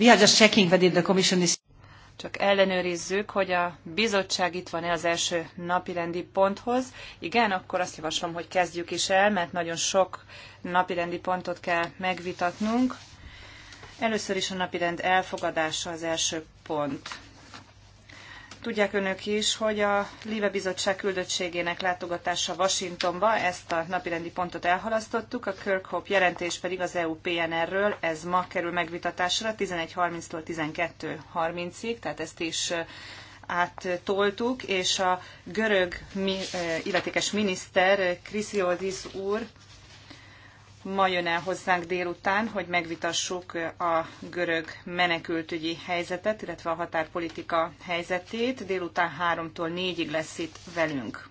We are just checking whether the commission is... Csak ellenőrizzük, hogy a bizottság itt van-e az első napirendi ponthoz. Igen, akkor azt javaslom, hogy kezdjük is el, mert nagyon sok napirendi pontot kell megvitatnunk. Először is a napirend elfogadása az első pont. Tudják önök is, hogy a Líve Bizottság küldöttségének látogatása Washingtonba, ezt a napirendi pontot elhalasztottuk, a Kirkhope jelentés pedig az EU PNR-ről, ez ma kerül megvitatásra 11.30-tól 12.30-ig, tehát ezt is áttoltuk, és a görög illetékes miniszter Krisiodis úr ma jön el hozzánk délután, hogy megvitassuk a görög menekültügyi helyzetet, illetve a határpolitika helyzetét. Délután 3-tól 4-ig lesz itt velünk.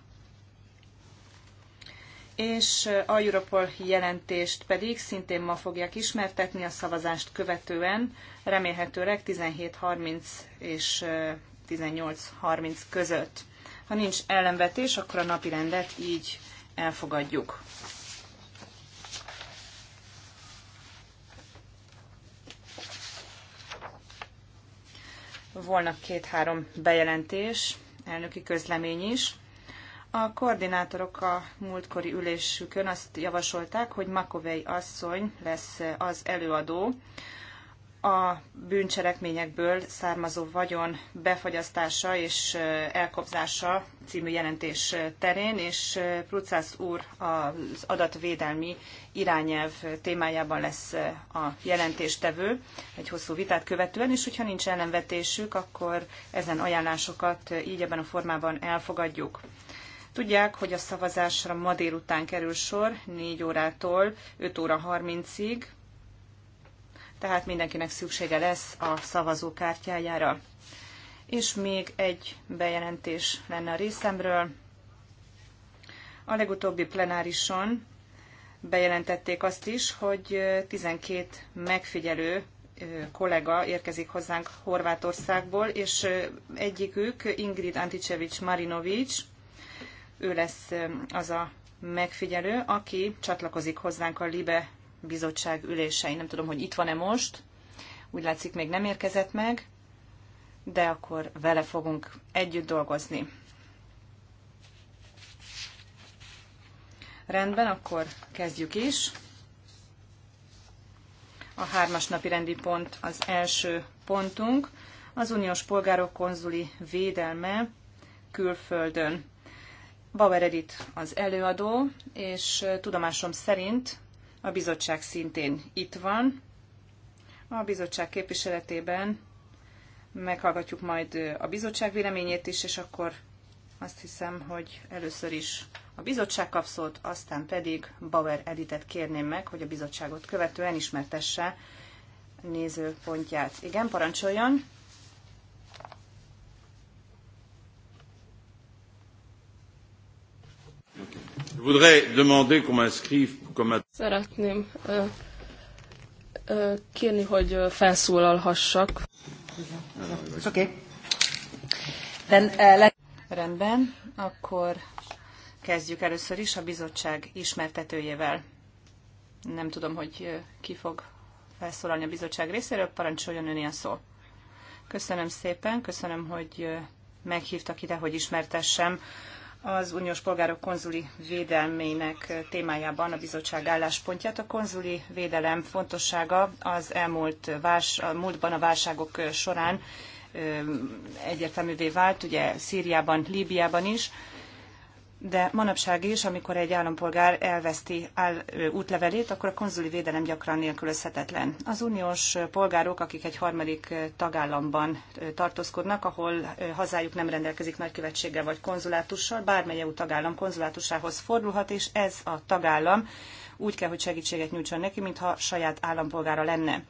És a Europol jelentést pedig szintén ma fogják ismertetni a szavazást követően, remélhetőleg 17.30 és 18.30 között. Ha nincs ellenvetés, akkor a napi rendet így elfogadjuk. volna két-három bejelentés, elnöki közlemény is. A koordinátorok a múltkori ülésükön azt javasolták, hogy Makovei asszony lesz az előadó a bűncselekményekből származó vagyon befagyasztása és elkobzása című jelentés terén, és Prucász úr az adatvédelmi irányelv témájában lesz a jelentéstevő egy hosszú vitát követően, és hogyha nincs ellenvetésük, akkor ezen ajánlásokat így ebben a formában elfogadjuk. Tudják, hogy a szavazásra ma délután kerül sor, 4 órától 5 óra 30-ig, tehát mindenkinek szüksége lesz a szavazókártyájára. És még egy bejelentés lenne a részemről. A legutóbbi plenárison bejelentették azt is, hogy 12 megfigyelő kollega érkezik hozzánk Horvátországból, és egyikük Ingrid Anticevic Marinovics, ő lesz az a megfigyelő, aki csatlakozik hozzánk a LIBE bizottság ülései. Nem tudom, hogy itt van-e most, úgy látszik még nem érkezett meg, de akkor vele fogunk együtt dolgozni. Rendben, akkor kezdjük is. A hármas napi rendi pont az első pontunk, az uniós polgárok konzuli védelme külföldön. Bauer Edith az előadó, és tudomásom szerint a bizottság szintén itt van. A bizottság képviseletében meghallgatjuk majd a bizottság véleményét is, és akkor azt hiszem, hogy először is a bizottság kap aztán pedig Bauer Editet kérném meg, hogy a bizottságot követően ismertesse nézőpontját. Igen, parancsoljon! Szeretném kérni, hogy felszólalhassak. Uh, Rendben, akkor kezdjük először is a bizottság ismertetőjével. Nem tudom, hogy ki fog felszólalni a bizottság részéről, parancsoljon ön ilyen szó. Köszönöm szépen, köszönöm, hogy meghívtak ide, hogy ismertessem az uniós polgárok konzuli védelmének témájában a bizottság álláspontját. A konzuli védelem fontossága az elmúlt vás, a múltban a válságok során egyértelművé vált, ugye Szíriában, Líbiában is de manapság is, amikor egy állampolgár elveszti áll, útlevelét, akkor a konzuli védelem gyakran nélkülözhetetlen. Az uniós polgárok, akik egy harmadik tagállamban tartózkodnak, ahol hazájuk nem rendelkezik nagykövetséggel vagy konzulátussal, bármely EU tagállam konzulátusához fordulhat, és ez a tagállam úgy kell, hogy segítséget nyújtson neki, mintha saját állampolgára lenne.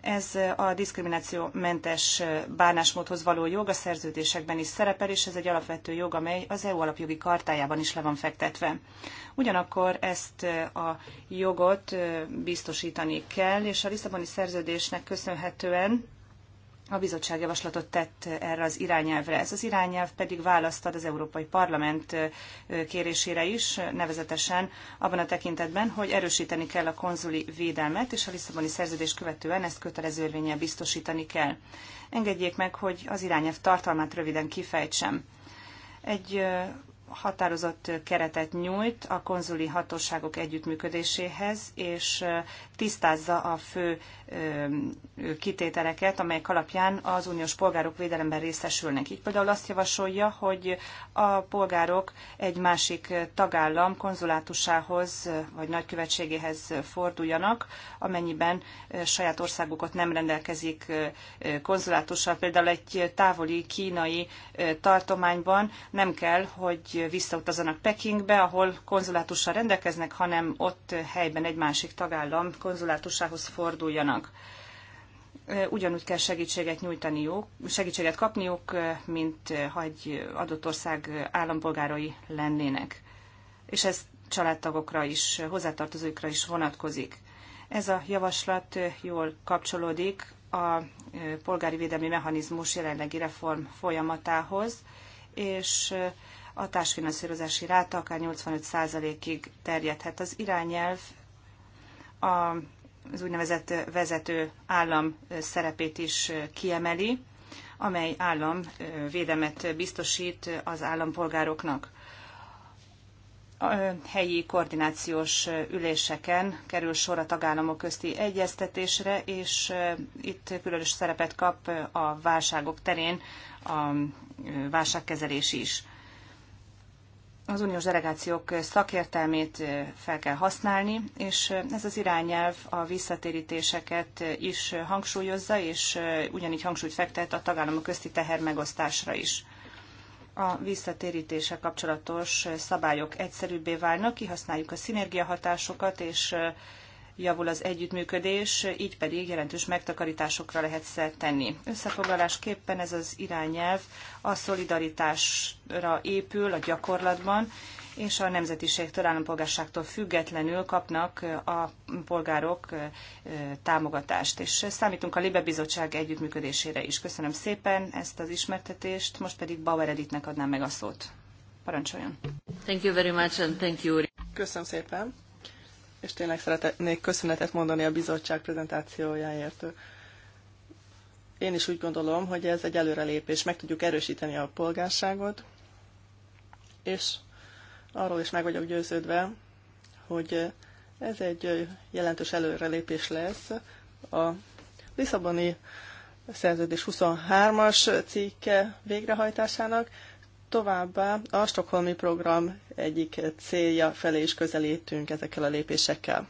Ez a diszkriminációmentes bánásmódhoz való jog a szerződésekben is szerepel, és ez egy alapvető jog, amely az EU alapjogi kartájában is le van fektetve. Ugyanakkor ezt a jogot biztosítani kell, és a Lisszaboni szerződésnek köszönhetően a bizottság javaslatot tett erre az irányelvre. Ez az irányelv pedig választ ad az Európai Parlament kérésére is, nevezetesen abban a tekintetben, hogy erősíteni kell a konzuli védelmet, és a Lisszaboni szerződés követően ezt kötelező érvényel biztosítani kell. Engedjék meg, hogy az irányelv tartalmát röviden kifejtsem. Egy határozott keretet nyújt a konzuli hatóságok együttműködéséhez, és tisztázza a fő kitételeket, amelyek alapján az uniós polgárok védelemben részesülnek. Így például azt javasolja, hogy a polgárok egy másik tagállam konzulátusához vagy nagykövetségéhez forduljanak, amennyiben saját országukat nem rendelkezik konzulátussal. Például egy távoli kínai tartományban nem kell, hogy visszautazanak Pekingbe, ahol konzulátussal rendelkeznek, hanem ott helyben egy másik tagállam konzulátusához forduljanak. Ugyanúgy kell segítséget nyújtaniuk, segítséget kapniuk, mint ha egy adott ország állampolgárai lennének. És ez családtagokra is, hozzátartozóikra is vonatkozik. Ez a javaslat jól kapcsolódik a polgári védelmi mechanizmus jelenlegi reform folyamatához, és a társfinanszírozási ráta akár 85%-ig terjedhet. Az irányelv az úgynevezett vezető állam szerepét is kiemeli, amely állam védelmet biztosít az állampolgároknak. A helyi koordinációs üléseken kerül sor a tagállamok közti egyeztetésre, és itt különös szerepet kap a válságok terén a válságkezelés is az uniós delegációk szakértelmét fel kell használni, és ez az irányelv a visszatérítéseket is hangsúlyozza, és ugyanígy hangsúlyt fektet a tagállamok közti teher megosztásra is. A visszatérítése kapcsolatos szabályok egyszerűbbé válnak, kihasználjuk a szinergiahatásokat, és javul az együttműködés, így pedig jelentős megtakarításokra lehet szert tenni. Összefoglalásképpen ez az irányelv a szolidaritásra épül a gyakorlatban, és a nemzetiségtől, állampolgárságtól függetlenül kapnak a polgárok támogatást. És számítunk a Libe Bizottság együttműködésére is. Köszönöm szépen ezt az ismertetést, most pedig Bauer Editnek adnám meg a szót. Parancsoljon! Thank you very much and thank you. Köszönöm szépen! és tényleg szeretnék köszönetet mondani a bizottság prezentációjáért. Én is úgy gondolom, hogy ez egy előrelépés, meg tudjuk erősíteni a polgárságot, és arról is meg vagyok győződve, hogy ez egy jelentős előrelépés lesz. A Lisszaboni szerződés 23-as cikke végrehajtásának, Továbbá a Stockholmi program egyik célja felé is közelítünk ezekkel a lépésekkel.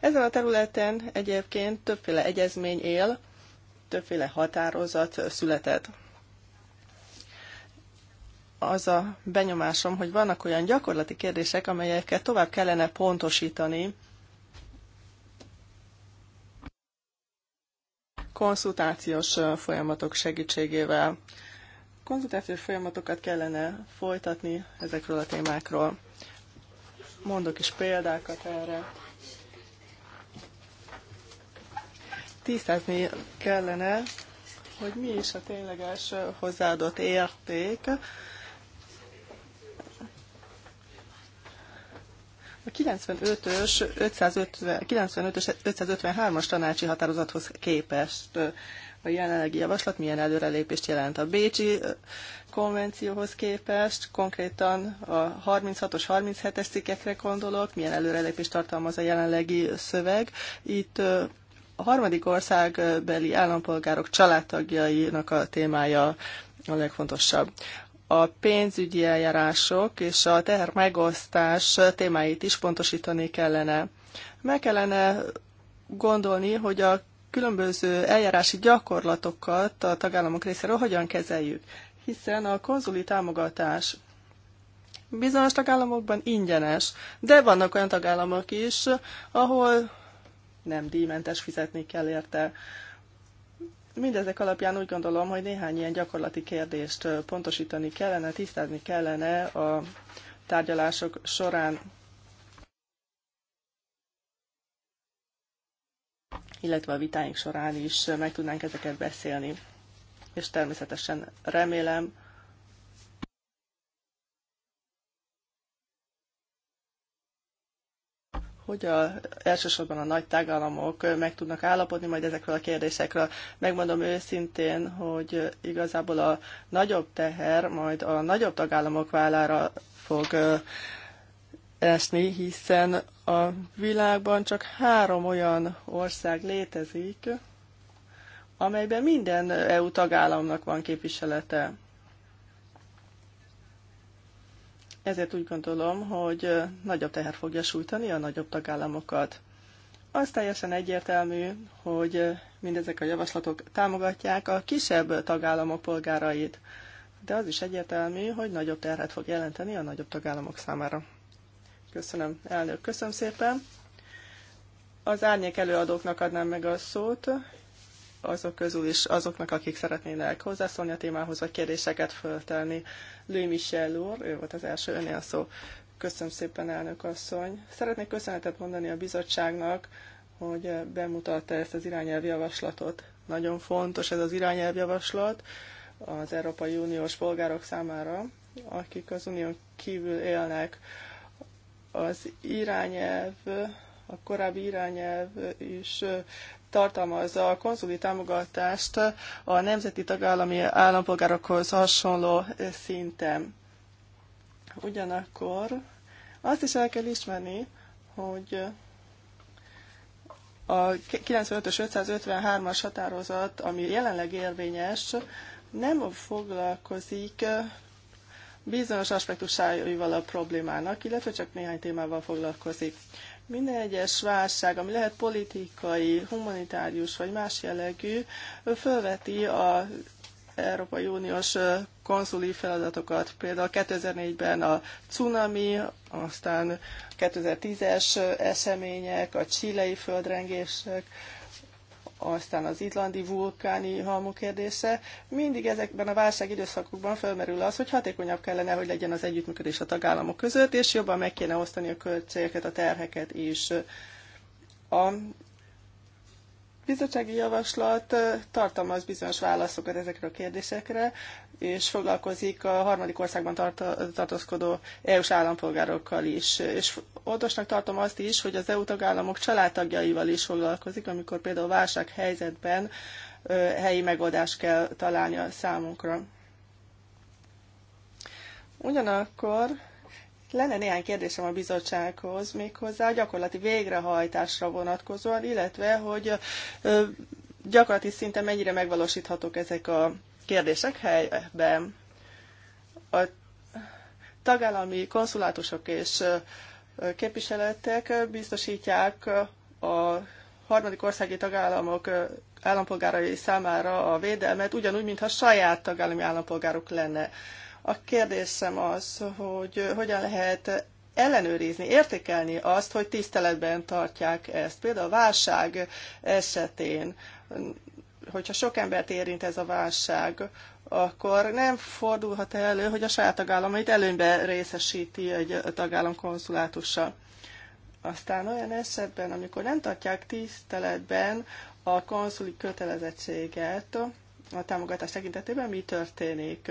Ezen a területen egyébként többféle egyezmény él, többféle határozat született. Az a benyomásom, hogy vannak olyan gyakorlati kérdések, amelyeket tovább kellene pontosítani, konszultációs folyamatok segítségével konzultációs folyamatokat kellene folytatni ezekről a témákról. Mondok is példákat erre. Tisztázni kellene, hogy mi is a tényleges hozzáadott érték. A 95-ös 553-as tanácsi határozathoz képest a jelenlegi javaslat milyen előrelépést jelent a Bécsi konvencióhoz képest, konkrétan a 36-os, 37-es cikkekre gondolok, milyen előrelépést tartalmaz a jelenlegi szöveg. Itt a harmadik országbeli állampolgárok családtagjainak a témája a legfontosabb a pénzügyi eljárások és a teher megosztás témáit is pontosítani kellene. Meg kellene gondolni, hogy a különböző eljárási gyakorlatokat a tagállamok részéről hogyan kezeljük. Hiszen a konzuli támogatás bizonyos tagállamokban ingyenes, de vannak olyan tagállamok is, ahol nem díjmentes fizetni kell érte. Mindezek alapján úgy gondolom, hogy néhány ilyen gyakorlati kérdést pontosítani kellene, tisztázni kellene a tárgyalások során. illetve a vitáink során is meg tudnánk ezeket beszélni. És természetesen remélem, hogy a, elsősorban a nagy tagállamok meg tudnak állapodni majd ezekről a kérdésekről. Megmondom őszintén, hogy igazából a nagyobb teher majd a nagyobb tagállamok vállára fog esni, hiszen a világban csak három olyan ország létezik, amelyben minden EU tagállamnak van képviselete. Ezért úgy gondolom, hogy nagyobb teher fogja sújtani a nagyobb tagállamokat. Az teljesen egyértelmű, hogy mindezek a javaslatok támogatják a kisebb tagállamok polgárait, de az is egyértelmű, hogy nagyobb terhet fog jelenteni a nagyobb tagállamok számára. Köszönöm, elnök. Köszönöm szépen. Az árnyék előadóknak adnám meg a szót, azok közül is azoknak, akik szeretnének hozzászólni a témához, vagy kérdéseket föltelni. Louis Michel úr, ő volt az első önél szó. Köszönöm szépen, elnök asszony. Szeretnék köszönetet mondani a bizottságnak, hogy bemutatta ezt az irányelvjavaslatot. Nagyon fontos ez az irányelvjavaslat az Európai Uniós polgárok számára, akik az unión kívül élnek. Az irányelv, a korábbi irányelv is tartalmazza a konzuli támogatást a nemzeti tagállami állampolgárokhoz hasonló szinten. Ugyanakkor azt is el kell ismerni, hogy a 95-ös 553-as határozat, ami jelenleg érvényes, nem foglalkozik bizonyos aspektusáival a problémának, illetve csak néhány témával foglalkozik. Minden egyes válság, ami lehet politikai, humanitárius vagy más jellegű, felveti a Európai Uniós konzuli feladatokat. Például 2004-ben a cunami, aztán 2010-es események, a csilei földrengések, aztán az itlandi vulkáni halmok kérdése. Mindig ezekben a válság időszakokban felmerül az, hogy hatékonyabb kellene, hogy legyen az együttműködés a tagállamok között, és jobban meg kéne osztani a költségeket, a terheket is. A bizottsági javaslat tartalmaz bizonyos válaszokat ezekre a kérdésekre, és foglalkozik a harmadik országban tartózkodó EU-s állampolgárokkal is. És fontosnak tartom azt is, hogy az EU tagállamok családtagjaival is foglalkozik, amikor például válsághelyzetben helyi megoldást kell találni a számunkra. Ugyanakkor lenne néhány kérdésem a bizottsághoz, méghozzá a gyakorlati végrehajtásra vonatkozóan, illetve hogy gyakorlati szinten mennyire megvalósíthatók ezek a kérdések helyben. A tagállami konszulátusok és képviseletek biztosítják a harmadik országi tagállamok állampolgárai számára a védelmet, ugyanúgy, mintha saját tagállami állampolgárok lenne. A kérdésem az, hogy hogyan lehet ellenőrizni, értékelni azt, hogy tiszteletben tartják ezt. Például a válság esetén hogyha sok embert érint ez a válság, akkor nem fordulhat elő, hogy a saját tagállamait előnybe részesíti egy tagállam konszulátussal. Aztán olyan esetben, amikor nem tartják tiszteletben a konszuli kötelezettséget a támogatás tekintetében, mi történik?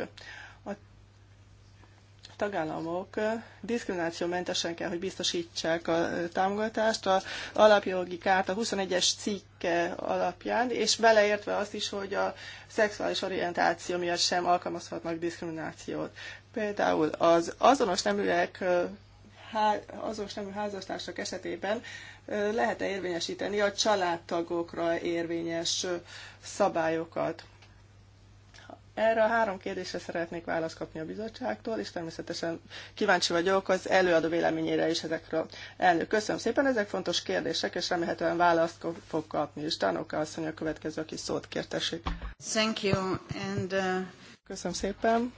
tagállamok diszkriminációmentesen kell, hogy biztosítsák a támogatást a alapjogi kárt a 21-es cikke alapján, és beleértve azt is, hogy a szexuális orientáció miatt sem alkalmazhatnak diszkriminációt. Például az azonos neműek azonos nemű házastársak esetében lehet-e érvényesíteni a családtagokra érvényes szabályokat erre a három kérdésre szeretnék választ kapni a bizottságtól, és természetesen kíváncsi vagyok az előadó véleményére is ezekről. Elnök, köszönöm szépen, ezek fontos kérdések, és remélhetően választ fog kapni is. Tanoka asszony a következő, aki szót kértesik. Thank you, and, uh... Köszönöm szépen.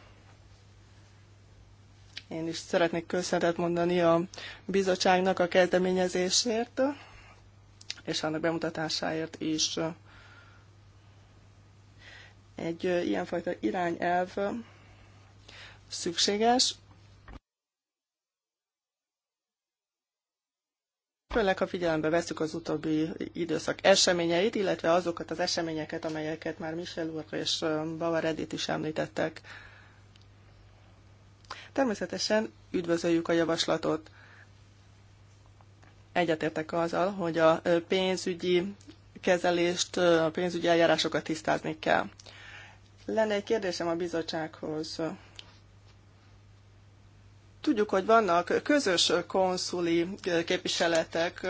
Én is szeretnék köszönetet mondani a bizottságnak a kezdeményezésért, és annak bemutatásáért is egy ilyenfajta irányelv szükséges, Főleg, ha figyelembe veszük az utóbbi időszak eseményeit, illetve azokat az eseményeket, amelyeket már Michel úr és Bauer Edith is említettek. Természetesen üdvözöljük a javaslatot. Egyetértek azzal, hogy a pénzügyi kezelést, a pénzügyi eljárásokat tisztázni kell. Lenne egy kérdésem a bizottsághoz. Tudjuk, hogy vannak közös konszuli képviseletek,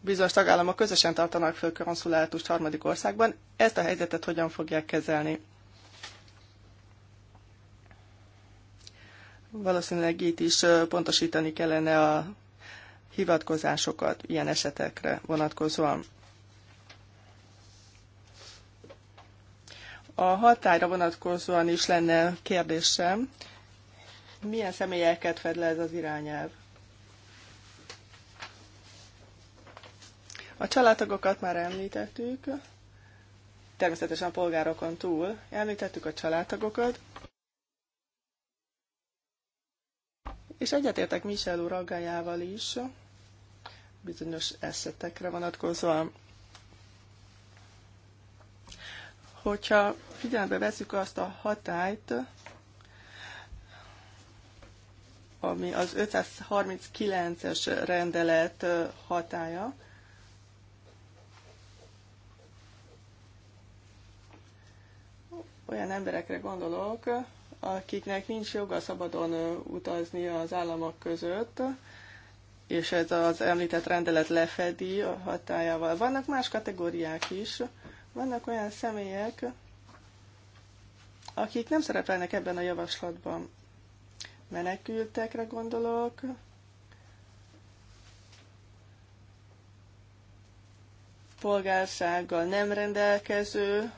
bizonyos tagállamok közösen tartanak föl konszulátust harmadik országban. Ezt a helyzetet hogyan fogják kezelni? Valószínűleg itt is pontosítani kellene a hivatkozásokat ilyen esetekre vonatkozóan. A hatályra vonatkozóan is lenne kérdésem, milyen személyeket fed le ez az irányelv? A családtagokat már említettük, természetesen a polgárokon túl említettük a családtagokat, és egyetértek Michel úr aggájával is, bizonyos eszetekre vonatkozóan. Hogyha figyelembe veszük azt a hatályt, ami az 539-es rendelet hatája, olyan emberekre gondolok, akiknek nincs joga szabadon utazni az államok között, és ez az említett rendelet lefedi a hatájával. Vannak más kategóriák is, vannak olyan személyek, akik nem szerepelnek ebben a javaslatban. Menekültekre gondolok, polgársággal nem rendelkező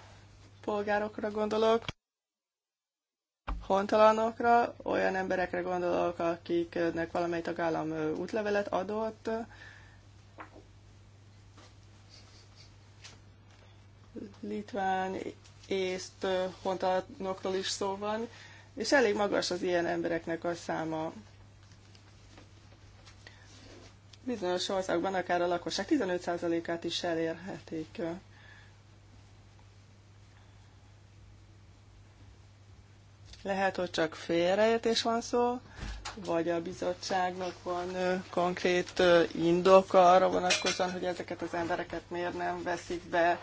polgárokra gondolok, hontalanokra, olyan emberekre gondolok, akiknek valamely tagállam útlevelet adott, litván, észt hontalanokról is szó van, és elég magas az ilyen embereknek a száma. Bizonyos országban akár a lakosság 15%-át is elérhetik. Lehet, hogy csak félreértés van szó, vagy a bizottságnak van konkrét indoka arra vonatkozóan, hogy ezeket az embereket miért nem veszik be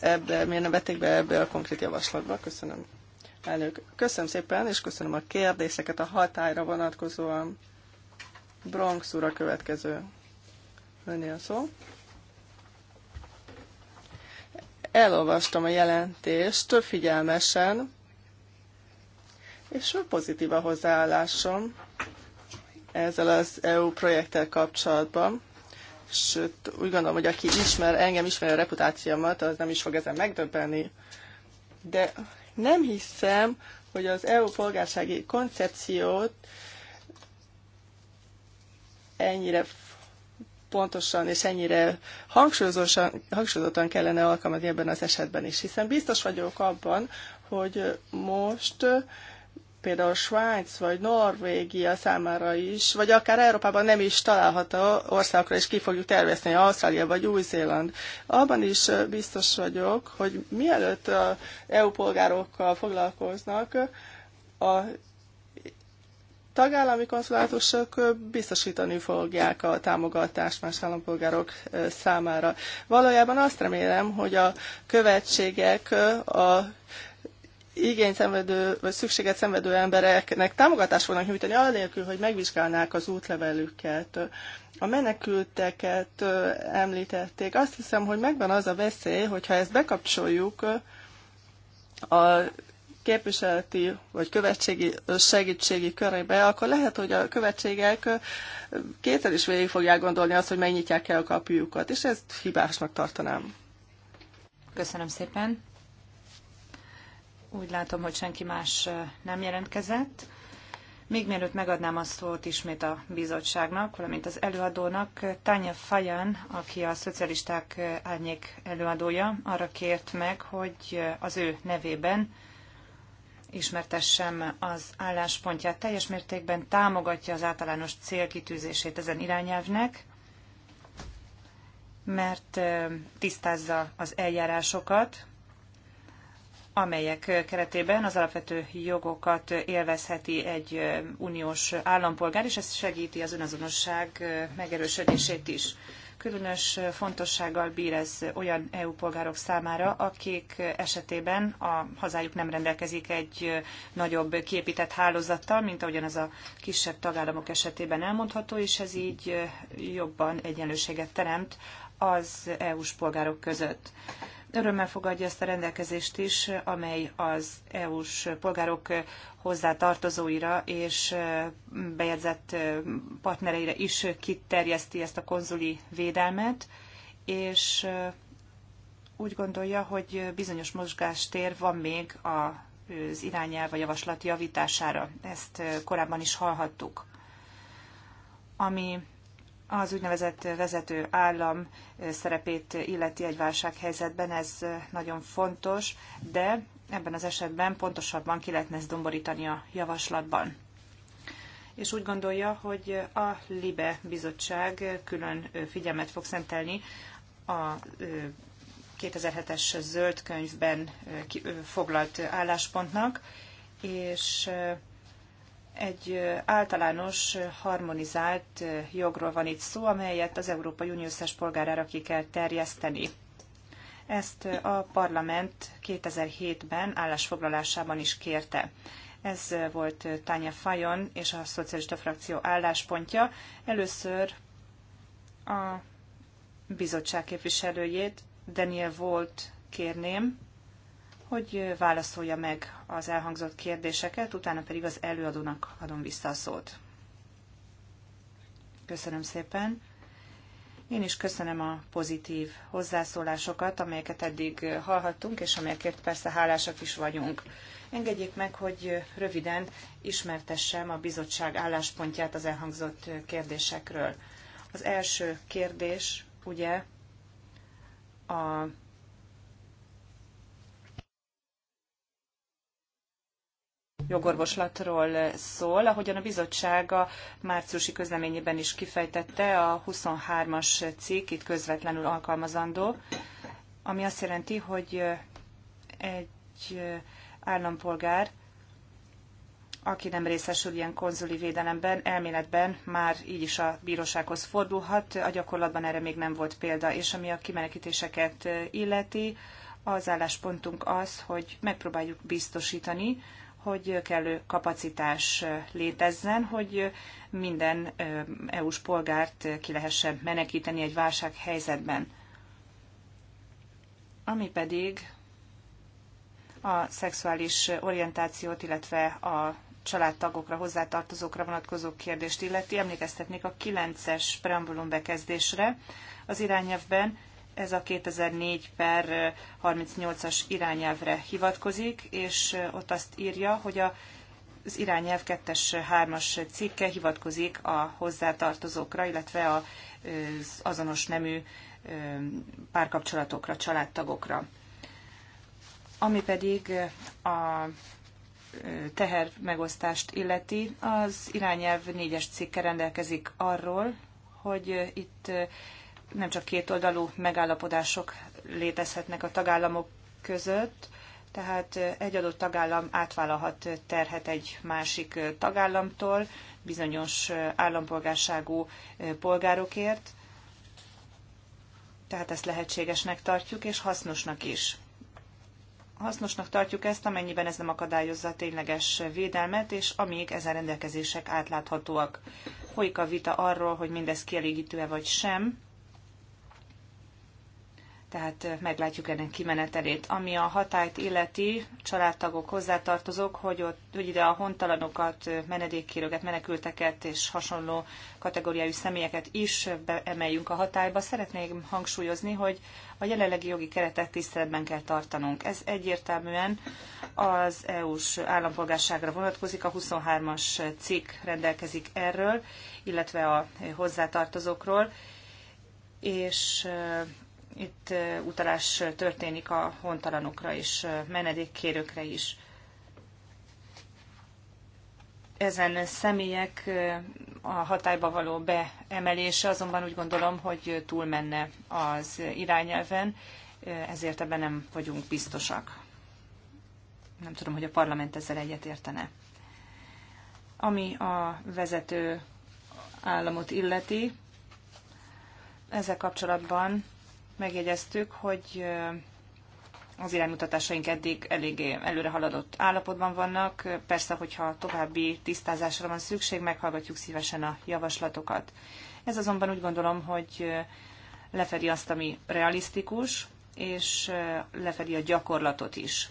ebbe, miért nem vették be ebbe a konkrét javaslatba? Köszönöm. Elnök, köszönöm szépen, és köszönöm a kérdéseket a hatályra vonatkozóan. Bronx úr a következő. Önnél a szó. Elolvastam a jelentést figyelmesen, és pozitív a hozzáállásom ezzel az EU projekttel kapcsolatban sőt úgy gondolom, hogy aki ismer, engem ismer a reputációmat, az nem is fog ezen megdöbbenni. De nem hiszem, hogy az EU polgársági koncepciót ennyire pontosan és ennyire hangsúlyozottan, hangsúlyozottan kellene alkalmazni ebben az esetben is, hiszen biztos vagyok abban, hogy most például Svájc vagy Norvégia számára is, vagy akár Európában nem is található országokra is ki fogjuk tervezni, Ausztrália vagy Új-Zéland. Abban is biztos vagyok, hogy mielőtt EU polgárokkal foglalkoznak, a tagállami konzulátusok biztosítani fogják a támogatást más állampolgárok számára. Valójában azt remélem, hogy a követségek a igény szenvedő, vagy szükséget szenvedő embereknek támogatást fognak nyújtani, anélkül, hogy megvizsgálnák az útlevelüket. A menekülteket említették. Azt hiszem, hogy megvan az a veszély, hogyha ezt bekapcsoljuk a képviseleti vagy követségi segítségi körébe, akkor lehet, hogy a követségek kétszer is végig fogják gondolni azt, hogy megnyitják el a kapjukat, és ezt hibásnak tartanám. Köszönöm szépen. Úgy látom, hogy senki más nem jelentkezett. Még mielőtt megadnám a szót ismét a bizottságnak, valamint az előadónak, Tanya Fajan, aki a Szocialisták Árnyék előadója, arra kért meg, hogy az ő nevében ismertessem az álláspontját. Teljes mértékben támogatja az általános célkitűzését ezen irányelvnek, mert tisztázza az eljárásokat, amelyek keretében az alapvető jogokat élvezheti egy uniós állampolgár, és ez segíti az önazonosság megerősödését is. Különös fontossággal bír ez olyan EU polgárok számára, akik esetében a hazájuk nem rendelkezik egy nagyobb képített hálózattal, mint ahogyan az a kisebb tagállamok esetében elmondható, és ez így jobban egyenlőséget teremt az EU-s polgárok között örömmel fogadja azt a rendelkezést is, amely az EU-s polgárok hozzátartozóira és bejegyzett partnereire is kiterjeszti ezt a konzuli védelmet, és úgy gondolja, hogy bizonyos mozgástér van még az irányelv a javaslat javítására. Ezt korábban is hallhattuk. Ami az úgynevezett vezető állam szerepét illeti egy válsághelyzetben, ez nagyon fontos, de ebben az esetben pontosabban ki lehetne ezt domborítani a javaslatban. És úgy gondolja, hogy a LIBE bizottság külön figyelmet fog szentelni a 2007-es zöld könyvben foglalt álláspontnak, és egy általános, harmonizált jogról van itt szó, amelyet az Európai Unió összes polgárára ki kell terjeszteni. Ezt a parlament 2007-ben állásfoglalásában is kérte. Ez volt Tanya Fajon és a szocialista frakció álláspontja. Először a bizottság képviselőjét, Daniel Volt kérném, hogy válaszolja meg az elhangzott kérdéseket, utána pedig az előadónak adom vissza a szót. Köszönöm szépen. Én is köszönöm a pozitív hozzászólásokat, amelyeket eddig hallhattunk, és amelyekért persze hálásak is vagyunk. Engedjék meg, hogy röviden ismertessem a bizottság álláspontját az elhangzott kérdésekről. Az első kérdés ugye a jogorvoslatról szól. Ahogyan a bizottság a márciusi közleményében is kifejtette, a 23-as cikk itt közvetlenül alkalmazandó, ami azt jelenti, hogy egy állampolgár, aki nem részesül ilyen konzuli védelemben, elméletben már így is a bírósághoz fordulhat, a gyakorlatban erre még nem volt példa, és ami a kimenekítéseket illeti, az álláspontunk az, hogy megpróbáljuk biztosítani, hogy kellő kapacitás létezzen, hogy minden EU-s polgárt ki lehessen menekíteni egy válsághelyzetben. Ami pedig a szexuális orientációt, illetve a családtagokra, hozzátartozókra vonatkozó kérdést illeti, emlékeztetnék a 9-es preambulum bekezdésre az irányelvben, ez a 2004 per 38-as irányelvre hivatkozik, és ott azt írja, hogy a az irányelv 2-es 3-as cikke hivatkozik a hozzátartozókra, illetve az azonos nemű párkapcsolatokra, családtagokra. Ami pedig a teher megosztást illeti, az irányelv 4-es cikke rendelkezik arról, hogy itt nem csak kétoldalú megállapodások létezhetnek a tagállamok között, tehát egy adott tagállam átvállalhat terhet egy másik tagállamtól bizonyos állampolgárságú polgárokért, tehát ezt lehetségesnek tartjuk, és hasznosnak is. Hasznosnak tartjuk ezt, amennyiben ez nem akadályozza a tényleges védelmet, és amíg ezen rendelkezések átláthatóak. Folyik a vita arról, hogy mindez kielégítő-e vagy sem, tehát meglátjuk ennek kimenetelét. Ami a hatályt illeti, családtagok, hozzátartozók, hogy, ott, hogy ide a hontalanokat, menedékkérőket, menekülteket és hasonló kategóriájú személyeket is beemeljünk a hatályba. Szeretnék hangsúlyozni, hogy a jelenlegi jogi keretet tiszteletben kell tartanunk. Ez egyértelműen az EU-s állampolgárságra vonatkozik, a 23-as cikk rendelkezik erről, illetve a hozzátartozókról és itt utalás történik a hontalanokra és menedékkérőkre is. Ezen személyek a hatályba való beemelése azonban úgy gondolom, hogy túlmenne az irányelven, ezért ebben nem vagyunk biztosak. Nem tudom, hogy a parlament ezzel egyetértene. Ami a vezető államot illeti, ezzel kapcsolatban megjegyeztük, hogy az iránymutatásaink eddig eléggé előre haladott állapotban vannak. Persze, hogyha további tisztázásra van szükség, meghallgatjuk szívesen a javaslatokat. Ez azonban úgy gondolom, hogy lefedi azt, ami realisztikus, és lefedi a gyakorlatot is.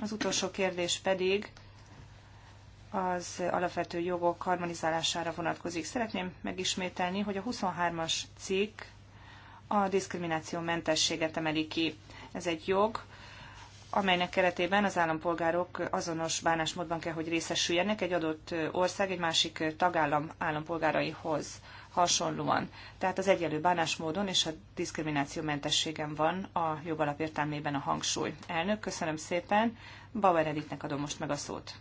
Az utolsó kérdés pedig az alapvető jogok harmonizálására vonatkozik. Szeretném megismételni, hogy a 23-as cikk a diszkrimináció mentességet emeli ki. Ez egy jog, amelynek keretében az állampolgárok azonos bánásmódban kell, hogy részesüljenek egy adott ország egy másik tagállam állampolgáraihoz hasonlóan. Tehát az egyenlő bánásmódon és a diszkrimináció mentességen van a jogalap értelmében a hangsúly. Elnök, köszönöm szépen. Bauer Editnek adom most meg a szót.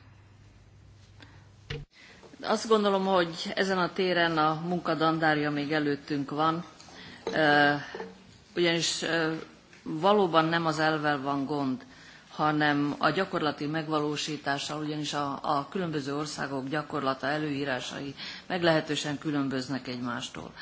Azt gondolom, hogy ezen a téren a munka dandárja még előttünk van, ugyanis valóban nem az elvel van gond, hanem a gyakorlati megvalósítással, ugyanis a, a különböző országok gyakorlata előírásai meglehetősen különböznek egymástól.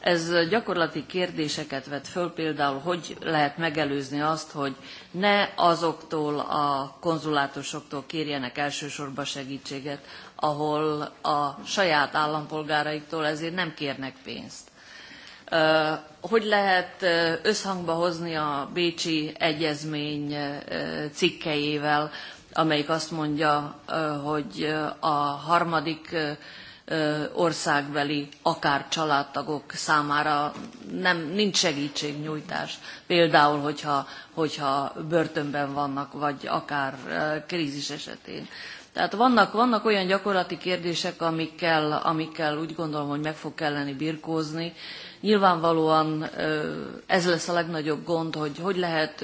Ez gyakorlati kérdéseket vet föl, például hogy lehet megelőzni azt, hogy ne azoktól a konzulátusoktól kérjenek elsősorban segítséget, ahol a saját állampolgáraiktól ezért nem kérnek pénzt. Hogy lehet összhangba hozni a Bécsi Egyezmény cikkeivel, amelyik azt mondja, hogy a harmadik országbeli, akár családtagok számára nem, nincs segítségnyújtás. Például, hogyha, hogyha börtönben vannak, vagy akár krízis esetén. Tehát vannak, vannak olyan gyakorlati kérdések, amikkel, amikkel úgy gondolom, hogy meg fog kelleni birkózni. Nyilvánvalóan ez lesz a legnagyobb gond, hogy hogy lehet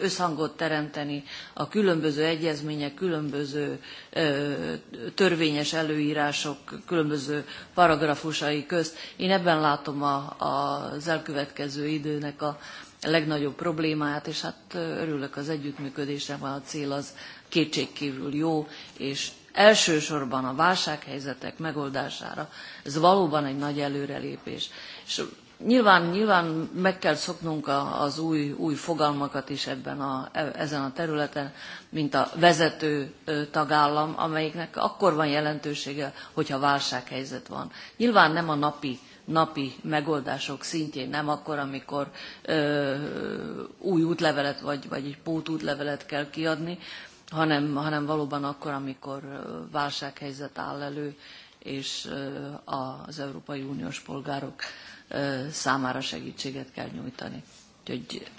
összhangot teremteni a különböző egyezmények, különböző törvényes előírások, különböző paragrafusai közt. Én ebben látom a, az elkövetkező időnek a legnagyobb problémáját, és hát örülök az együttműködésre, mert a cél az, kétségkívül jó, és elsősorban a válsághelyzetek megoldására ez valóban egy nagy előrelépés. És nyilván, nyilván meg kell szoknunk az új, új fogalmakat is ebben a, e, ezen a területen, mint a vezető tagállam, amelyiknek akkor van jelentősége, hogyha válsághelyzet van. Nyilván nem a napi napi megoldások szintjén, nem akkor, amikor ö, új útlevelet vagy, vagy egy pótútlevelet kell kiadni, hanem, hanem valóban akkor, amikor válsághelyzet áll elő, és az Európai Uniós polgárok számára segítséget kell nyújtani. Úgyhogy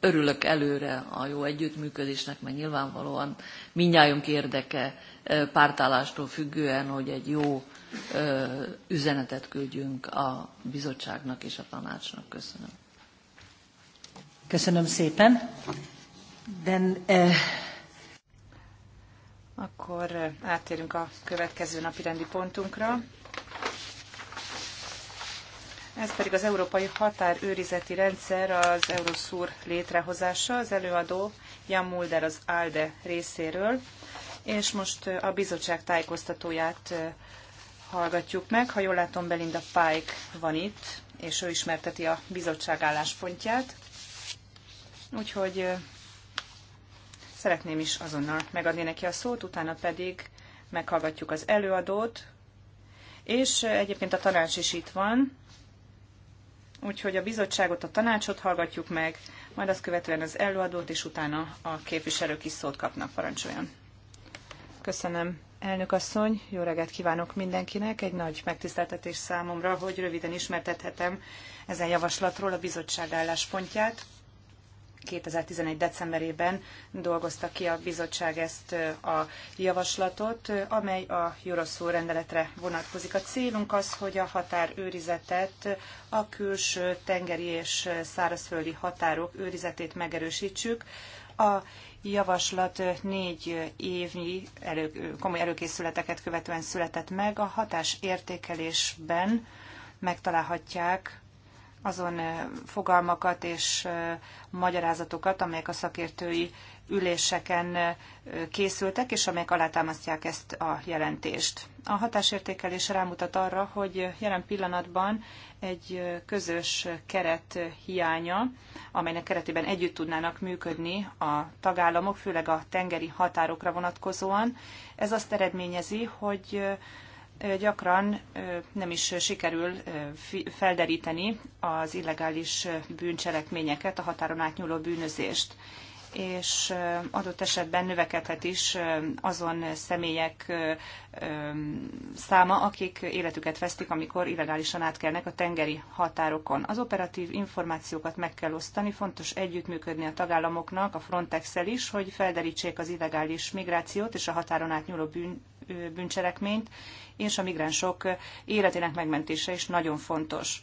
örülök előre a jó együttműködésnek, mert nyilvánvalóan mindnyájunk érdeke pártállástól függően, hogy egy jó üzenetet küldjünk a bizottságnak és a tanácsnak. Köszönöm. Köszönöm szépen. Then, uh... Akkor eh, áttérünk a következő napi rendi pontunkra. Ez pedig az Európai Határőrizeti Rendszer, az Euroszúr létrehozása, az előadó Jan Mulder az ALDE részéről, és most eh, a bizottság tájékoztatóját eh, hallgatjuk meg. Ha jól látom, Belinda Pike van itt, és ő ismerteti a bizottság álláspontját. Úgyhogy szeretném is azonnal megadni neki a szót, utána pedig meghallgatjuk az előadót, és egyébként a tanács is itt van, úgyhogy a bizottságot, a tanácsot hallgatjuk meg, majd azt követően az előadót, és utána a képviselők is szót kapnak, parancsoljon. Köszönöm, elnök asszony, jó reggelt kívánok mindenkinek, egy nagy megtiszteltetés számomra, hogy röviden ismertethetem ezen javaslatról a bizottság álláspontját. 2011. decemberében dolgozta ki a bizottság ezt a javaslatot, amely a Juroszó rendeletre vonatkozik. A célunk az, hogy a határőrizetet, a külső tengeri és szárazföldi határok őrizetét megerősítsük. A javaslat négy évnyi elő, komoly előkészületeket követően született meg. A hatásértékelésben megtalálhatják azon fogalmakat és magyarázatokat, amelyek a szakértői üléseken készültek, és amelyek alátámasztják ezt a jelentést. A hatásértékelés rámutat arra, hogy jelen pillanatban egy közös keret hiánya, amelynek keretében együtt tudnának működni a tagállamok, főleg a tengeri határokra vonatkozóan. Ez azt eredményezi, hogy gyakran nem is sikerül felderíteni az illegális bűncselekményeket, a határon átnyúló bűnözést és adott esetben növekedhet is azon személyek száma, akik életüket vesztik, amikor illegálisan átkelnek a tengeri határokon. Az operatív információkat meg kell osztani, fontos együttműködni a tagállamoknak, a Frontex-el is, hogy felderítsék az illegális migrációt és a határon átnyúló bűn bűncselekményt, és a migránsok életének megmentése is nagyon fontos.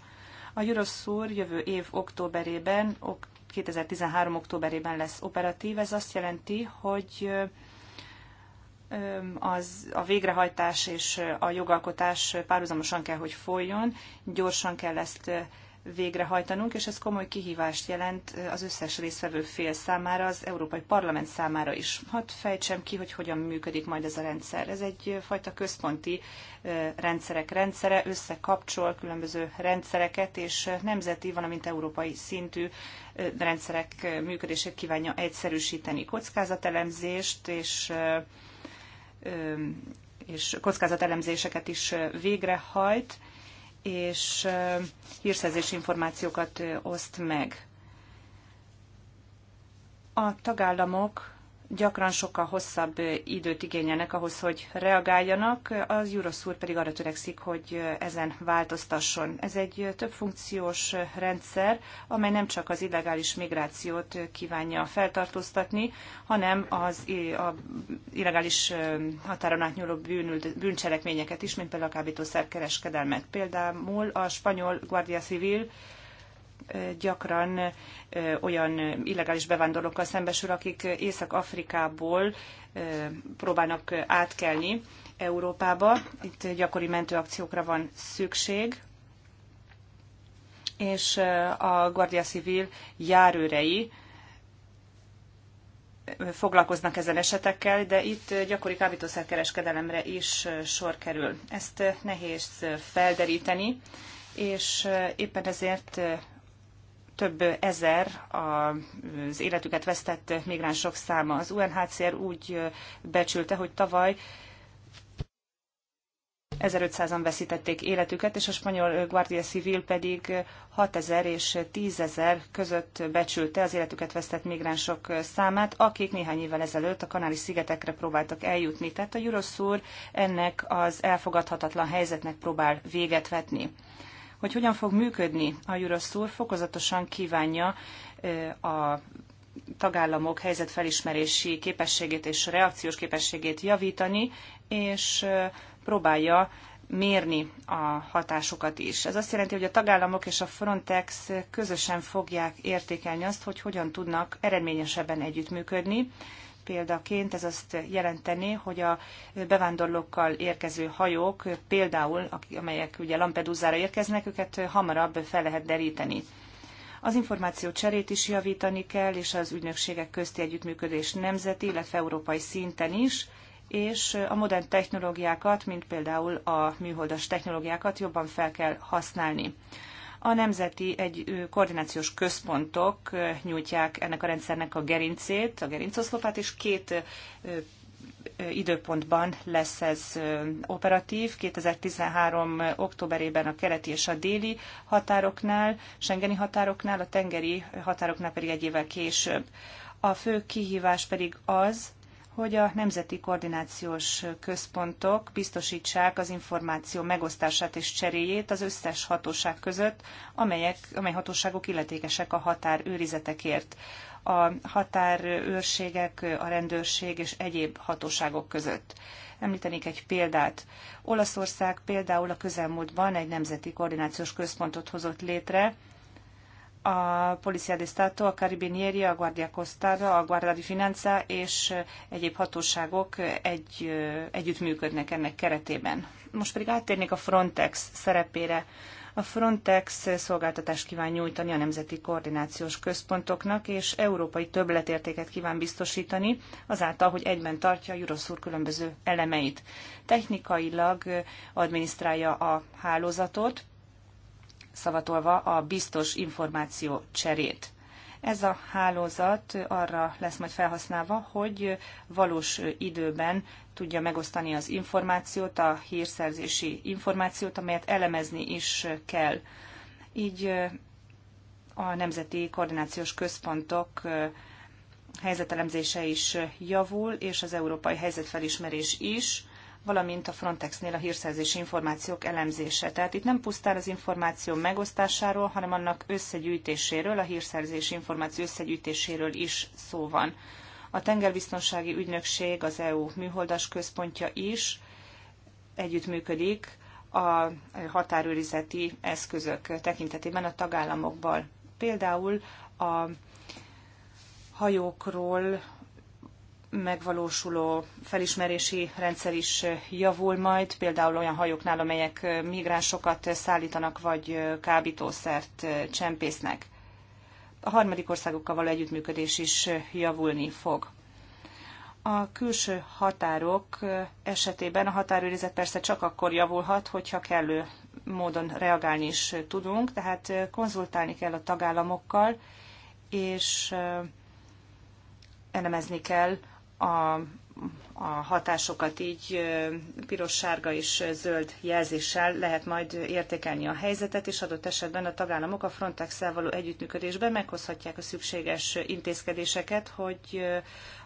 A Euroszúr jövő év októberében, 2013. októberében lesz operatív. Ez azt jelenti, hogy az a végrehajtás és a jogalkotás párhuzamosan kell, hogy folyjon, gyorsan kell ezt végrehajtanunk, és ez komoly kihívást jelent az összes részvevő fél számára, az Európai Parlament számára is. Hadd fejtsem ki, hogy hogyan működik majd ez a rendszer. Ez egy fajta központi rendszerek rendszere, összekapcsol különböző rendszereket, és nemzeti, valamint európai szintű rendszerek működését kívánja egyszerűsíteni. Kockázatelemzést és és kockázatelemzéseket is végrehajt és hírszerzési információkat oszt meg. A tagállamok gyakran sokkal hosszabb időt igényelnek ahhoz, hogy reagáljanak, az Euroszúr pedig arra törekszik, hogy ezen változtasson. Ez egy többfunkciós rendszer, amely nem csak az illegális migrációt kívánja feltartóztatni, hanem az a illegális határon átnyúló bűncselekményeket is, mint például a kábítószerkereskedelmet. Például a spanyol Guardia Civil gyakran olyan illegális bevándorlókkal szembesül, akik Észak-Afrikából próbálnak átkelni Európába. Itt gyakori mentőakciókra van szükség, és a Guardia Civil járőrei foglalkoznak ezen esetekkel, de itt gyakori kábítószerkereskedelemre is sor kerül. Ezt nehéz felderíteni, és éppen ezért több ezer az életüket vesztett migránsok száma. Az UNHCR úgy becsülte, hogy tavaly 1500-an veszítették életüket, és a spanyol Guardia Civil pedig 6000 és 10000 között becsülte az életüket vesztett migránsok számát, akik néhány évvel ezelőtt a Kanári-szigetekre próbáltak eljutni. Tehát a Juroszúr ennek az elfogadhatatlan helyzetnek próbál véget vetni hogy hogyan fog működni a Eurosur, fokozatosan kívánja a tagállamok helyzetfelismerési képességét és reakciós képességét javítani, és próbálja mérni a hatásokat is. Ez azt jelenti, hogy a tagállamok és a Frontex közösen fogják értékelni azt, hogy hogyan tudnak eredményesebben együttműködni, példaként ez azt jelenteni, hogy a bevándorlókkal érkező hajók, például amelyek ugye lampedusa Lampedusa-ra érkeznek, őket hamarabb fel lehet deríteni. Az információ cserét is javítani kell, és az ügynökségek közti együttműködés nemzeti, illetve európai szinten is, és a modern technológiákat, mint például a műholdas technológiákat jobban fel kell használni. A nemzeti egy koordinációs központok nyújtják ennek a rendszernek a gerincét, a gerincoszlopát, és két időpontban lesz ez operatív. 2013. októberében a keleti és a déli határoknál, Schengeni határoknál, a tengeri határoknál pedig egy évvel később. A fő kihívás pedig az, hogy a nemzeti koordinációs központok biztosítsák az információ megosztását és cseréjét az összes hatóság között, amelyek, amely hatóságok illetékesek a határőrizetekért, a határőrségek, a rendőrség és egyéb hatóságok között. Említenék egy példát. Olaszország például a közelmúltban egy nemzeti koordinációs központot hozott létre, a Polizia de Stato, a Carabinieri, a Guardia Costára, a Guardia di Finanza és egyéb hatóságok egy, együttműködnek ennek keretében. Most pedig áttérnék a Frontex szerepére. A Frontex szolgáltatást kíván nyújtani a Nemzeti Koordinációs Központoknak, és európai többletértéket kíván biztosítani, azáltal, hogy egyben tartja a Juroszúr különböző elemeit. Technikailag adminisztrálja a hálózatot, szavatolva a biztos információ cserét. Ez a hálózat arra lesz majd felhasználva, hogy valós időben tudja megosztani az információt, a hírszerzési információt, amelyet elemezni is kell. Így a Nemzeti Koordinációs Központok helyzetelemzése is javul, és az európai helyzetfelismerés is valamint a Frontexnél a hírszerzési információk elemzése. Tehát itt nem pusztán az információ megosztásáról, hanem annak összegyűjtéséről, a hírszerzési információ összegyűjtéséről is szó van. A Tengerbiztonsági Ügynökség, az EU műholdas központja is együttműködik a határőrizeti eszközök tekintetében a tagállamokból. Például a hajókról megvalósuló felismerési rendszer is javul majd, például olyan hajóknál, amelyek migránsokat szállítanak, vagy kábítószert csempésznek. A harmadik országokkal való együttműködés is javulni fog. A külső határok esetében a határőrizet persze csak akkor javulhat, hogyha kellő módon reagálni is tudunk, tehát konzultálni kell a tagállamokkal, és elemezni kell a, a hatásokat így piros-sárga és zöld jelzéssel lehet majd értékelni a helyzetet, és adott esetben a tagállamok a frontex való együttműködésben meghozhatják a szükséges intézkedéseket, hogy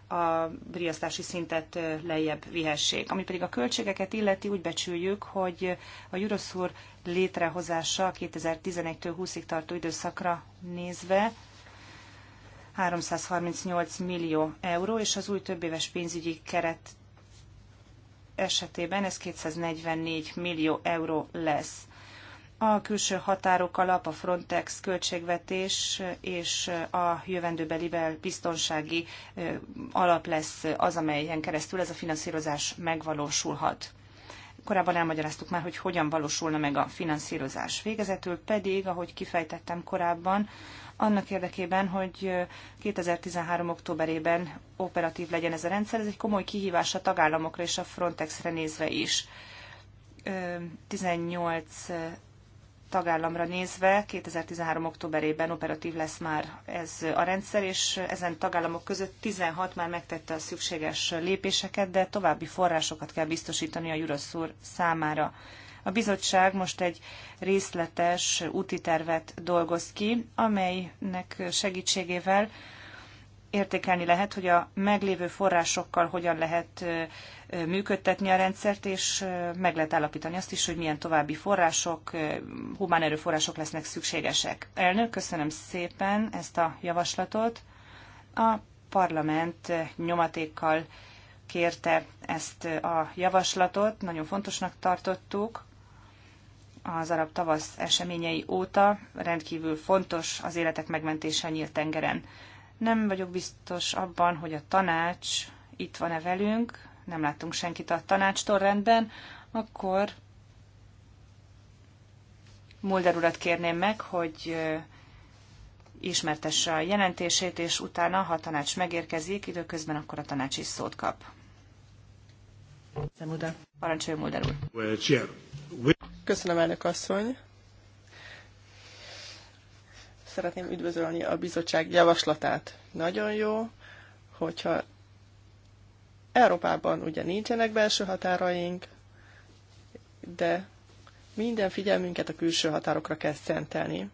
a riasztási szintet lejjebb vihessék. Ami pedig a költségeket illeti, úgy becsüljük, hogy a Juroszúr létrehozása 2011-től 20-ig tartó időszakra nézve 338 millió euró, és az új többéves pénzügyi keret esetében ez 244 millió euró lesz. A külső határok alap, a Frontex költségvetés és a jövendőbeli biztonsági alap lesz az, amelyen keresztül ez a finanszírozás megvalósulhat. Korábban elmagyaráztuk már, hogy hogyan valósulna meg a finanszírozás. Végezetül pedig, ahogy kifejtettem korábban, annak érdekében, hogy 2013. októberében operatív legyen ez a rendszer, ez egy komoly kihívás a tagállamokra és a Frontexre nézve is. 18 tagállamra nézve 2013. októberében operatív lesz már ez a rendszer, és ezen tagállamok között 16 már megtette a szükséges lépéseket, de további forrásokat kell biztosítani a Juroszúr számára. A bizottság most egy részletes úti tervet dolgoz ki, amelynek segítségével értékelni lehet, hogy a meglévő forrásokkal hogyan lehet működtetni a rendszert, és meg lehet állapítani azt is, hogy milyen további források, humán erőforrások lesznek szükségesek. Elnök, köszönöm szépen ezt a javaslatot. A parlament nyomatékkal kérte ezt a javaslatot, nagyon fontosnak tartottuk az arab tavasz eseményei óta, rendkívül fontos az életek megmentése a nyílt tengeren. Nem vagyok biztos abban, hogy a tanács itt van-e velünk, nem láttunk senkit a tanácstól rendben, akkor Mulder urat kérném meg, hogy ismertesse a jelentését, és utána, ha a tanács megérkezik, időközben akkor a tanács is szót kap. Parancsolja Mulder úr. Köszönöm, elnök asszony. Szeretném üdvözölni a bizottság javaslatát. Nagyon jó, hogyha Európában ugye nincsenek belső határaink, de minden figyelmünket a külső határokra kell szentelni.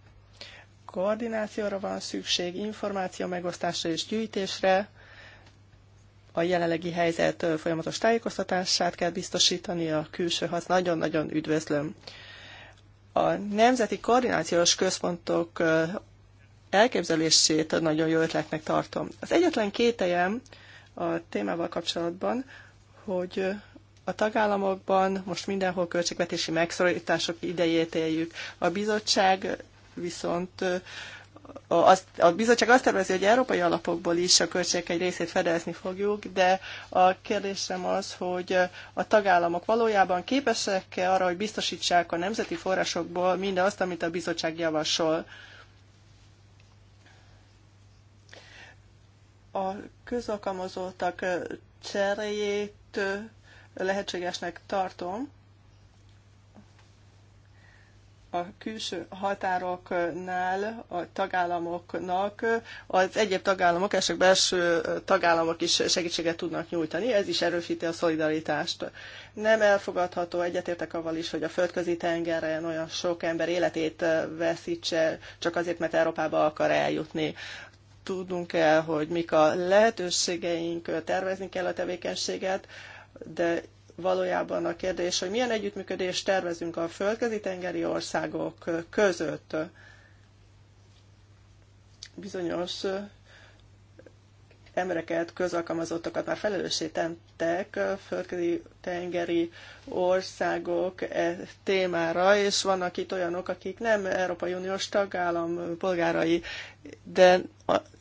Koordinációra van szükség, információ megosztásra és gyűjtésre, a jelenlegi helyzet folyamatos tájékoztatását kell biztosítani, a külső hasz nagyon-nagyon üdvözlöm. A nemzeti koordinációs központok elképzelését nagyon jó ötletnek tartom. Az egyetlen kételjem, a témával kapcsolatban, hogy a tagállamokban most mindenhol költségvetési megszorítások idejét éljük. A bizottság viszont az, a bizottság azt tervezi, hogy európai alapokból is a költségek egy részét fedezni fogjuk, de a kérdésem az, hogy a tagállamok valójában képesek-e arra, hogy biztosítsák a nemzeti forrásokból mindazt, amit a bizottság javasol. a közalkalmazottak cseréjét lehetségesnek tartom. A külső határoknál a tagállamoknak, az egyéb tagállamok, esetleg belső tagállamok is segítséget tudnak nyújtani, ez is erősíti a szolidaritást. Nem elfogadható, egyetértek avval is, hogy a földközi tengeren olyan sok ember életét veszítse, csak azért, mert Európába akar eljutni tudnunk kell, hogy mik a lehetőségeink, tervezni kell a tevékenységet, de valójában a kérdés, hogy milyen együttműködést tervezünk a földközi tengeri országok között. Bizonyos embereket, közalkalmazottakat már felelőssé tettek földközi tengeri országok e témára, és vannak itt olyanok, akik nem Európai Uniós tagállam polgárai, de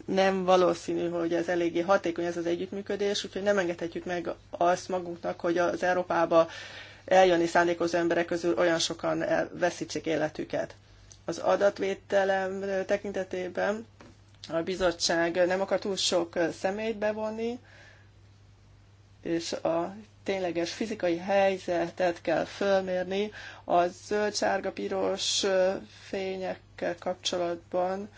nem valószínű, hogy ez eléggé hatékony ez az együttműködés, úgyhogy nem engedhetjük meg azt magunknak, hogy az Európába eljönni szándékozó emberek közül olyan sokan veszítsék életüket. Az adatvételem tekintetében a bizottság nem akar túl sok személyt bevonni, és a tényleges fizikai helyzetet kell fölmérni a zöld, sárga, piros fényekkel kapcsolatban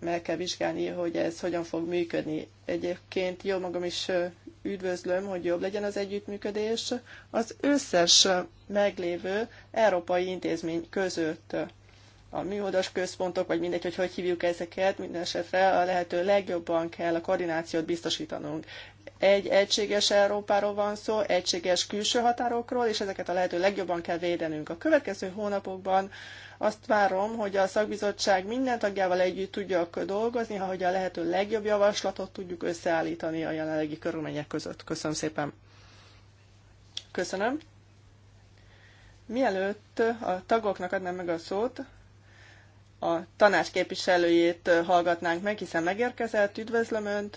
meg kell vizsgálni, hogy ez hogyan fog működni. Egyébként jó magam is üdvözlöm, hogy jobb legyen az együttműködés az összes meglévő európai intézmény között a műholdas központok, vagy mindegy, hogy hogy hívjuk ezeket, minden esetre a lehető legjobban kell a koordinációt biztosítanunk. Egy egységes Európáról van szó, egységes külső határokról, és ezeket a lehető legjobban kell védenünk. A következő hónapokban azt várom, hogy a szakbizottság minden tagjával együtt tudjak dolgozni, ahogy a lehető legjobb javaslatot tudjuk összeállítani a jelenlegi körülmények között. Köszönöm szépen. Köszönöm. Mielőtt a tagoknak adnám meg a szót, a tanács képviselőjét hallgatnánk meg, hiszen megérkezett. Üdvözlöm Önt!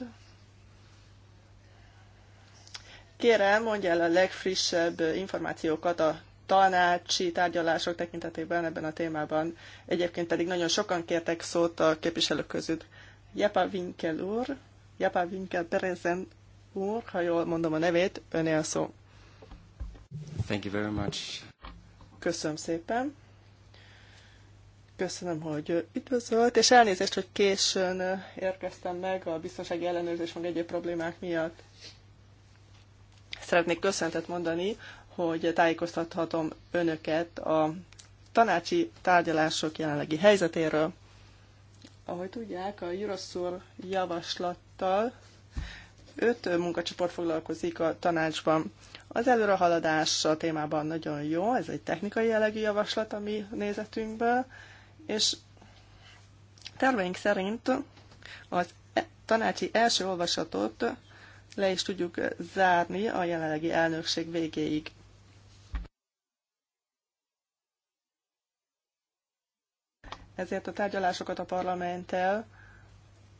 Kérem, mondja el a legfrissebb információkat a tanácsi tárgyalások tekintetében ebben a témában. Egyébként pedig nagyon sokan kértek szót a képviselők között. Jepa Winkel úr, Jepa Winkel Terezen úr, ha jól mondom a nevét, önél szó. Thank you very much. Köszönöm szépen. Köszönöm, hogy üdvözölt, és elnézést, hogy későn érkeztem meg a biztonsági ellenőrzés meg egyéb problémák miatt. Szeretnék köszöntet mondani, hogy tájékoztathatom önöket a tanácsi tárgyalások jelenlegi helyzetéről. Ahogy tudják, a Euroszur javaslattal öt munkacsoport foglalkozik a tanácsban. Az előrehaladás a témában nagyon jó, ez egy technikai jellegű javaslat a mi nézetünkből, és terveink szerint az e- tanácsi első olvasatot le is tudjuk zárni a jelenlegi elnökség végéig. Ezért a tárgyalásokat a parlamenttel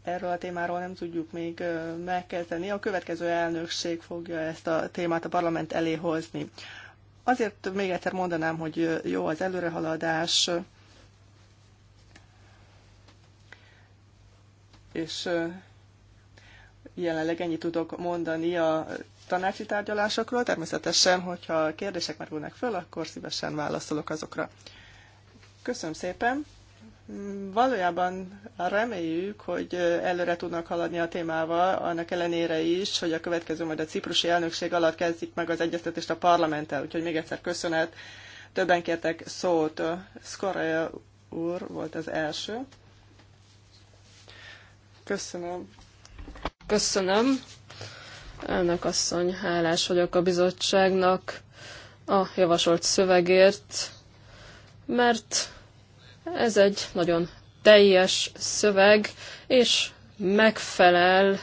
erről a témáról nem tudjuk még megkezdeni. A következő elnökség fogja ezt a témát a parlament elé hozni. Azért még egyszer mondanám, hogy jó az előrehaladás, és jelenleg ennyit tudok mondani a tanácsi tárgyalásokról. Természetesen, hogyha kérdések merülnek föl, akkor szívesen válaszolok azokra. Köszönöm szépen! Valójában reméljük, hogy előre tudnak haladni a témával, annak ellenére is, hogy a következő majd a ciprusi elnökség alatt kezdik meg az egyeztetést a parlamenttel. Úgyhogy még egyszer köszönet. Többen kértek szót. Skora úr volt az első. Köszönöm. Köszönöm. Elnök asszony, hálás vagyok a bizottságnak a javasolt szövegért, mert ez egy nagyon teljes szöveg, és megfelel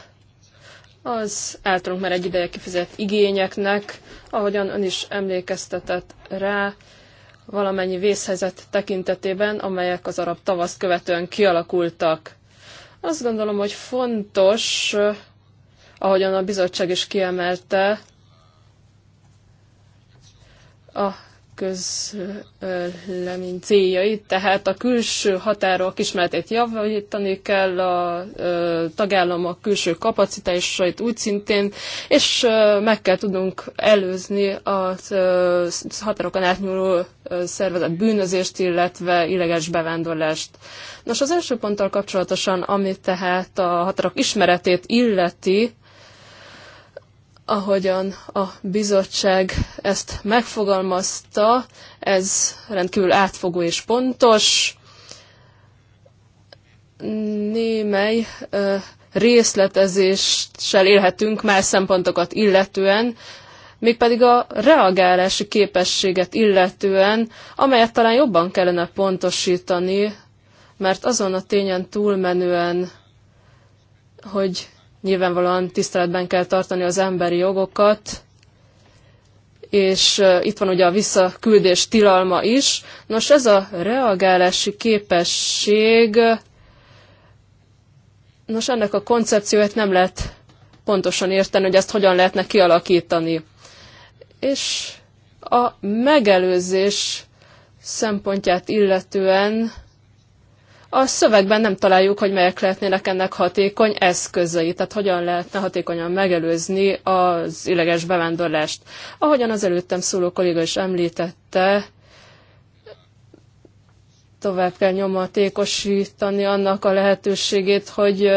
az általunk már egy ideje kifizett igényeknek, ahogyan ön is emlékeztetett rá, valamennyi vészhelyzet tekintetében, amelyek az arab tavaszt követően kialakultak. Azt gondolom, hogy fontos, ahogyan a bizottság is kiemelte, a közlemény céljait, tehát a külső határok ismeretét javítani kell, a tagállamok külső kapacitásait úgy szintén, és meg kell tudnunk előzni a határokon átnyúló szervezett bűnözést, illetve illegális bevándorlást. Nos, az első ponttal kapcsolatosan, ami tehát a határok ismeretét illeti, ahogyan a bizottság ezt megfogalmazta, ez rendkívül átfogó és pontos. Némely részletezéssel élhetünk más szempontokat illetően, mégpedig a reagálási képességet illetően, amelyet talán jobban kellene pontosítani, mert azon a tényen túlmenően, hogy nyilvánvalóan tiszteletben kell tartani az emberi jogokat, és itt van ugye a visszaküldés tilalma is. Nos, ez a reagálási képesség, nos, ennek a koncepcióját nem lehet pontosan érteni, hogy ezt hogyan lehetne kialakítani. És a megelőzés szempontját illetően a szövegben nem találjuk, hogy melyek lehetnének ennek hatékony eszközei, tehát hogyan lehetne hatékonyan megelőzni az illeges bevándorlást. Ahogyan az előttem szóló kolléga is említette, tovább kell nyomatékosítani annak a lehetőségét, hogy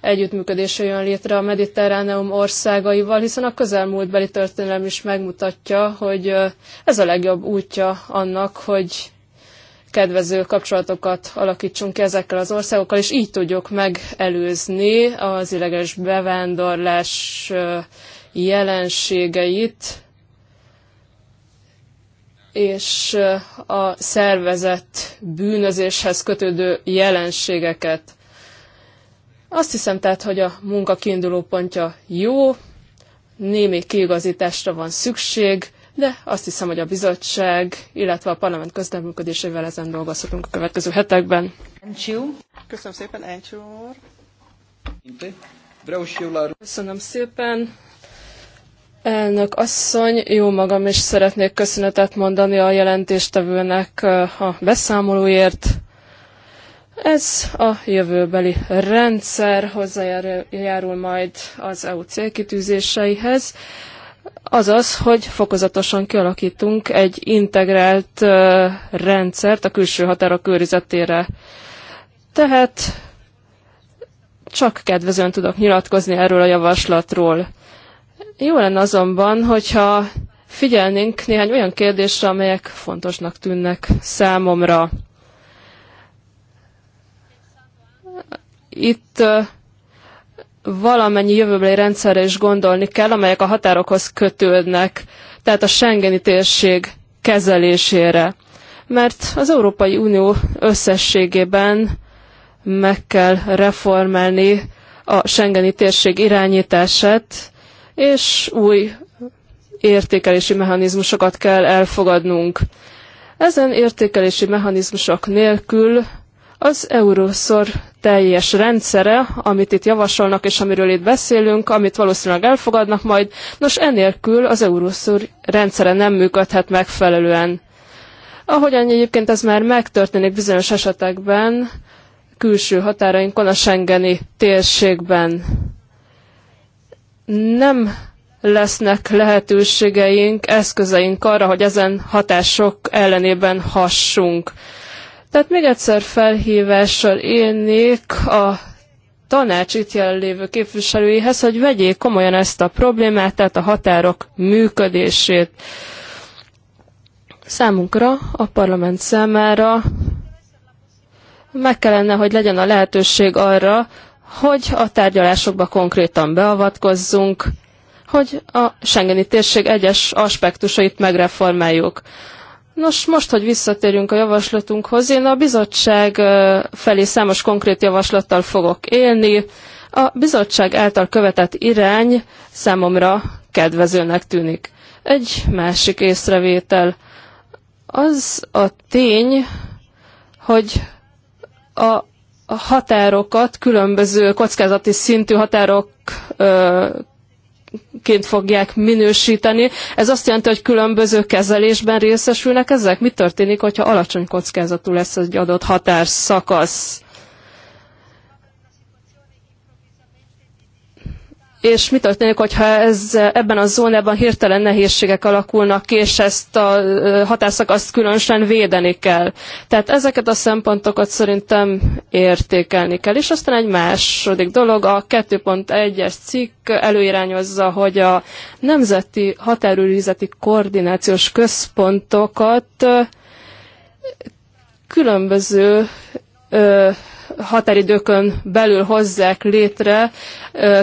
együttműködés jön létre a mediterráneum országaival, hiszen a közelmúltbeli történelem is megmutatja, hogy ez a legjobb útja annak, hogy kedvező kapcsolatokat alakítsunk ki ezekkel az országokkal, és így tudjuk megelőzni az illegális bevándorlás jelenségeit, és a szervezett bűnözéshez kötődő jelenségeket. Azt hiszem tehát, hogy a munka kiinduló pontja jó, némi kiigazításra van szükség, de azt hiszem, hogy a bizottság, illetve a parlament közleműködésével ezen dolgozhatunk a következő hetekben. Köszönöm szépen, Encsú Köszönöm szépen. Elnök asszony, jó magam is szeretnék köszönetet mondani a jelentéstevőnek eh, a beszámolóért. Ez a jövőbeli rendszer hozzájárul majd az EU célkitűzéseihez. Azaz, hogy fokozatosan kialakítunk egy integrált rendszert a külső határok őrizetére. Tehát csak kedvezően tudok nyilatkozni erről a javaslatról. Jó lenne azonban, hogyha figyelnénk néhány olyan kérdésre, amelyek fontosnak tűnnek számomra. Itt uh, valamennyi jövőbeli rendszerre is gondolni kell, amelyek a határokhoz kötődnek, tehát a Schengeni térség kezelésére. Mert az Európai Unió összességében meg kell reformálni a Schengeni térség irányítását, és új értékelési mechanizmusokat kell elfogadnunk. Ezen értékelési mechanizmusok nélkül az Euroszor teljes rendszere, amit itt javasolnak és amiről itt beszélünk, amit valószínűleg elfogadnak majd, nos enélkül az Euroszor rendszere nem működhet megfelelően. Ahogyan egyébként ez már megtörténik bizonyos esetekben, külső határainkon, a Schengeni térségben. Nem lesznek lehetőségeink, eszközeink arra, hogy ezen hatások ellenében hassunk. Tehát még egyszer felhívással élnék a tanács itt jelenlévő képviselőihez, hogy vegyék komolyan ezt a problémát, tehát a határok működését. Számunkra, a parlament számára meg kellene, hogy legyen a lehetőség arra, hogy a tárgyalásokba konkrétan beavatkozzunk, hogy a Schengeni térség egyes aspektusait megreformáljuk. Nos, most, hogy visszatérünk a javaslatunkhoz, én a bizottság felé számos konkrét javaslattal fogok élni. A bizottság által követett irány számomra kedvezőnek tűnik. Egy másik észrevétel. Az a tény, hogy a határokat, különböző kockázati szintű határok ként fogják minősíteni. Ez azt jelenti, hogy különböző kezelésben részesülnek ezek? Mi történik, hogyha alacsony kockázatú lesz egy adott határszakasz? és mi történik, hogyha ez, ebben a zónában hirtelen nehézségek alakulnak ki, és ezt a hatásszakaszt különösen védeni kell. Tehát ezeket a szempontokat szerintem értékelni kell. És aztán egy második dolog, a 2.1-es cikk előirányozza, hogy a nemzeti határőrizeti koordinációs központokat különböző határidőkön belül hozzák létre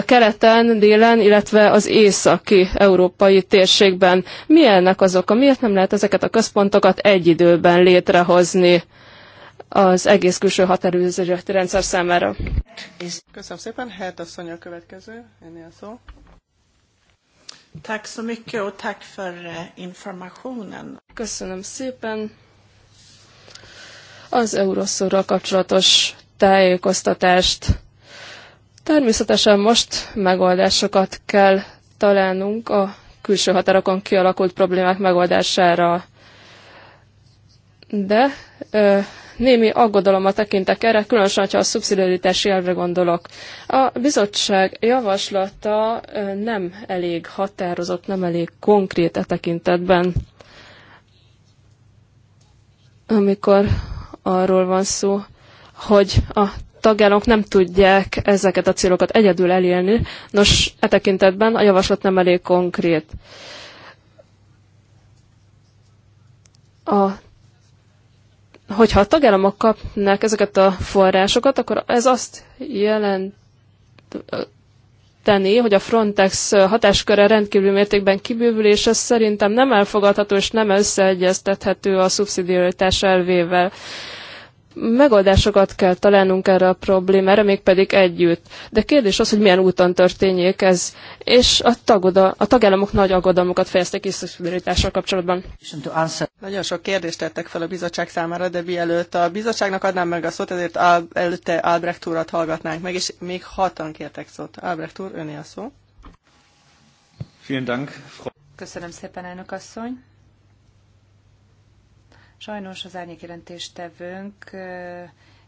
keleten, délen, illetve az északi európai térségben. Mi ennek az oka? Miért nem lehet ezeket a központokat egy időben létrehozni az egész külső határőrzeti rendszer számára? Köszönöm szépen. Hát a a következő. Ennél szó. Tack så mycket och tack för eh, informationen. Köszönöm szépen. Az euroszorral kapcsolatos tájékoztatást. Természetesen most megoldásokat kell találnunk a külső határokon kialakult problémák megoldására. De ö, némi aggodalommal tekintek erre, különösen, ha a szubszidiaritási elvre gondolok. A bizottság javaslata ö, nem elég határozott, nem elég konkrét e tekintetben. Amikor arról van szó, hogy a tagállamok nem tudják ezeket a célokat egyedül elérni. Nos, e tekintetben a javaslat nem elég konkrét. A, hogyha a tagállamok kapnak ezeket a forrásokat, akkor ez azt jelenteni, hogy a Frontex hatásköre rendkívül mértékben kibővül, és ez szerintem nem elfogadható és nem összeegyeztethető a szubszidiaritás elvével megoldásokat kell találnunk erre a problémára, mégpedig együtt. De kérdés az, hogy milyen úton történjék ez, és a, tagoda, a tagállamok nagy aggodalmukat fejeztek is szubszidiaritással kapcsolatban. Nagyon sok kérdést tettek fel a bizottság számára, de mielőtt a bizottságnak adnám meg a szót, ezért Al- előtte Albrecht úrat hallgatnánk meg, és még hatan kértek szót. Albrecht úr, öné a szó. Köszönöm szépen, elnök asszony. Sajnos az árnyékjelentéstevőnk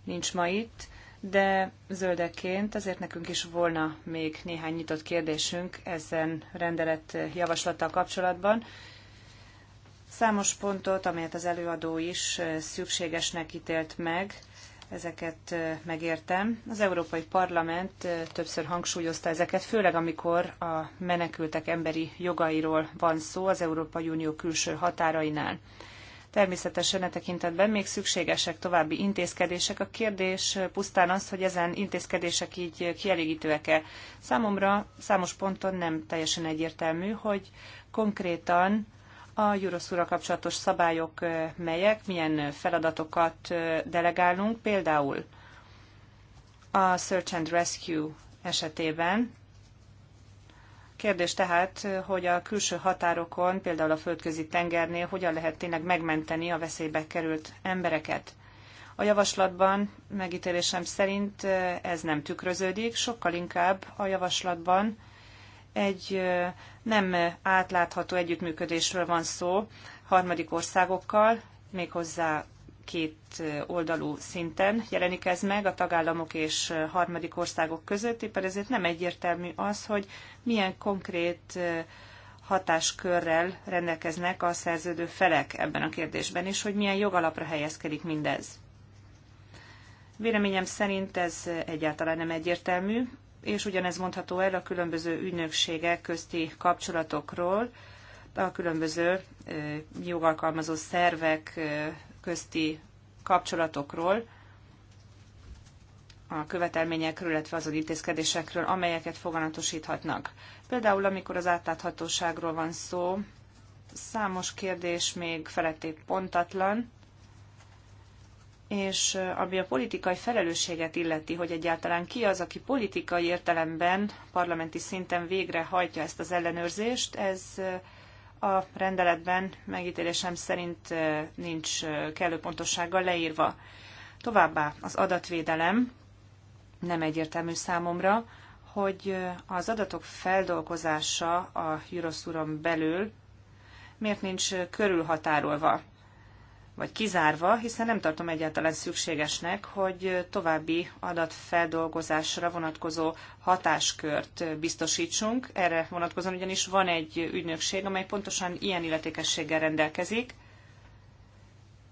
nincs ma itt, de zöldeként azért nekünk is volna még néhány nyitott kérdésünk ezen rendelet javaslattal kapcsolatban. Számos pontot, amelyet az előadó is szükségesnek ítélt meg, ezeket megértem. Az Európai Parlament többször hangsúlyozta ezeket, főleg amikor a menekültek emberi jogairól van szó az Európai Unió külső határainál. Természetesen e tekintetben még szükségesek további intézkedések. A kérdés pusztán az, hogy ezen intézkedések így kielégítőek-e. Számomra számos ponton nem teljesen egyértelmű, hogy konkrétan a Juroszúra kapcsolatos szabályok melyek, milyen feladatokat delegálunk, például a Search and Rescue esetében Kérdés tehát, hogy a külső határokon, például a földközi tengernél hogyan lehet tényleg megmenteni a veszélybe került embereket. A javaslatban megítélésem szerint eh, ez nem tükröződik, sokkal inkább a javaslatban egy eh, nem átlátható együttműködésről van szó harmadik országokkal, méghozzá két oldalú szinten jelenik ez meg a tagállamok és harmadik országok között, éppen ezért nem egyértelmű az, hogy milyen konkrét hatáskörrel rendelkeznek a szerződő felek ebben a kérdésben, és hogy milyen jogalapra helyezkedik mindez. Véleményem szerint ez egyáltalán nem egyértelmű, és ugyanez mondható el a különböző ügynökségek közti kapcsolatokról, a különböző jogalkalmazó szervek közti kapcsolatokról, a követelményekről, illetve azon intézkedésekről, amelyeket foganatosíthatnak. Például, amikor az átláthatóságról van szó, számos kérdés még feletté pontatlan, és eh, ami a politikai felelősséget illeti, hogy egyáltalán ki az, aki politikai értelemben parlamenti szinten végrehajtja ezt az ellenőrzést, ez eh, a rendeletben megítélésem szerint nincs kellő pontossággal leírva. Továbbá az adatvédelem nem egyértelmű számomra, hogy az adatok feldolgozása a Euroszúron belül miért nincs körülhatárolva vagy kizárva, hiszen nem tartom egyáltalán szükségesnek, hogy további adatfeldolgozásra vonatkozó hatáskört biztosítsunk. Erre vonatkozóan ugyanis van egy ügynökség, amely pontosan ilyen illetékességgel rendelkezik,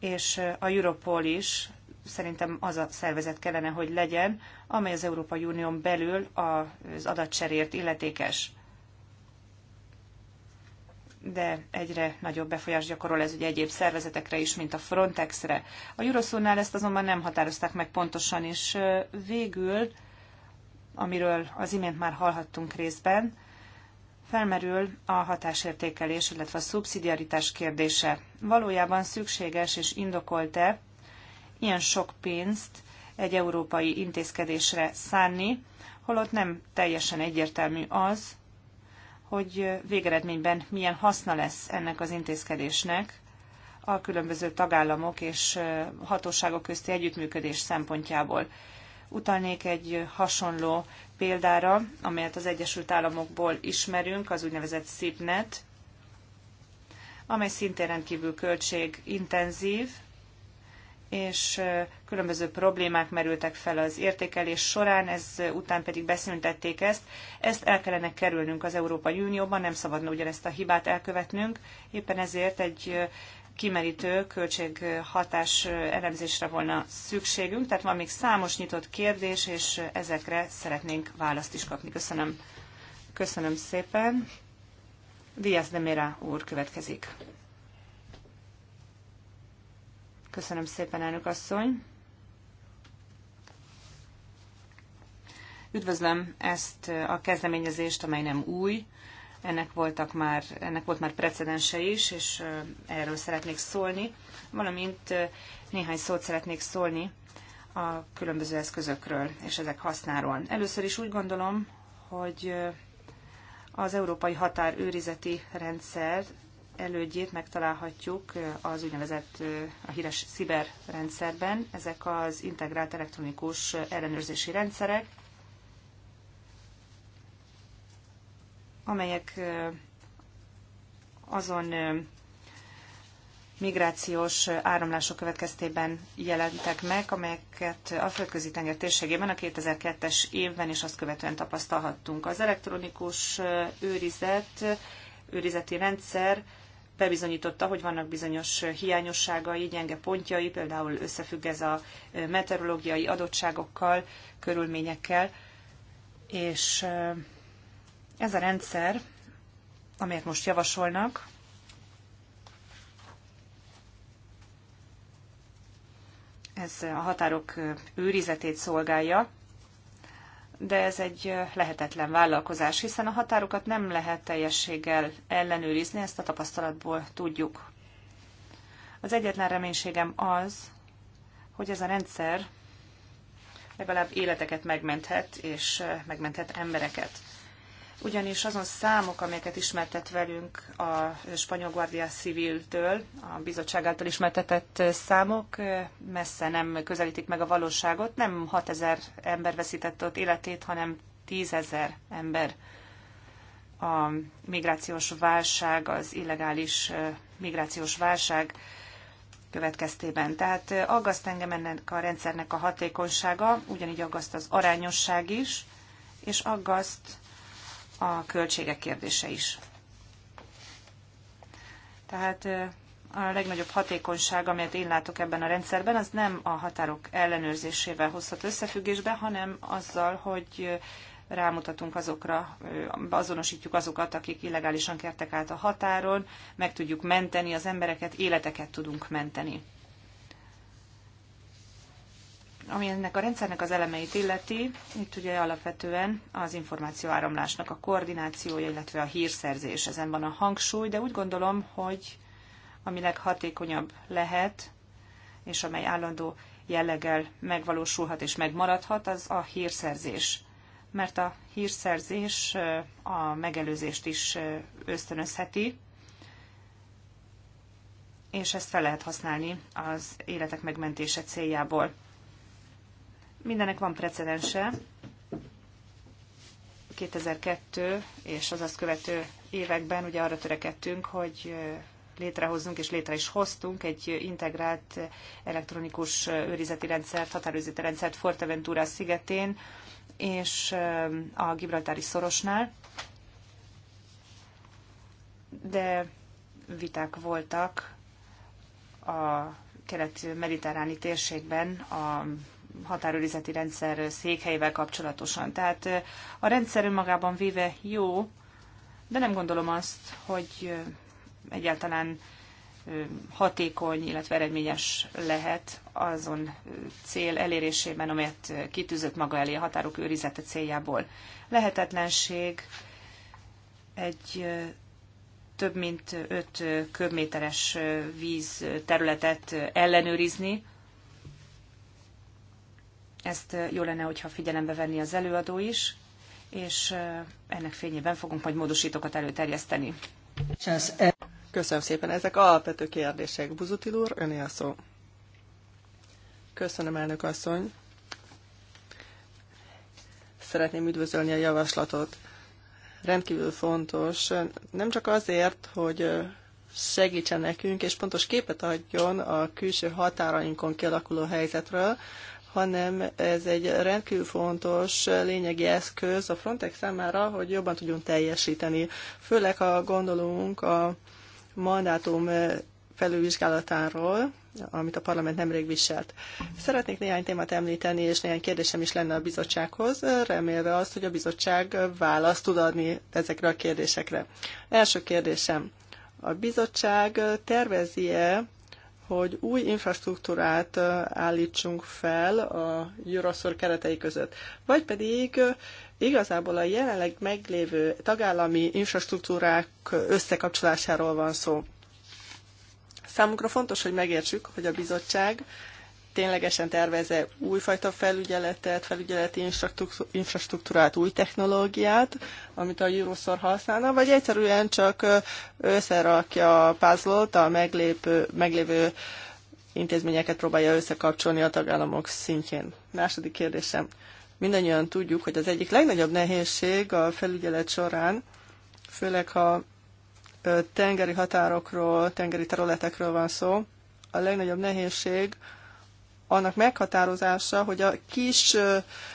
és a Europol is szerintem az a szervezet kellene, hogy legyen, amely az Európai Unión belül az adatcserért illetékes de egyre nagyobb befolyás gyakorol ez ugye egyéb szervezetekre is, mint a Frontexre. A Euroszónál ezt azonban nem határozták meg pontosan, és végül, amiről az imént már hallhattunk részben, felmerül a hatásértékelés, illetve a szubszidiaritás kérdése. Valójában szükséges és indokolt-e ilyen sok pénzt egy európai intézkedésre szánni, holott nem teljesen egyértelmű az, hogy végeredményben milyen haszna lesz ennek az intézkedésnek a különböző tagállamok és hatóságok közti együttműködés szempontjából. Utalnék egy hasonló példára, amelyet az Egyesült Államokból ismerünk, az úgynevezett SIPNET, amely szintén rendkívül költségintenzív, és különböző problémák merültek fel az értékelés során, ez után pedig beszüntették ezt. Ezt el kellene kerülnünk az Európai Unióban, nem szabadna ugyanezt a hibát elkövetnünk, éppen ezért egy kimerítő költséghatás elemzésre volna szükségünk, tehát van még számos nyitott kérdés, és ezekre szeretnénk választ is kapni. Köszönöm. Köszönöm szépen. Díaz de Mera úr következik. Köszönöm szépen, elnök asszony. Üdvözlöm ezt a kezdeményezést, amely nem új. Ennek, voltak már, ennek volt már precedense is, és erről szeretnék szólni, valamint néhány szót szeretnék szólni a különböző eszközökről és ezek hasznáról. Először is úgy gondolom, hogy az európai határőrizeti rendszer elődjét megtalálhatjuk az úgynevezett a híres sziber rendszerben. Ezek az integrált elektronikus ellenőrzési rendszerek, amelyek azon migrációs áramlások következtében jelentek meg, amelyeket a földközi tenger térségében a 2002-es évben és azt követően tapasztalhattunk. Az elektronikus őrizet, őrizeti rendszer bebizonyította, hogy vannak bizonyos hiányosságai, gyenge pontjai, például összefügg ez a meteorológiai adottságokkal, körülményekkel, és eh, ez a rendszer, amelyet most javasolnak, ez a határok eh, őrizetét szolgálja, de ez egy lehetetlen vállalkozás, hiszen a határokat nem lehet teljességgel ellenőrizni, ezt a tapasztalatból tudjuk. Az egyetlen reménységem az, hogy ez a rendszer legalább életeket megmenthet, és megmenthet embereket ugyanis azon számok, amelyeket ismertet velünk a Spanyol Guardia Civiltől, a bizottság által ismertetett számok messze nem közelítik meg a valóságot. Nem ezer ember veszített ott életét, hanem ezer ember. A migrációs válság, az illegális migrációs válság következtében. Tehát aggaszt engem ennek a rendszernek a hatékonysága, ugyanígy aggaszt az arányosság is, és aggaszt a költségek kérdése is. Tehát a legnagyobb hatékonyság, amelyet én látok ebben a rendszerben, az nem a határok ellenőrzésével hozhat összefüggésbe, hanem azzal, hogy rámutatunk azokra, azonosítjuk azokat, akik illegálisan kertek át a határon, meg tudjuk menteni az embereket, életeket tudunk menteni ami ennek a rendszernek az elemeit illeti, itt ugye alapvetően az információáramlásnak a koordinációja, illetve a hírszerzés, ezen van a hangsúly, de úgy gondolom, hogy ami leghatékonyabb lehet, és amely állandó jelleggel megvalósulhat és megmaradhat, az a hírszerzés. Mert a hírszerzés a megelőzést is ösztönözheti, és ezt fel lehet használni az életek megmentése céljából. Mindenek van precedense. 2002 és az azt követő években ugye arra törekedtünk, hogy létrehozzunk és létre is hoztunk egy integrált elektronikus őrizeti rendszert, határőrizeti rendszert Forteventura szigetén és a Gibraltári szorosnál. De viták voltak a kelet-mediterráni térségben a határőrizeti rendszer székhelyével kapcsolatosan. Tehát a rendszer önmagában véve jó, de nem gondolom azt, hogy egyáltalán hatékony, illetve eredményes lehet azon cél elérésében, amelyet kitűzött maga elé a határok őrizete céljából. Lehetetlenség egy több mint 5 köbméteres víz területet ellenőrizni, ezt jó lenne, hogyha figyelembe venni az előadó is, és ennek fényében fogunk majd módosítókat előterjeszteni. Köszönöm szépen. Ezek alapvető kérdések. Buzutil úr, öné a szó. Köszönöm, elnök asszony. Szeretném üdvözölni a javaslatot. Rendkívül fontos, nem csak azért, hogy segítsen nekünk, és pontos képet adjon a külső határainkon kialakuló helyzetről, hanem ez egy rendkívül fontos lényegi eszköz a Frontex számára, hogy jobban tudjunk teljesíteni. Főleg, ha gondolunk a mandátum felülvizsgálatáról, amit a parlament nemrég viselt. Szeretnék néhány témát említeni, és néhány kérdésem is lenne a bizottsághoz, remélve azt, hogy a bizottság választ tud adni ezekre a kérdésekre. Első kérdésem. A bizottság tervezi-e hogy új infrastruktúrát állítsunk fel a Euroszor keretei között, vagy pedig igazából a jelenleg meglévő tagállami infrastruktúrák összekapcsolásáról van szó. Számunkra fontos, hogy megértsük, hogy a bizottság ténylegesen tervez-e újfajta felügyeletet, felügyeleti infrastruktúrát, új technológiát, amit a Euroszor használna, vagy egyszerűen csak összerakja a puzzle-t, a meglépő, meglévő intézményeket próbálja összekapcsolni a tagállamok szintjén. Második kérdésem. Mindannyian tudjuk, hogy az egyik legnagyobb nehézség a felügyelet során, főleg ha tengeri határokról, tengeri területekről van szó, a legnagyobb nehézség annak meghatározása, hogy a kis,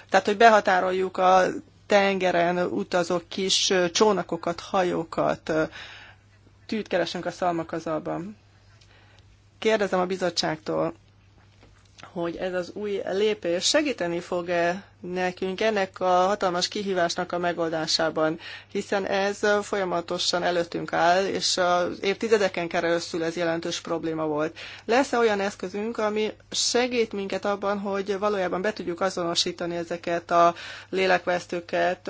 tehát hogy behatároljuk a tengeren utazó kis csónakokat, hajókat, tűt keresünk a szalmakazalban. Kérdezem a bizottságtól, hogy ez az új lépés segíteni fog-e nekünk ennek a hatalmas kihívásnak a megoldásában, hiszen ez folyamatosan előttünk áll, és az évtizedeken keresztül ez jelentős probléma volt. Lesz-e olyan eszközünk, ami segít minket abban, hogy valójában be tudjuk azonosítani ezeket a lélekvesztőket,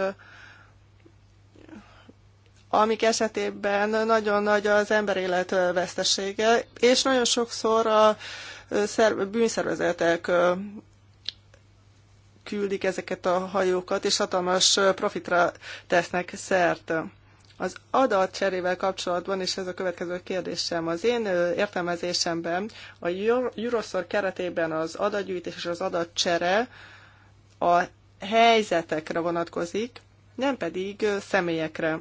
amik esetében nagyon nagy az emberélet vesztesége, és nagyon sokszor a bűnszervezetek küldik ezeket a hajókat, és hatalmas profitra tesznek szert. Az adatcserével kapcsolatban, és ez a következő kérdésem, az én értelmezésemben a Euroszor keretében az adatgyűjtés és az adatcsere a helyzetekre vonatkozik, nem pedig személyekre.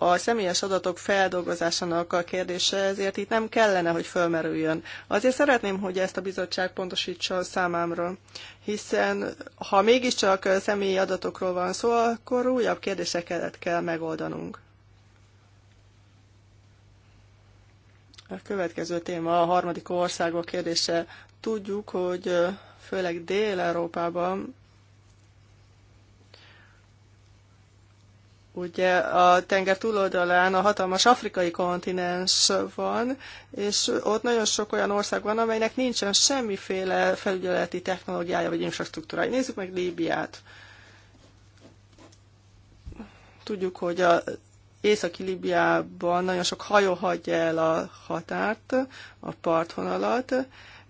a személyes adatok feldolgozásának a kérdése, ezért itt nem kellene, hogy fölmerüljön. Azért szeretném, hogy ezt a bizottság pontosítsa a számámra, hiszen ha mégiscsak személyi adatokról van szó, akkor újabb kérdéseket kell megoldanunk. A következő téma a harmadik országok kérdése. Tudjuk, hogy főleg Dél-Európában Ugye a tenger túloldalán a hatalmas afrikai kontinens van, és ott nagyon sok olyan ország van, amelynek nincsen semmiféle felügyeleti technológiája vagy infrastruktúrája. Nézzük meg Líbiát. Tudjuk, hogy a északi Líbiában nagyon sok hajó hagyja el a határt, a partvonalat,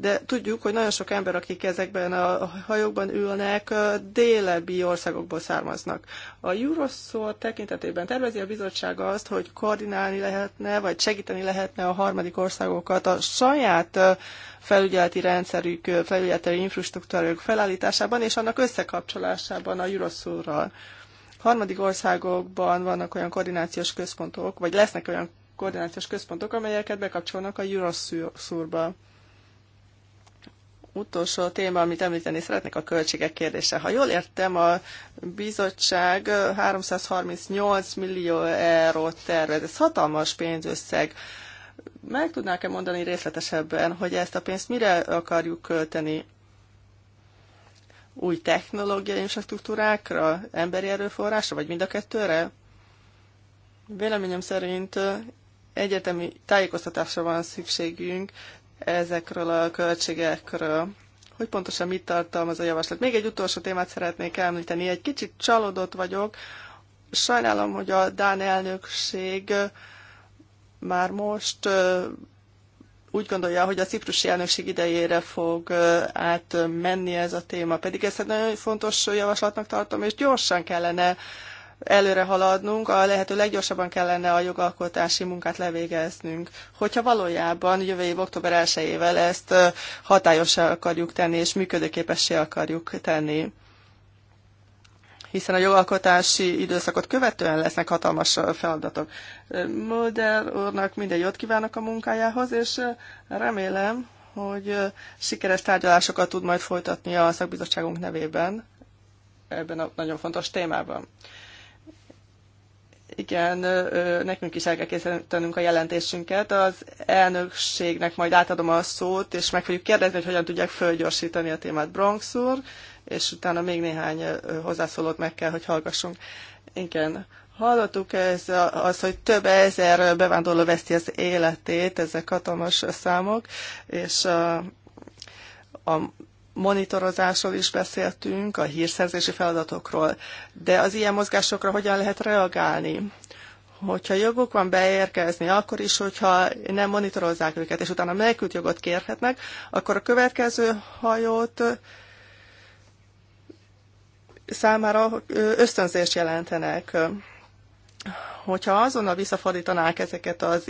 de tudjuk, hogy nagyon sok ember, akik ezekben a hajókban ülnek, délebbi országokból származnak. A Euroszor tekintetében tervezi a bizottság azt, hogy koordinálni lehetne, vagy segíteni lehetne a harmadik országokat a saját felügyeleti rendszerük, felügyeleti infrastruktúrájuk felállításában és annak összekapcsolásában a Euroszorral. Harmadik országokban vannak olyan koordinációs központok, vagy lesznek olyan koordinációs központok, amelyeket bekapcsolnak a Euroszurba utolsó téma, amit említeni szeretnék, a költségek kérdése. Ha jól értem, a bizottság 338 millió eurót tervez. Ez hatalmas pénzösszeg. Meg tudnák-e mondani részletesebben, hogy ezt a pénzt mire akarjuk költeni? Új technológiai infrastruktúrákra, emberi erőforrásra, vagy mind a kettőre? Véleményem szerint egyetemi tájékoztatásra van szükségünk, ezekről a költségekről. Hogy pontosan mit tartalmaz a javaslat? Még egy utolsó témát szeretnék említeni. Egy kicsit csalódott vagyok. Sajnálom, hogy a Dán elnökség már most úgy gondolja, hogy a ciprusi elnökség idejére fog átmenni ez a téma. Pedig ezt egy nagyon fontos javaslatnak tartom, és gyorsan kellene előre haladnunk, a lehető leggyorsabban kellene a jogalkotási munkát levégeznünk. Hogyha valójában jövő év október 1-ével ezt hatályosá akarjuk tenni, és működőképessé akarjuk tenni hiszen a jogalkotási időszakot követően lesznek hatalmas feladatok. Mulder úrnak minden jót kívánok a munkájához, és remélem, hogy sikeres tárgyalásokat tud majd folytatni a szakbizottságunk nevében ebben a nagyon fontos témában igen, nekünk is el kell készítenünk a jelentésünket. Az elnökségnek majd átadom a szót, és meg fogjuk kérdezni, hogy hogyan tudják fölgyorsítani a témát Bronx úr, és utána még néhány hozzászólót meg kell, hogy hallgassunk. Igen, hallottuk ez az, hogy több ezer bevándorló veszti az életét, ezek hatalmas számok, és a, a monitorozásról is beszéltünk, a hírszerzési feladatokról, de az ilyen mozgásokra hogyan lehet reagálni? Hogyha joguk van beérkezni, akkor is, hogyha nem monitorozzák őket, és utána menekült jogot kérhetnek, akkor a következő hajót számára ösztönzést jelentenek hogyha azonnal visszafordítanák ezeket az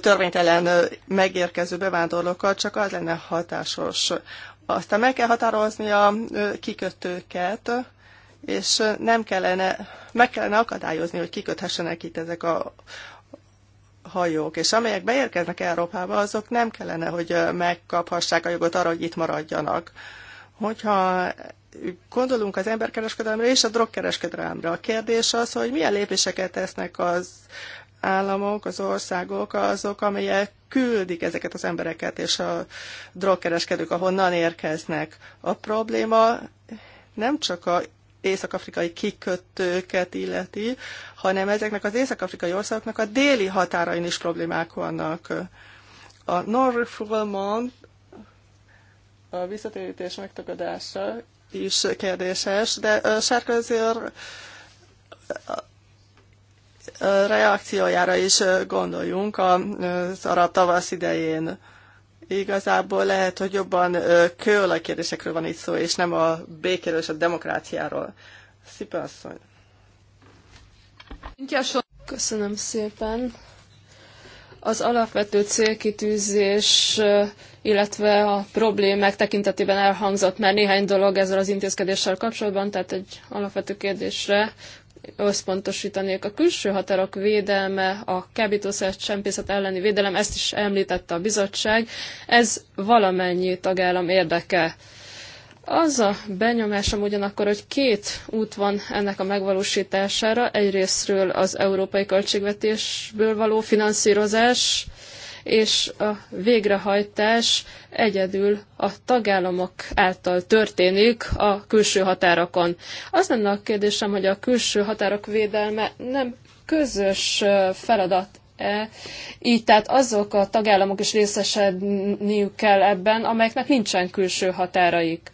törvénytelen megérkező bevándorlókat, csak az lenne hatásos. Aztán meg kell határozni a kikötőket, és nem kellene, meg kellene akadályozni, hogy kiköthessenek itt ezek a hajók, és amelyek beérkeznek Európába, azok nem kellene, hogy megkaphassák a jogot arra, hogy itt maradjanak. Hogyha gondolunk az emberkereskedelemre és a drogkereskedelemre, a kérdés az, hogy milyen lépéseket tesznek az államok, az országok, azok, amelyek küldik ezeket az embereket, és a drogkereskedők ahonnan érkeznek. A probléma nem csak a észak-afrikai kikötőket illeti, hanem ezeknek az észak-afrikai országoknak a déli határain is problémák vannak. A non-refoulement, a visszatérítés megtagadása is kérdéses, de Sárközi reakciójára is gondoljunk az arab tavasz idején. Igazából lehet, hogy jobban kérdésekről van itt szó, és nem a békéről és a demokráciáról. Szépen asszony! Köszönöm szépen! az alapvető célkitűzés, illetve a problémák tekintetében elhangzott már néhány dolog ezzel az intézkedéssel kapcsolatban, tehát egy alapvető kérdésre összpontosítanék. A külső határok védelme, a kábítószer csempészet elleni védelem, ezt is említette a bizottság, ez valamennyi tagállam érdeke. Az a benyomásom ugyanakkor, hogy két út van ennek a megvalósítására. Egyrésztről az európai költségvetésből való finanszírozás, és a végrehajtás egyedül a tagállamok által történik a külső határokon. Az lenne a kérdésem, hogy a külső határok védelme nem közös feladat E, így tehát azok a tagállamok is részesedniük kell ebben, amelyeknek nincsen külső határaik.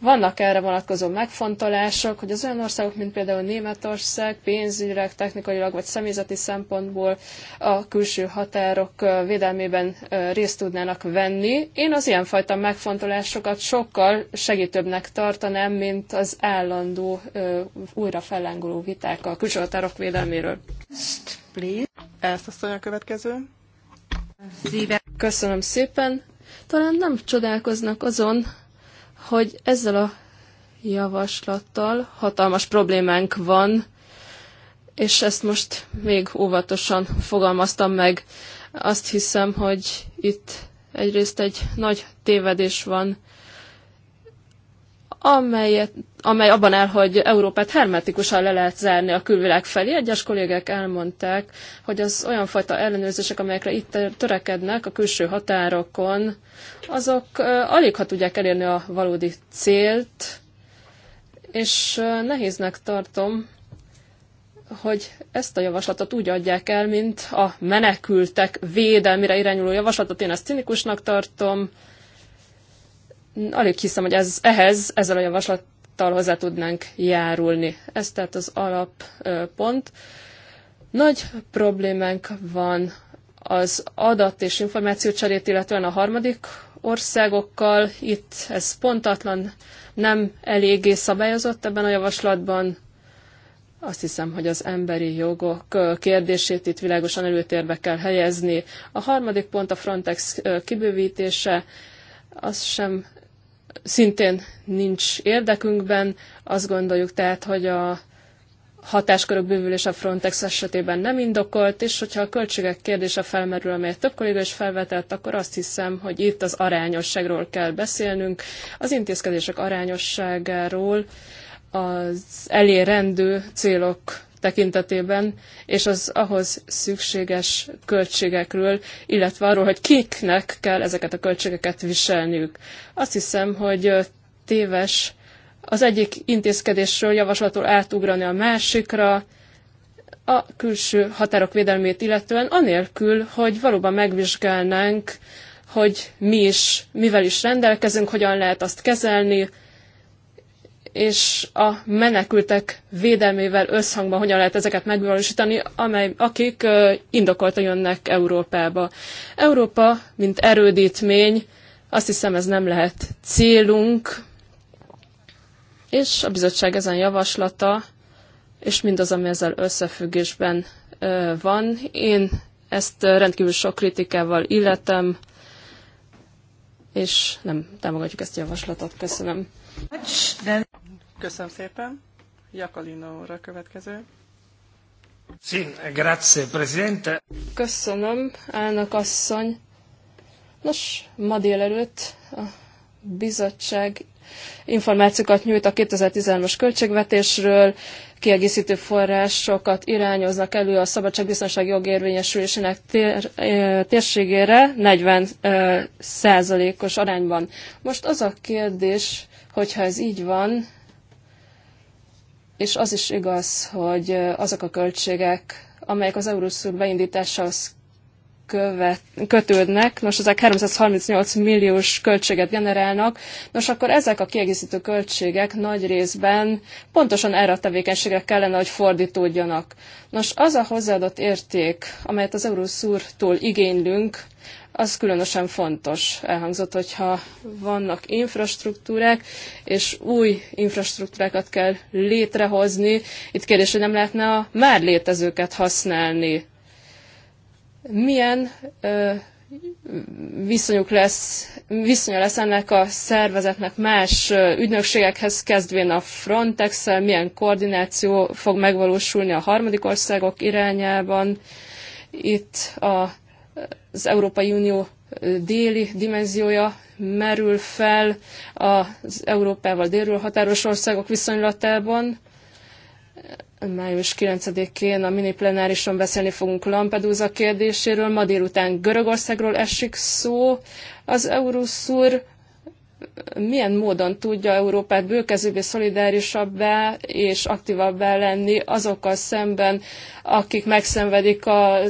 Vannak erre vonatkozó megfontolások, hogy az olyan országok, mint például Németország pénzügyileg, technikailag vagy személyzeti szempontból a külső határok védelmében részt tudnának venni. Én az ilyenfajta megfontolásokat sokkal segítőbbnek tartanám, mint az állandó újra fellángoló viták a külső határok védelméről. Ezt azt a következő. Köszönöm szépen. Talán nem csodálkoznak azon, hogy ezzel a javaslattal hatalmas problémánk van, és ezt most még óvatosan fogalmaztam meg. Azt hiszem, hogy itt egyrészt egy nagy tévedés van, amelyet, amely abban áll, hogy Európát hermetikusan le lehet zárni a külvilág felé. Egyes kollégák elmondták, hogy az olyan fajta ellenőrzések, amelyekre itt törekednek a külső határokon, azok alig ha tudják elérni a valódi célt, és nehéznek tartom, hogy ezt a javaslatot úgy adják el, mint a menekültek védelmire irányuló javaslatot. Én ezt cinikusnak tartom, alig hiszem, hogy ez, ehhez, ezzel a javaslattal hozzá tudnánk járulni. Ez tehát az alappont. Nagy problémánk van az adat és cserét, illetően a harmadik országokkal. Itt ez pontatlan, nem eléggé szabályozott ebben a javaslatban. Azt hiszem, hogy az emberi jogok kérdését itt világosan előtérbe kell helyezni. A harmadik pont a Frontex kibővítése. az sem szintén nincs érdekünkben. Azt gondoljuk tehát, hogy a hatáskörök bővülés a Frontex esetében nem indokolt, és hogyha a költségek kérdése felmerül, amelyet több kolléga is felvetett, akkor azt hiszem, hogy itt az arányosságról kell beszélnünk, az intézkedések arányosságáról, az elérendő célok tekintetében, és az ahhoz szükséges költségekről, illetve arról, hogy kiknek kell ezeket a költségeket viselniük. Azt hiszem, hogy téves az egyik intézkedésről, javaslatról átugrani a másikra, a külső határok védelmét illetően, anélkül, hogy valóban megvizsgálnánk, hogy mi is, mivel is rendelkezünk, hogyan lehet azt kezelni, és a menekültek védelmével összhangban hogyan lehet ezeket megvalósítani, amely, akik indokoltan jönnek Európába. Európa, mint erődítmény, azt hiszem ez nem lehet célunk, és a bizottság ezen javaslata, és mindaz, ami ezzel összefüggésben van. Én ezt rendkívül sok kritikával illetem, és nem támogatjuk ezt a javaslatot. Köszönöm. Köszönöm szépen. Jakalino úr következő. Sí, grazie, presidente. Köszönöm, elnök asszony. Nos, ma délelőtt a bizottság információkat nyújt a 2013-as költségvetésről, kiegészítő forrásokat irányoznak elő a szabadságbiztonság jogérvényesülésének tér, térségére 40 százalékos arányban. Most az a kérdés, hogyha ez így van, és az is igaz, hogy azok a költségek, amelyek az Euroszur beindításához követ, kötődnek, nos ezek 338 milliós költséget generálnak, nos akkor ezek a kiegészítő költségek nagy részben pontosan erre a tevékenységre kellene, hogy fordítódjanak. Nos az a hozzáadott érték, amelyet az Euroszúrtól igénylünk, az különösen fontos. Elhangzott, hogyha vannak infrastruktúrák, és új infrastruktúrákat kell létrehozni, itt kérdés, hogy nem lehetne a már létezőket használni milyen ö, viszonyuk lesz, viszonya lesz ennek a szervezetnek más ügynökségekhez, kezdvén a frontex milyen koordináció fog megvalósulni a harmadik országok irányában. Itt a, az Európai Unió déli dimenziója merül fel az Európával délről határos országok viszonylatában május 9-én a mini plenárison beszélni fogunk Lampedusa kérdéséről. Ma délután Görögországról esik szó. Az Euruszur milyen módon tudja Európát bőkezőbbé, szolidárisabbá és aktívabbá lenni azokkal szemben, akik megszenvedik a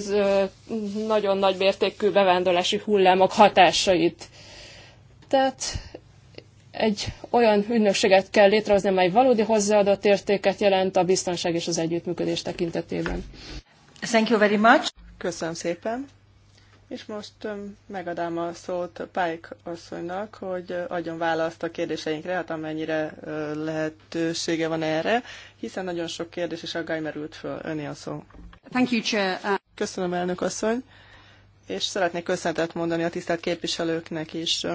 nagyon nagy mértékű bevándorlási hullámok hatásait. Tehát egy olyan ügynökséget kell létrehozni, amely valódi hozzáadott értéket jelent a biztonság és az együttműködés tekintetében. Thank you very much. Köszönöm szépen. És most megadám a szót Pike asszonynak, hogy adjon választ a kérdéseinkre, hát amennyire lehetősége van erre, hiszen nagyon sok kérdés és aggály merült föl. Öné a szó. Thank you, Chair. Uh, Köszönöm, elnök asszony, és szeretnék köszönetet mondani a tisztelt képviselőknek is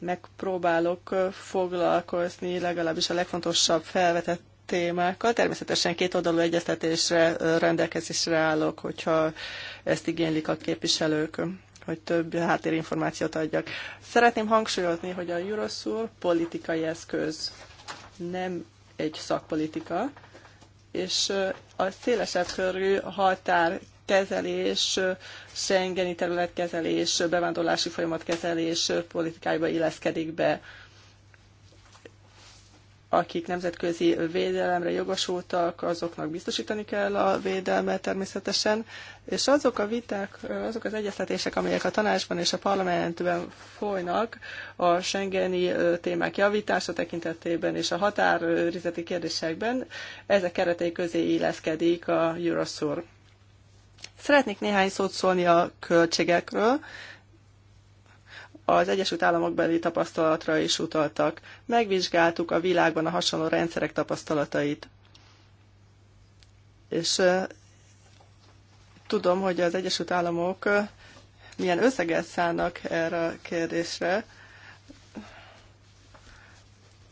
megpróbálok foglalkozni legalábbis a legfontosabb felvetett témákkal. Természetesen két oldalú egyeztetésre rendelkezésre állok, hogyha ezt igénylik a képviselők hogy több háttérinformációt adjak. Szeretném hangsúlyozni, hogy a Euroszul politikai eszköz, nem egy szakpolitika, és a szélesebb körű határ kezelés, Schengeni területkezelés, bevándorlási folyamatkezelés politikájába illeszkedik be akik nemzetközi védelemre jogosultak, azoknak biztosítani kell a védelmet természetesen, és azok a viták, azok az egyeztetések, amelyek a tanácsban és a parlamentben folynak, a Schengeni témák javítása tekintetében és a határőrizeti kérdésekben, ezek keretei közé illeszkedik a Eurosur. Szeretnék néhány szót szólni a költségekről. Az Egyesült Államok beli tapasztalatra is utaltak. Megvizsgáltuk a világban a hasonló rendszerek tapasztalatait. És tudom, hogy az Egyesült Államok milyen összeget szállnak erre a kérdésre,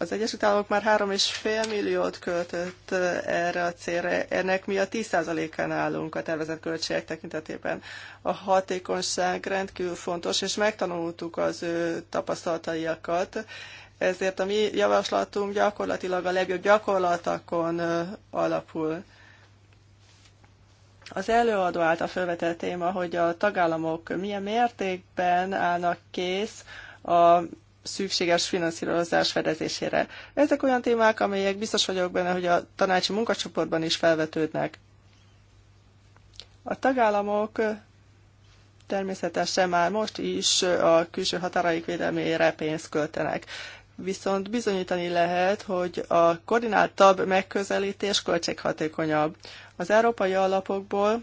az Egyesült Államok már 3,5 milliót költött erre a célra, ennek mi a 10%-án állunk a tervezett költségek tekintetében. A hatékonyság rendkívül fontos, és megtanultuk az ő tapasztalataiakat, ezért a mi javaslatunk gyakorlatilag a legjobb gyakorlatokon alapul. Az előadó által felvetett téma, hogy a tagállamok milyen mértékben állnak kész a szükséges finanszírozás fedezésére. Ezek olyan témák, amelyek biztos vagyok benne, hogy a tanácsi munkacsoportban is felvetődnek. A tagállamok természetesen már most is a külső határaik védelmére pénzt költenek. Viszont bizonyítani lehet, hogy a koordináltabb megközelítés költséghatékonyabb. Az európai alapokból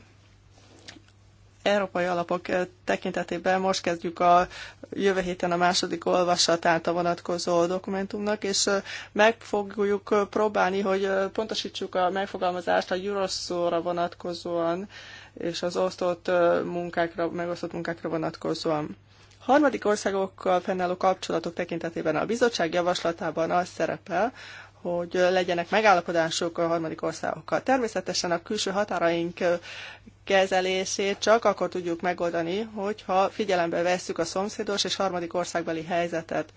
európai alapok eh, tekintetében most kezdjük a jövő héten a második olvasatát a vonatkozó dokumentumnak, és eh, meg fogjuk eh, próbálni, hogy pontosítsuk a megfogalmazást a Euroszóra vonatkozóan, és az osztott munkákra, megosztott munkákra vonatkozóan. Harmadik országokkal fennálló kapcsolatok tekintetében a bizottság javaslatában az szerepel, hogy legyenek megállapodások a harmadik országokkal. Természetesen a külső határaink kezelését csak akkor tudjuk megoldani, hogyha figyelembe vesszük a szomszédos és harmadik országbeli helyzetet.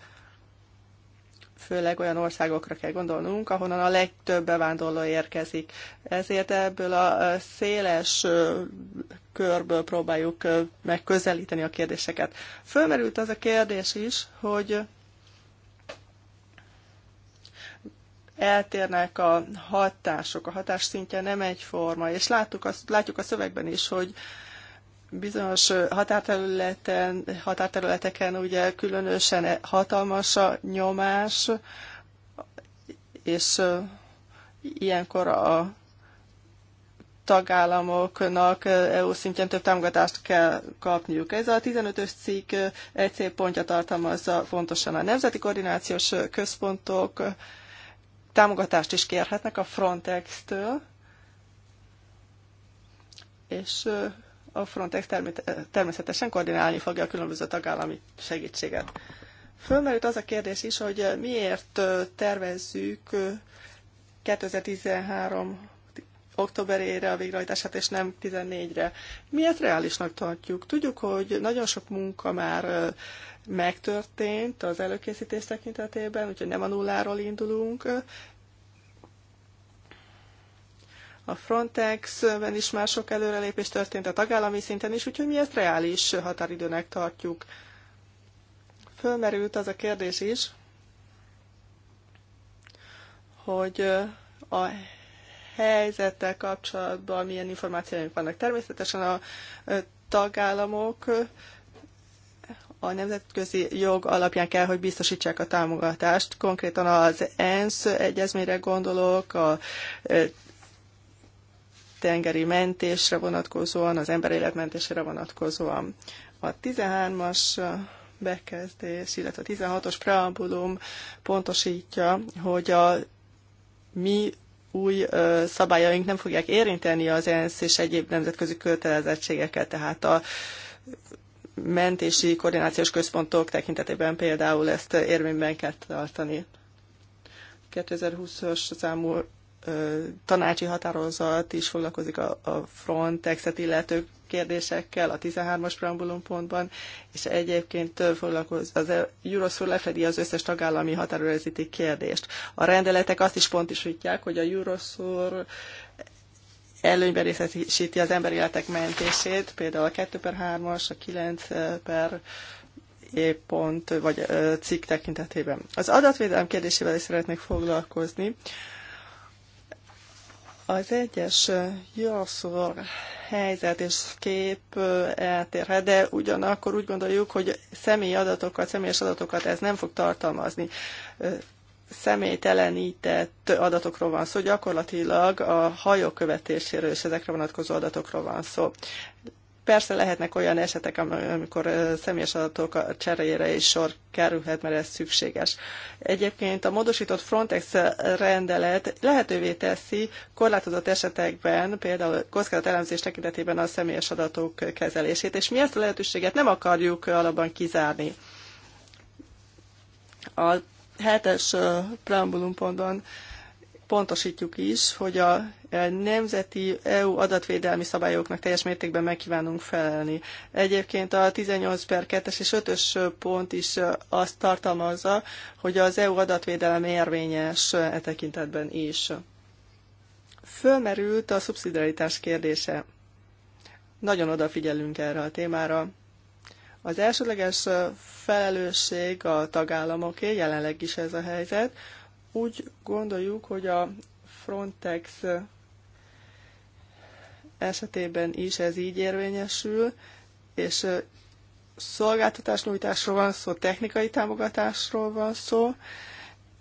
Főleg olyan országokra kell gondolnunk, ahonnan a legtöbb bevándorló érkezik. Ezért ebből a széles körből próbáljuk megközelíteni a kérdéseket. Fölmerült az a kérdés is, hogy eltérnek a hatások, a hatás szintje nem egyforma, és látjuk azt, látjuk a szövegben is, hogy bizonyos határterületen, határterületeken ugye különösen hatalmas a nyomás, és ilyenkor a tagállamoknak EU szintjén több támogatást kell kapniuk. Ez a 15-ös cikk egy célpontja tartalmazza pontosan a nemzeti koordinációs központok támogatást is kérhetnek a Frontex-től, és a Frontex természetesen koordinálni fogja a különböző tagállami segítséget. Fölmerült az a kérdés is, hogy miért tervezzük 2013 októberére a végrehajtását, és nem 14-re. Mi ezt reálisnak tartjuk. Tudjuk, hogy nagyon sok munka már megtörtént az előkészítés tekintetében, úgyhogy nem a nulláról indulunk. A Frontex-ben is már sok előrelépés történt a tagállami szinten is, úgyhogy mi ezt reális határidőnek tartjuk. Fölmerült az a kérdés is, hogy a helyzettel kapcsolatban milyen információink vannak. Természetesen a tagállamok a nemzetközi jog alapján kell, hogy biztosítsák a támogatást. Konkrétan az ENSZ egyezményre gondolok, a e, tengeri mentésre vonatkozóan, az életmentésre vonatkozóan. A 13-as bekezdés, illetve a 16-os preambulum pontosítja, hogy a mi új ö, szabályaink nem fogják érinteni az ENSZ és egyéb nemzetközi kötelezettségeket, tehát a mentési koordinációs központok tekintetében például ezt érvényben kell tartani. 2020-as számú ö, tanácsi határozat is foglalkozik a, a Frontex-et illető kérdésekkel a 13-as preambulum pontban, és egyébként foglalkoz, az Euroszur lefedi az összes tagállami határőrzeti kérdést. A rendeletek azt is pontosítják, hogy a Euroszur előnyben részesíti az emberi életek mentését, például a 2 per 3-as, a 9 per e pont vagy cikk tekintetében. Az adatvédelem kérdésével is szeretnék foglalkozni. Az egyes jószor helyzet és kép eltérhet, de ugyanakkor úgy gondoljuk, hogy személyi adatokat, személyes adatokat ez nem fog tartalmazni. Személytelenített adatokról van szó, gyakorlatilag a hajók követéséről és ezekre vonatkozó adatokról van szó. Persze lehetnek olyan esetek, amikor személyes adatok cseréjére is sor kerülhet, mert ez szükséges. Egyébként a módosított Frontex rendelet lehetővé teszi korlátozott esetekben, például kockázatelemzés tekintetében a személyes adatok kezelését, és mi ezt a lehetőséget nem akarjuk alapban kizárni. A hetes preambulum pontosítjuk is, hogy a e, nemzeti EU adatvédelmi szabályoknak teljes mértékben megkívánunk felelni. Egyébként a 18 per 2-es és 5-ös pont is e, azt tartalmazza, hogy az EU adatvédelem érvényes e tekintetben is. Fölmerült a szubszidiaritás kérdése. Nagyon odafigyelünk erre a témára. Az elsőleges e, felelősség a tagállamoké, jelenleg is ez a helyzet, úgy gondoljuk, hogy a Frontex esetében is ez így érvényesül, és szolgáltatásnyújtásról van szó, technikai támogatásról van szó.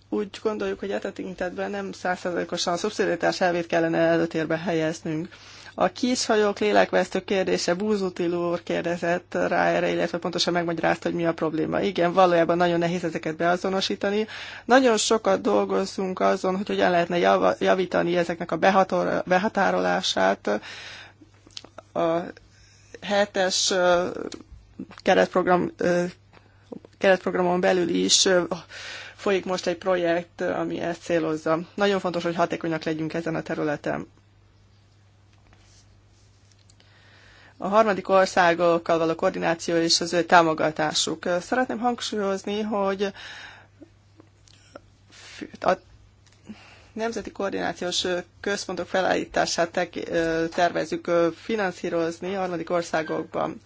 Úgy gondoljuk, hogy e tekintetben nem százszerzalékosan a szubszidiaritás elvét kellene előtérbe helyeznünk. A kishajók lélekvesztő kérdése, Búzutil úr kérdezett rá erre, illetve pontosan megmagyarázta, hogy mi a probléma. Igen, valójában nagyon nehéz ezeket beazonosítani. Nagyon sokat dolgozunk azon, hogy hogyan lehetne javítani ezeknek a behator, behatárolását. A hetes keretprogram, keretprogramon belül is folyik most egy projekt, ami ezt célozza. Nagyon fontos, hogy hatékonyak legyünk ezen a területen. a harmadik országokkal való koordináció és az ő támogatásuk. Szeretném hangsúlyozni, hogy a nemzeti koordinációs központok felállítását tervezzük finanszírozni harmadik országokban.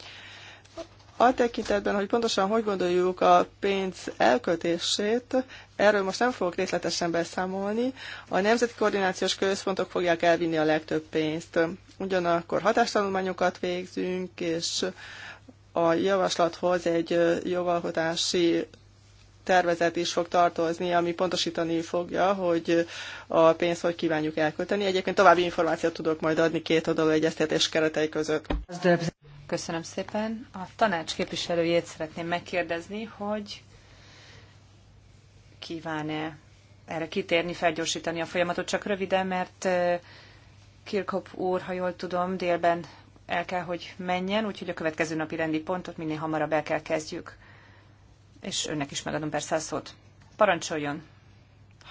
A tekintetben, hogy pontosan hogy gondoljuk a pénz elkötését, erről most nem fogok részletesen beszámolni. A nemzeti koordinációs központok fogják elvinni a legtöbb pénzt. Ugyanakkor hatástanulmányokat végzünk, és a javaslathoz egy jogalkotási tervezet is fog tartozni, ami pontosítani fogja, hogy a pénzt hogy kívánjuk elkölteni. Egyébként további információt tudok majd adni két oldalú egyeztetés keretei között. Köszönöm szépen. A tanács képviselőjét szeretném megkérdezni, hogy kíván-e erre kitérni, felgyorsítani a folyamatot, csak röviden, mert Kirkop úr, ha jól tudom, délben el kell, hogy menjen, úgyhogy a következő napi rendi pontot minél hamarabb el kell kezdjük. És önnek is megadom persze a szót. Parancsoljon,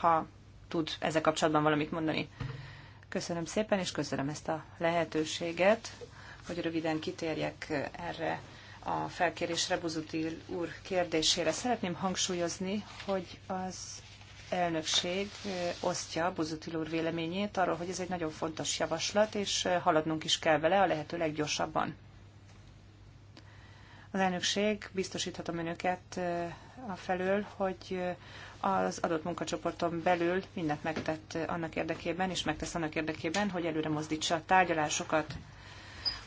ha tud ezzel kapcsolatban valamit mondani. Köszönöm szépen, és köszönöm ezt a lehetőséget hogy röviden kitérjek erre a felkérésre Buzutil úr kérdésére. Szeretném hangsúlyozni, hogy az elnökség osztja Buzutil úr véleményét arról, hogy ez egy nagyon fontos javaslat, és haladnunk is kell vele a lehető leggyorsabban. Az elnökség biztosíthatom önöket a felől, hogy az adott munkacsoporton belül mindent megtett annak érdekében, és megtesz annak érdekében, hogy előre mozdítsa a tárgyalásokat.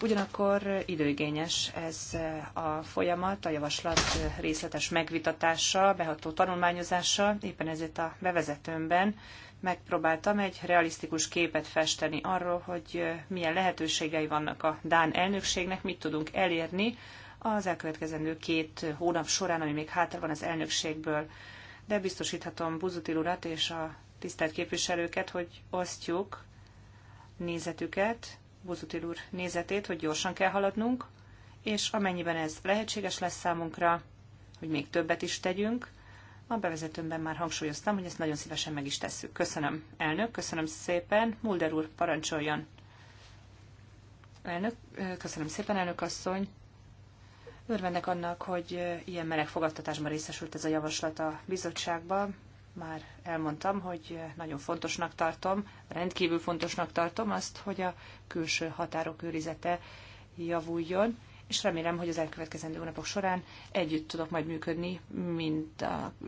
Ugyanakkor időigényes ez eh, a folyamat, a javaslat eh, részletes megvitatása, beható tanulmányozása, éppen ezért a bevezetőmben megpróbáltam egy realisztikus képet festeni arról, hogy eh, milyen lehetőségei vannak a Dán elnökségnek, mit tudunk elérni az elkövetkezendő két hónap során, ami még hátra van az elnökségből. De biztosíthatom Buzutil urat és a tisztelt képviselőket, hogy osztjuk nézetüket, Bozutil úr nézetét, hogy gyorsan kell haladnunk, és amennyiben ez lehetséges lesz számunkra, hogy még többet is tegyünk, a bevezetőmben már hangsúlyoztam, hogy ezt nagyon szívesen meg is tesszük. Köszönöm, elnök, köszönöm szépen. Mulder úr, parancsoljon. Elnök, köszönöm szépen, elnök asszony. Örvendek annak, hogy ilyen meleg fogadtatásban részesült ez a javaslat a bizottságban már elmondtam, hogy nagyon fontosnak tartom, rendkívül fontosnak tartom azt, hogy a külső határok őrizete javuljon, és remélem, hogy az elkövetkezendő hónapok során együtt tudok majd működni mint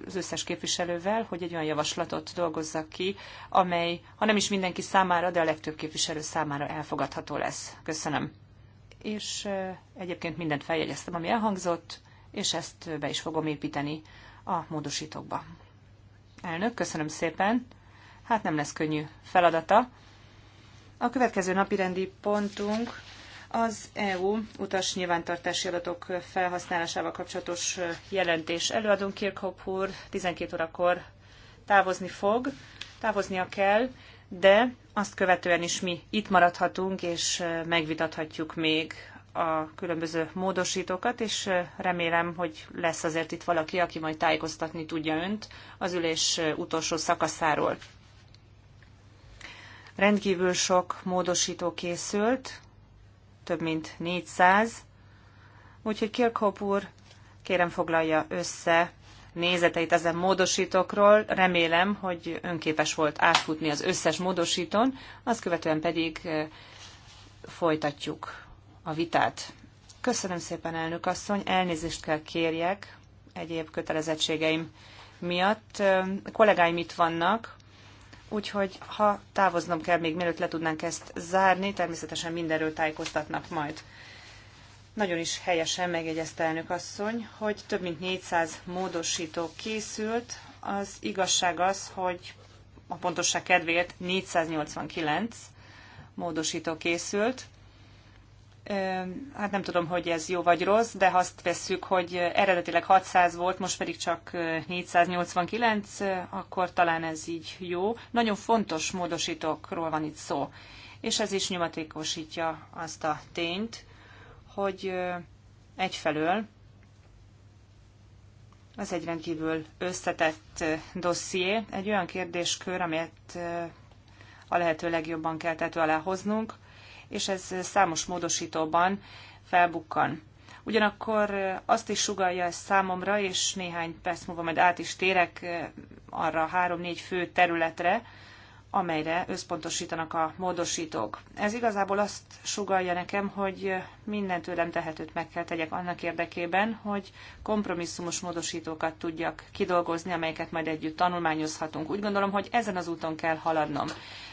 az összes képviselővel, hogy egy olyan javaslatot dolgozzak ki, amely, ha nem is mindenki számára, de a legtöbb képviselő számára elfogadható lesz. Köszönöm. És egyébként mindent feljegyeztem, ami elhangzott, és ezt be is fogom építeni a módosítókba. Elnök, köszönöm szépen. Hát nem lesz könnyű feladata. A következő napi rendi pontunk az EU utas nyilvántartási adatok felhasználásával kapcsolatos jelentés. Előadunk Kirkhope úr 12 órakor távozni fog, távoznia kell, de azt követően is mi itt maradhatunk, és megvitathatjuk még a különböző módosítókat, és remélem, hogy lesz azért itt valaki, aki majd tájékoztatni tudja önt az ülés utolsó szakaszáról. Rendkívül sok módosító készült, több mint 400, úgyhogy Kirkhope úr, kérem foglalja össze nézeteit ezen módosítókról. Remélem, hogy önképes volt átfutni az összes módosítón, azt követően pedig folytatjuk a vitát. Köszönöm szépen, elnök asszony, elnézést kell kérjek egyéb kötelezettségeim miatt. A kollégáim itt vannak, úgyhogy ha távoznom kell, még mielőtt le tudnánk ezt zárni, természetesen mindenről tájékoztatnak majd. Nagyon is helyesen megjegyezte elnök asszony, hogy több mint 400 módosító készült. Az igazság az, hogy a pontosság kedvéért 489 módosító készült hát nem tudom, hogy ez jó vagy rossz, de azt vesszük, hogy eredetileg 600 volt, most pedig csak 489, akkor talán ez így jó. Nagyon fontos módosítókról van itt szó, és ez is nyomatékosítja azt a tényt, hogy egyfelől az egy rendkívül összetett dosszié, egy olyan kérdéskör, amelyet a lehető legjobban kell tető alá hoznunk, és ez számos módosítóban felbukkan. Ugyanakkor azt is sugalja ez számomra, és néhány perc múlva majd át is térek arra három-négy fő területre, amelyre összpontosítanak a módosítók. Ez igazából azt sugalja nekem, hogy mindent tőlem tehetőt meg kell tegyek annak érdekében, hogy kompromisszumos módosítókat tudjak kidolgozni, amelyeket majd együtt tanulmányozhatunk. Úgy gondolom, hogy ezen az úton kell haladnom.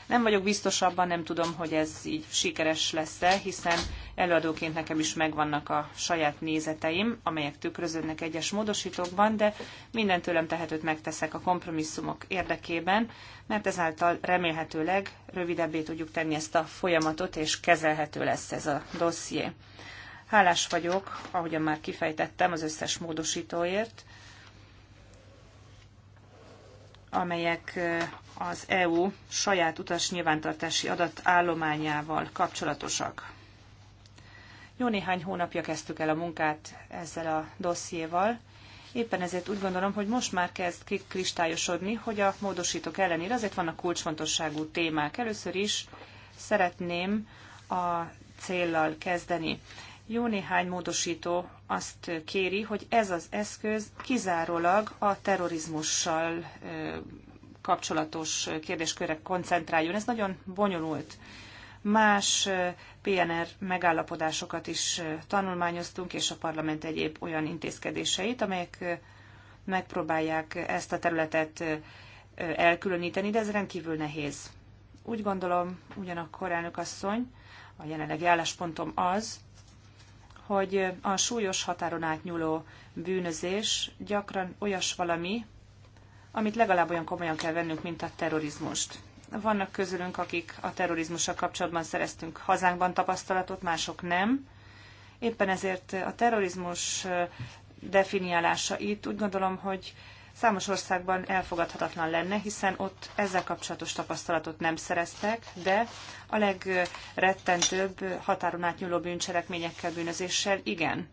Nem vagyok biztos abban, nem tudom, hogy ez így sikeres lesz-e, hiszen előadóként nekem is megvannak a saját nézeteim, amelyek tükröződnek egyes módosítókban, de minden tőlem tehetőt megteszek a kompromisszumok érdekében, mert ezáltal remélhetőleg rövidebbé tudjuk tenni ezt a folyamatot, és kezelhető lesz ez a dosszié. Hálás vagyok, ahogyan már kifejtettem, az összes módosítóért, amelyek az EU saját utas nyilvántartási adatállományával kapcsolatosak. Jó néhány hónapja kezdtük el a munkát ezzel a dossziéval. Éppen ezért úgy gondolom, hogy most már kezd kikristályosodni, hogy a módosítók ellenére azért vannak kulcsfontosságú témák. Először is szeretném a céllal kezdeni. Jó néhány módosító azt kéri, hogy ez az eszköz kizárólag a terrorizmussal kapcsolatos kérdéskörre koncentráljon. Ez nagyon bonyolult. Más PNR megállapodásokat is tanulmányoztunk, és a parlament egyéb olyan intézkedéseit, amelyek megpróbálják ezt a területet elkülöníteni, de ez rendkívül nehéz. Úgy gondolom, ugyanakkor elnök asszony, a jelenlegi álláspontom az, hogy a súlyos határon átnyúló bűnözés gyakran olyas valami, amit legalább olyan komolyan kell vennünk, mint a terrorizmust. Vannak közülünk, akik a terrorizmussal kapcsolatban szereztünk hazánkban tapasztalatot, mások nem. Éppen ezért a terrorizmus definiálása itt úgy gondolom, hogy számos országban elfogadhatatlan lenne, hiszen ott ezzel kapcsolatos tapasztalatot nem szereztek, de a legrettentőbb határon átnyúló bűncselekményekkel, bűnözéssel igen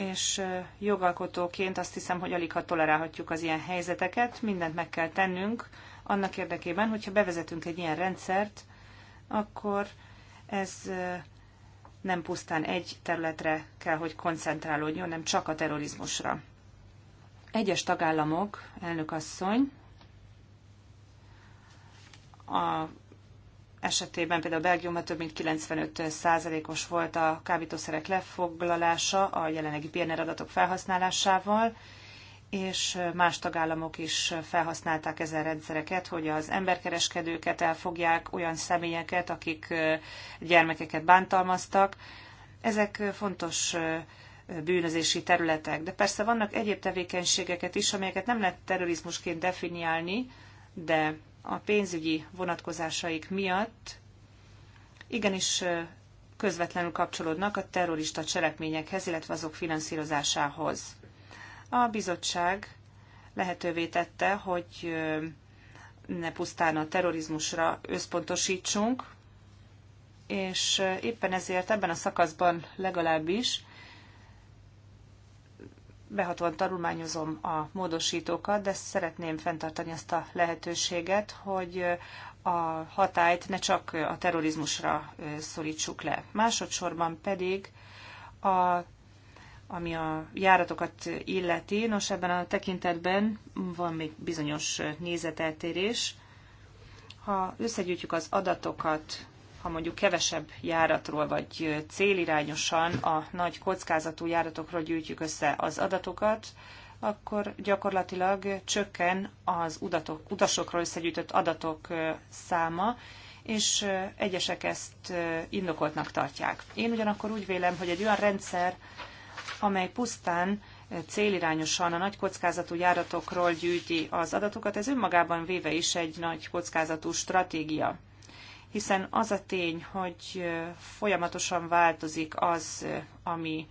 és jogalkotóként azt hiszem, hogy alig ha tolerálhatjuk az ilyen helyzeteket, mindent meg kell tennünk annak érdekében, hogyha bevezetünk egy ilyen rendszert, akkor ez nem pusztán egy területre kell, hogy koncentrálódjon, nem csak a terrorizmusra. Egyes tagállamok, elnök asszony, a esetében például Belgiumban több mint 95%-os volt a kábítószerek lefoglalása a jelenlegi PNR adatok felhasználásával, és más tagállamok is felhasználták ezen rendszereket, hogy az emberkereskedőket elfogják, olyan személyeket, akik gyermekeket bántalmaztak. Ezek fontos bűnözési területek. De persze vannak egyéb tevékenységeket is, amelyeket nem lehet terrorizmusként definiálni, de a pénzügyi vonatkozásaik miatt igenis közvetlenül kapcsolódnak a terrorista cselekményekhez, illetve azok finanszírozásához. A bizottság lehetővé tette, hogy ne pusztán a terrorizmusra összpontosítsunk, és éppen ezért ebben a szakaszban legalábbis behatóan tanulmányozom a módosítókat, de szeretném fenntartani azt a lehetőséget, hogy a hatályt ne csak a terrorizmusra szorítsuk le. Másodszorban pedig a ami a járatokat illeti. Nos, ebben a tekintetben van még bizonyos nézeteltérés. Ha összegyűjtjük az adatokat ha mondjuk kevesebb járatról vagy célirányosan a nagy kockázatú járatokról gyűjtjük össze az adatokat, akkor gyakorlatilag csökken az udatok, utasokról összegyűjtött adatok száma, és egyesek ezt indokoltnak tartják. Én ugyanakkor úgy vélem, hogy egy olyan rendszer, amely pusztán célirányosan a nagy kockázatú járatokról gyűjti az adatokat, ez önmagában véve is egy nagy kockázatú stratégia hiszen az a tény, hogy folyamatosan változik az, ami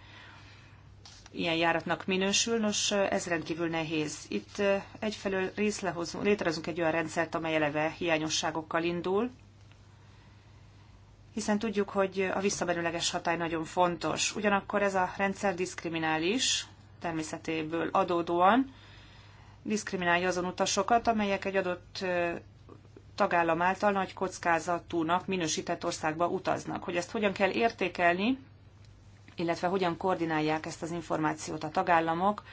ilyen járatnak minősül, nos ez rendkívül nehéz. Itt egyfelől részlehozunk, létrehozunk egy olyan rendszert, amely eleve hiányosságokkal indul, hiszen tudjuk, hogy a visszamenőleges hatály nagyon fontos. Ugyanakkor ez a rendszer diszkriminális, természetéből adódóan, diszkriminálja azon utasokat, amelyek egy adott tagállam által nagy kockázatúnak minősített országba utaznak. Hogy ezt hogyan kell értékelni, illetve hogyan koordinálják ezt az információt a tagállamok,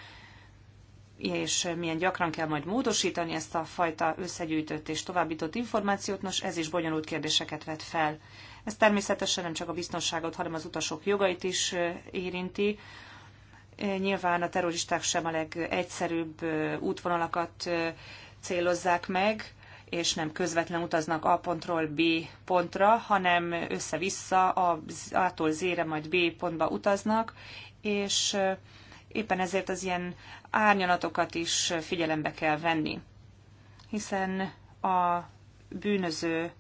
és milyen gyakran kell majd módosítani ezt a fajta összegyűjtött és továbbított információt, nos ez is bonyolult kérdéseket vet fel. Ez természetesen nem csak a biztonságot, hanem az utasok jogait is érinti. Nyilván a terroristák sem a legegyszerűbb útvonalakat célozzák meg, és nem közvetlen utaznak A pontról B pontra, hanem össze-vissza A-tól Z-re majd B pontba utaznak, és éppen ezért az ilyen árnyalatokat is figyelembe kell venni, hiszen a bűnöző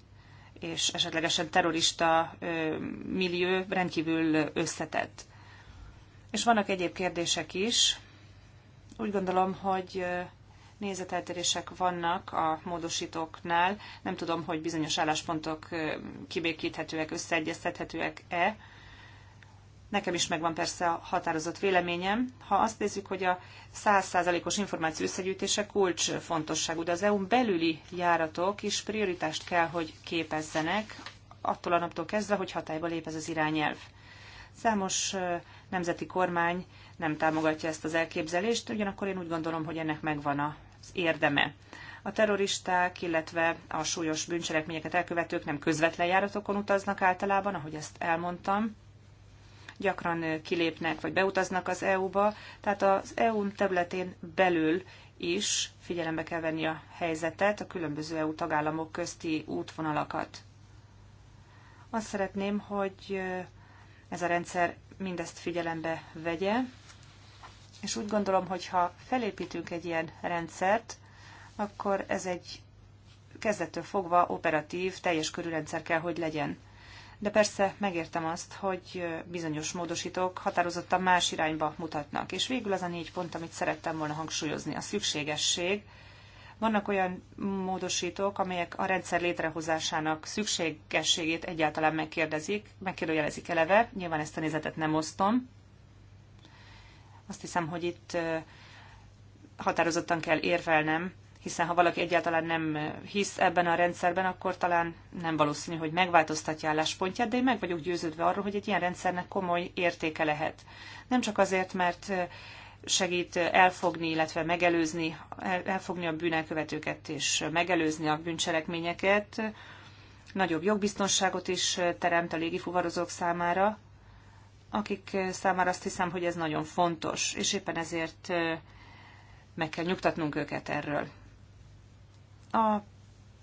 és esetlegesen terrorista millió rendkívül összetett. És vannak egyéb kérdések is. Úgy gondolom, hogy nézeteltérések vannak a módosítóknál. Nem tudom, hogy bizonyos álláspontok kibékíthetőek, összeegyeztethetőek-e. Nekem is megvan persze a határozott véleményem. Ha azt nézzük, hogy a 100%-os információ összegyűjtése kulcsfontosságú, de az EU-n belüli járatok is prioritást kell, hogy képezzenek, attól a naptól kezdve, hogy hatályba lép ez az irányelv. Számos nemzeti kormány nem támogatja ezt az elképzelést, ugyanakkor én úgy gondolom, hogy ennek megvan a érdeme. A terroristák, illetve a súlyos bűncselekményeket elkövetők nem közvetlen járatokon utaznak általában, ahogy ezt elmondtam. Gyakran kilépnek vagy beutaznak az EU-ba, tehát az EU területén belül is figyelembe kell venni a helyzetet, a különböző EU tagállamok közti útvonalakat. Azt szeretném, hogy ez a rendszer mindezt figyelembe vegye, és úgy gondolom, hogy ha felépítünk egy ilyen rendszert, akkor ez egy kezdettől fogva operatív, teljes körű rendszer kell, hogy legyen. De persze megértem azt, hogy bizonyos módosítók határozottan más irányba mutatnak. És végül az a négy pont, amit szerettem volna hangsúlyozni, a szükségesség. Vannak olyan módosítók, amelyek a rendszer létrehozásának szükségességét egyáltalán megkérdezik, megkérdőjelezik eleve. Nyilván ezt a nézetet nem osztom. Azt hiszem, hogy itt határozottan kell érvelnem, hiszen ha valaki egyáltalán nem hisz ebben a rendszerben, akkor talán nem valószínű, hogy megváltoztatja álláspontját, de én meg vagyok győződve arról, hogy egy ilyen rendszernek komoly értéke lehet. Nem csak azért, mert segít elfogni, illetve megelőzni, elfogni a bűnelkövetőket és megelőzni a bűncselekményeket, nagyobb jogbiztonságot is teremt a légifuvarozók számára, akik eh, számára azt hiszem, hogy ez nagyon fontos, és éppen ezért eh, meg kell nyugtatnunk őket erről. A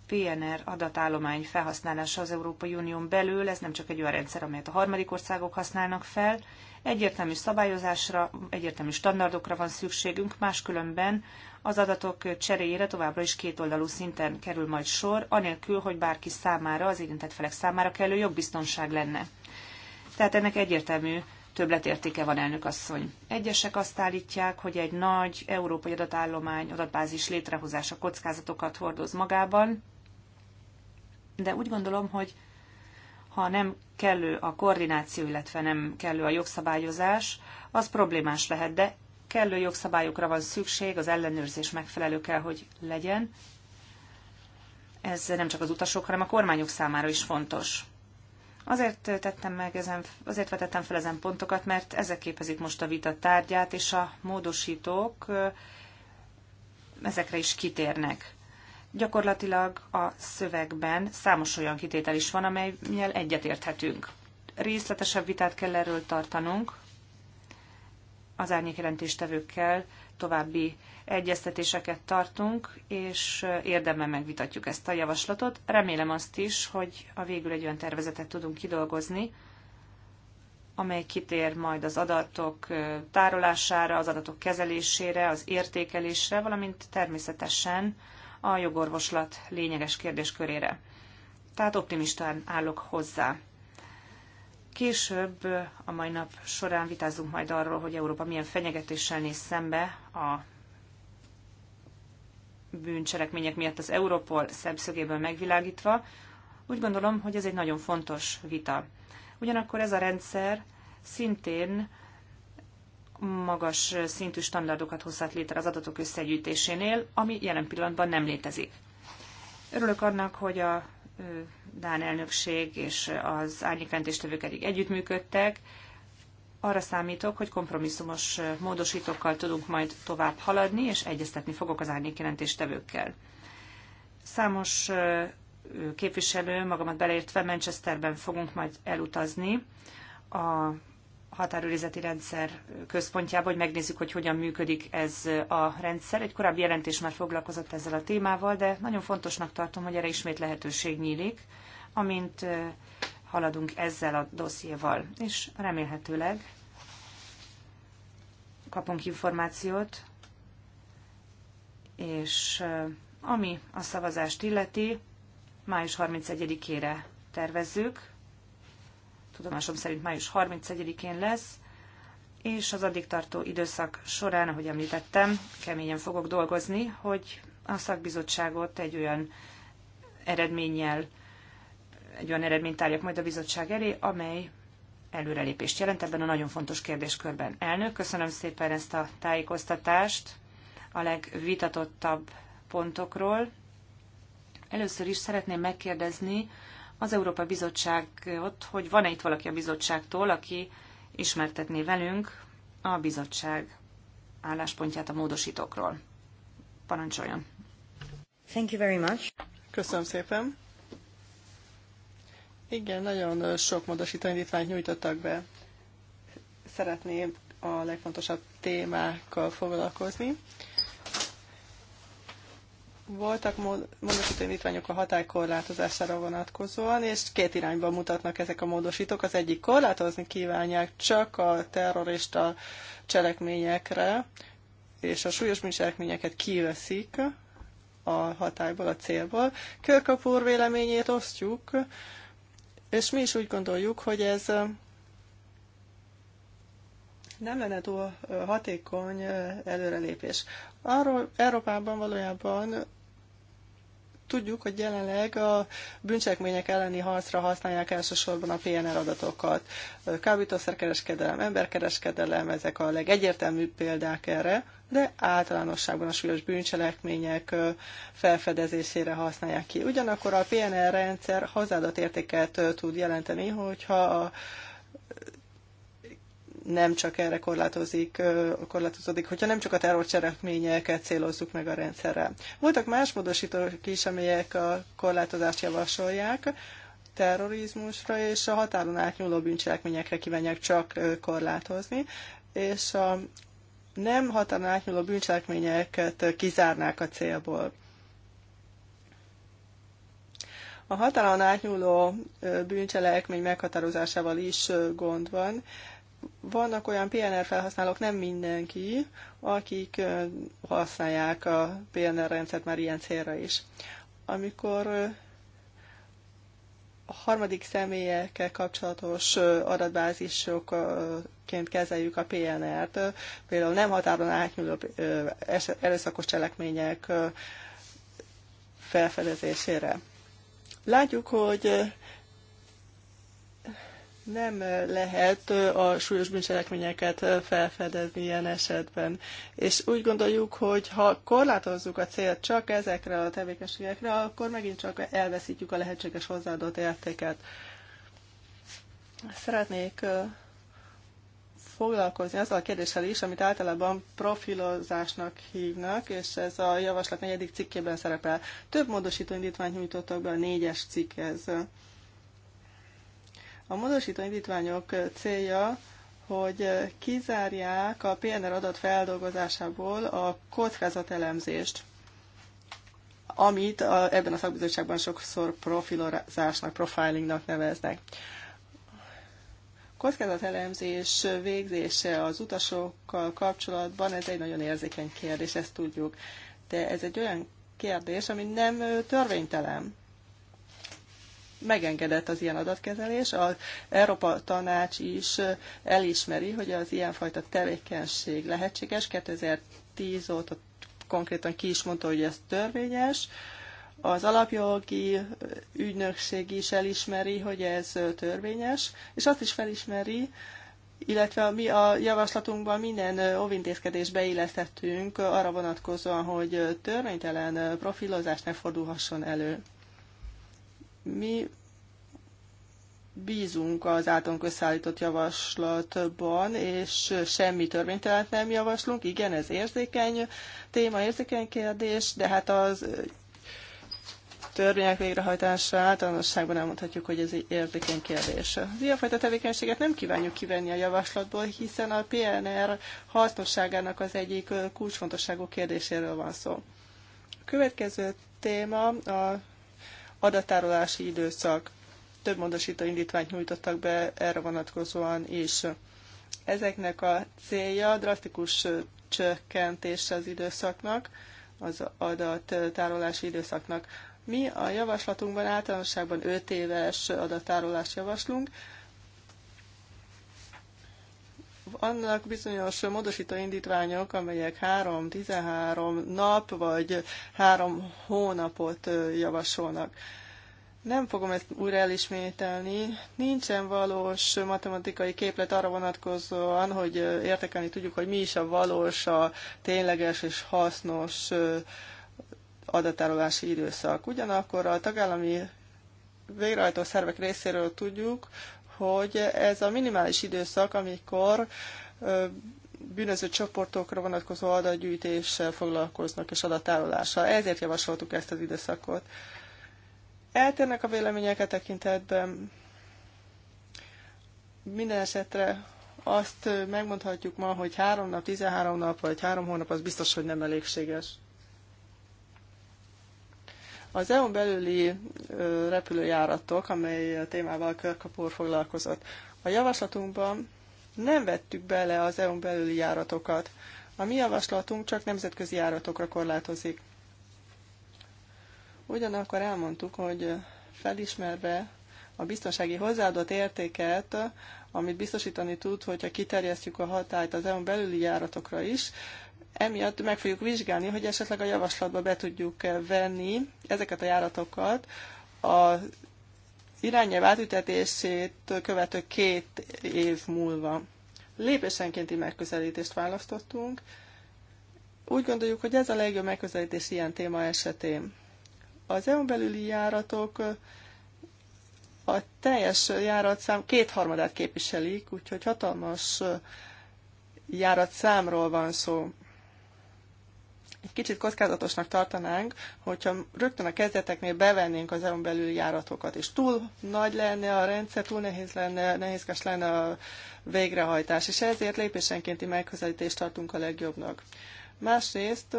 PNR adatállomány felhasználása az Európai Unión belül, ez nem csak egy olyan rendszer, amelyet a harmadik országok használnak fel, egyértelmű szabályozásra, egyértelmű standardokra van szükségünk, máskülönben az adatok cseréjére továbbra is kétoldalú szinten kerül majd sor, anélkül, hogy bárki számára, az érintett felek számára kellő jogbiztonság lenne. Tehát ennek egyértelmű többletértéke van, elnök asszony. Egyesek azt állítják, hogy egy nagy európai adatállomány, adatbázis létrehozása kockázatokat hordoz magában, de úgy gondolom, hogy ha nem kellő a koordináció, illetve nem kellő a jogszabályozás, az problémás lehet, de kellő jogszabályokra van szükség, az ellenőrzés megfelelő kell, hogy legyen. Ez nem csak az utasok, hanem a kormányok számára is fontos. Azért, tettem meg ezen, azért vetettem fel ezen pontokat, mert ezek képezik most a vita tárgyát, és a módosítók ezekre is kitérnek. Gyakorlatilag a szövegben számos olyan kitétel is van, amelyel egyetérthetünk. Részletesebb vitát kell erről tartanunk, az árnyékjelentéstevőkkel további egyeztetéseket tartunk, és érdemben megvitatjuk ezt a javaslatot. Remélem azt is, hogy a végül egy olyan tervezetet tudunk kidolgozni, amely kitér majd az adatok tárolására, az adatok kezelésére, az értékelésre, valamint természetesen a jogorvoslat lényeges kérdéskörére. Tehát optimistán állok hozzá Később a mai nap során vitázunk majd arról, hogy Európa milyen fenyegetéssel néz szembe a bűncselekmények miatt az Europol szemszögéből megvilágítva. Úgy gondolom, hogy ez egy nagyon fontos vita. Ugyanakkor ez a rendszer szintén magas szintű standardokat hozhat létre az adatok összegyűjtésénél, ami jelen pillanatban nem létezik. Örülök annak, hogy a Dán elnökség és az árnyékrendéstevők eddig együttműködtek. Arra számítok, hogy kompromisszumos módosítókkal tudunk majd tovább haladni, és egyeztetni fogok az árnyékjelentéstevőkkel. Számos képviselő, magamat beleértve Manchesterben fogunk majd elutazni a határőrizeti rendszer központjába, hogy megnézzük, hogy hogyan működik ez a rendszer. Egy korábbi jelentés már foglalkozott ezzel a témával, de nagyon fontosnak tartom, hogy erre ismét lehetőség nyílik, amint haladunk ezzel a dossziéval. És remélhetőleg kapunk információt, és ami a szavazást illeti, május 31-ére tervezzük, tudomásom szerint május 31-én lesz, és az addig tartó időszak során, ahogy említettem, keményen fogok dolgozni, hogy a szakbizottságot egy olyan eredménnyel, egy olyan eredményt tárjak majd a bizottság elé, amely előrelépést jelent ebben a nagyon fontos kérdéskörben. Elnök, köszönöm szépen ezt a tájékoztatást a legvitatottabb pontokról. Először is szeretném megkérdezni az Európa Bizottságot, hogy van-e itt valaki a bizottságtól, aki ismertetné velünk a bizottság álláspontját a módosítókról. Parancsoljon! Thank you very much. Köszönöm szépen! Igen, nagyon sok módosító indítványt nyújtottak be. Szeretném a legfontosabb témákkal foglalkozni. Voltak módosító indítványok a hatálykorlátozására vonatkozóan, és két irányba mutatnak ezek a módosítók. Az egyik korlátozni kívánják csak a terrorista cselekményekre, és a súlyos bűncselekményeket kiveszik a hatályból, a célból. Körkapúr véleményét osztjuk, és mi is úgy gondoljuk, hogy ez nem lenne túl hatékony előrelépés. Arról Európában valójában tudjuk, hogy jelenleg a bűncselekmények elleni harcra használják elsősorban a PNR adatokat. Kábítószerkereskedelem, emberkereskedelem, ezek a legegyértelműbb példák erre, de általánosságban a súlyos bűncselekmények felfedezésére használják ki. Ugyanakkor a PNR rendszer hozzáadott értéket tud jelenteni, hogyha a nem csak erre korlátozik, korlátozódik, hogyha nem csak a terrorcselekményeket célozzuk meg a rendszerrel. Voltak más módosítók is, amelyek a korlátozást javasolják, terrorizmusra és a határon átnyúló bűncselekményekre kívánják csak korlátozni, és a nem határon átnyúló bűncselekményeket kizárnák a célból. A határon átnyúló bűncselekmény meghatározásával is gond van vannak olyan PNR felhasználók, nem mindenki, akik használják a PNR rendszert már ilyen célra is. Amikor a harmadik személyekkel kapcsolatos adatbázisokként kezeljük a PNR-t, például nem határon átnyúló erőszakos cselekmények felfedezésére. Látjuk, hogy nem lehet a súlyos bűncselekményeket felfedezni ilyen esetben. És úgy gondoljuk, hogy ha korlátozzuk a célt csak ezekre a tevékenységekre, akkor megint csak elveszítjük a lehetséges hozzáadott értéket. Szeretnék foglalkozni azzal a kérdéssel is, amit általában profilozásnak hívnak, és ez a javaslat negyedik cikkében szerepel. Több módosító indítványt nyújtottak be a négyes cikkhez. A módosító indítványok célja, hogy kizárják a PNR adat feldolgozásából a kockázatelemzést, amit a, ebben a szakbizottságban sokszor profilozásnak, profilingnak neveznek. Kockázatelemzés végzése az utasokkal kapcsolatban, ez egy nagyon érzékeny kérdés, ezt tudjuk. De ez egy olyan kérdés, ami nem törvénytelen megengedett az ilyen adatkezelés. Az Európa Tanács is elismeri, hogy az ilyenfajta tevékenység lehetséges. 2010 óta konkrétan ki is mondta, hogy ez törvényes. Az alapjogi ügynökség is elismeri, hogy ez törvényes, és azt is felismeri, illetve mi a javaslatunkban minden óvintézkedés beillesztettünk arra vonatkozóan, hogy törvénytelen profilozás ne fordulhasson elő. Mi bízunk az általunk összeállított javaslatban, és semmi törvénytelent nem javaslunk. Igen, ez érzékeny téma, érzékeny kérdés, de hát az törvények végrehajtása általánosságban elmondhatjuk, hogy ez egy érzékeny kérdés. Az ilyenfajta tevékenységet nem kívánjuk kivenni a javaslatból, hiszen a PNR hasznosságának az egyik kulcsfontosságú kérdéséről van szó. A következő téma a adatárolási időszak. Több módosító indítványt nyújtottak be erre vonatkozóan is. Ezeknek a célja drasztikus csökkentés az időszaknak, az adattárolási időszaknak. Mi a javaslatunkban általánosságban 5 éves adattárolást javaslunk, vannak bizonyos módosító indítványok, amelyek 3-13 nap vagy 3 hónapot javasolnak. Nem fogom ezt újra elismételni. Nincsen valós matematikai képlet arra vonatkozóan, hogy értekelni tudjuk, hogy mi is a valós, a tényleges és hasznos adatárolási időszak. Ugyanakkor a tagállami végrehajtó szervek részéről tudjuk, hogy ez a minimális időszak, amikor bűnöző csoportokra vonatkozó adatgyűjtéssel foglalkoznak és adattárolással. Ezért javasoltuk ezt az időszakot. Eltérnek a véleményeket, tekintetben. Minden esetre azt megmondhatjuk ma, hogy három nap, 13 nap vagy három hónap az biztos, hogy nem elégséges. Az eu belüli repülőjáratok, amely témával Körkapor foglalkozott, a javaslatunkban nem vettük bele az eu belüli járatokat. A mi javaslatunk csak nemzetközi járatokra korlátozik. Ugyanakkor elmondtuk, hogy felismerve a biztonsági hozzáadott értéket, amit biztosítani tud, hogyha kiterjesztjük a hatályt az eu belüli járatokra is, Emiatt meg fogjuk vizsgálni, hogy esetleg a javaslatba be tudjuk venni ezeket a járatokat a irányjel átütetését követő két év múlva. Lépésenkénti megközelítést választottunk. Úgy gondoljuk, hogy ez a legjobb megközelítés ilyen téma esetén. Az eu belüli járatok a teljes járatszám kétharmadát képviselik, úgyhogy hatalmas járatszámról van szó egy kicsit kockázatosnak tartanánk, hogyha rögtön a kezdeteknél bevennénk az EU-n belül járatokat, és túl nagy lenne a rendszer, túl nehéz lenne, nehézkes lenne a végrehajtás, és ezért lépésenkénti megközelítést tartunk a legjobbnak. Másrészt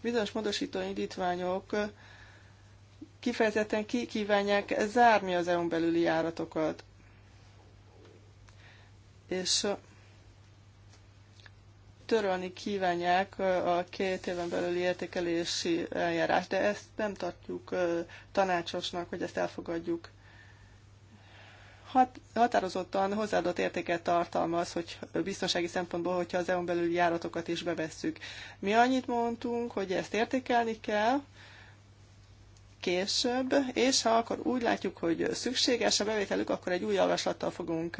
bizonyos módosító indítványok kifejezetten ki kívánják zárni az EU-n belüli járatokat. És törölni kívánják a két éven belüli értékelési eljárás, de ezt nem tartjuk tanácsosnak, hogy ezt elfogadjuk. Hat, határozottan hozzáadott értéket tartalmaz, hogy biztonsági szempontból, hogyha az EU-n belüli járatokat is bevesszük. Mi annyit mondtunk, hogy ezt értékelni kell, később, és ha akkor úgy látjuk, hogy szükséges a bevételük, akkor egy új javaslattal fogunk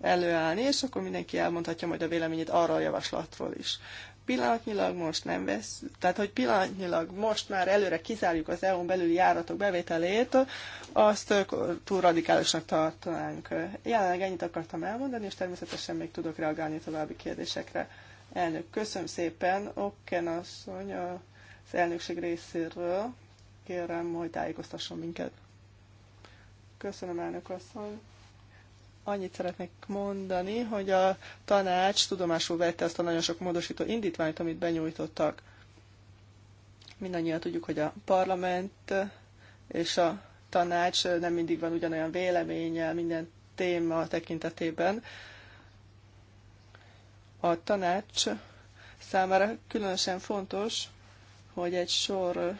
előállni, és akkor mindenki elmondhatja majd a véleményét arra a javaslatról is. Pillanatnyilag most nem vesz, tehát hogy pillanatnyilag most már előre kizárjuk az EU-n belüli járatok bevételét, azt túl radikálisnak tartanánk. Jelenleg ennyit akartam elmondani, és természetesen még tudok reagálni további kérdésekre. Elnök, köszönöm szépen, Okken asszony az elnökség részéről kérem, hogy tájékoztasson minket. Köszönöm, elnök asszony. Annyit szeretnék mondani, hogy a tanács tudomásul vette azt a nagyon sok módosító indítványt, amit benyújtottak. Mindannyian tudjuk, hogy a parlament és a tanács nem mindig van ugyanolyan véleménye minden téma tekintetében. A tanács számára különösen fontos, hogy egy sor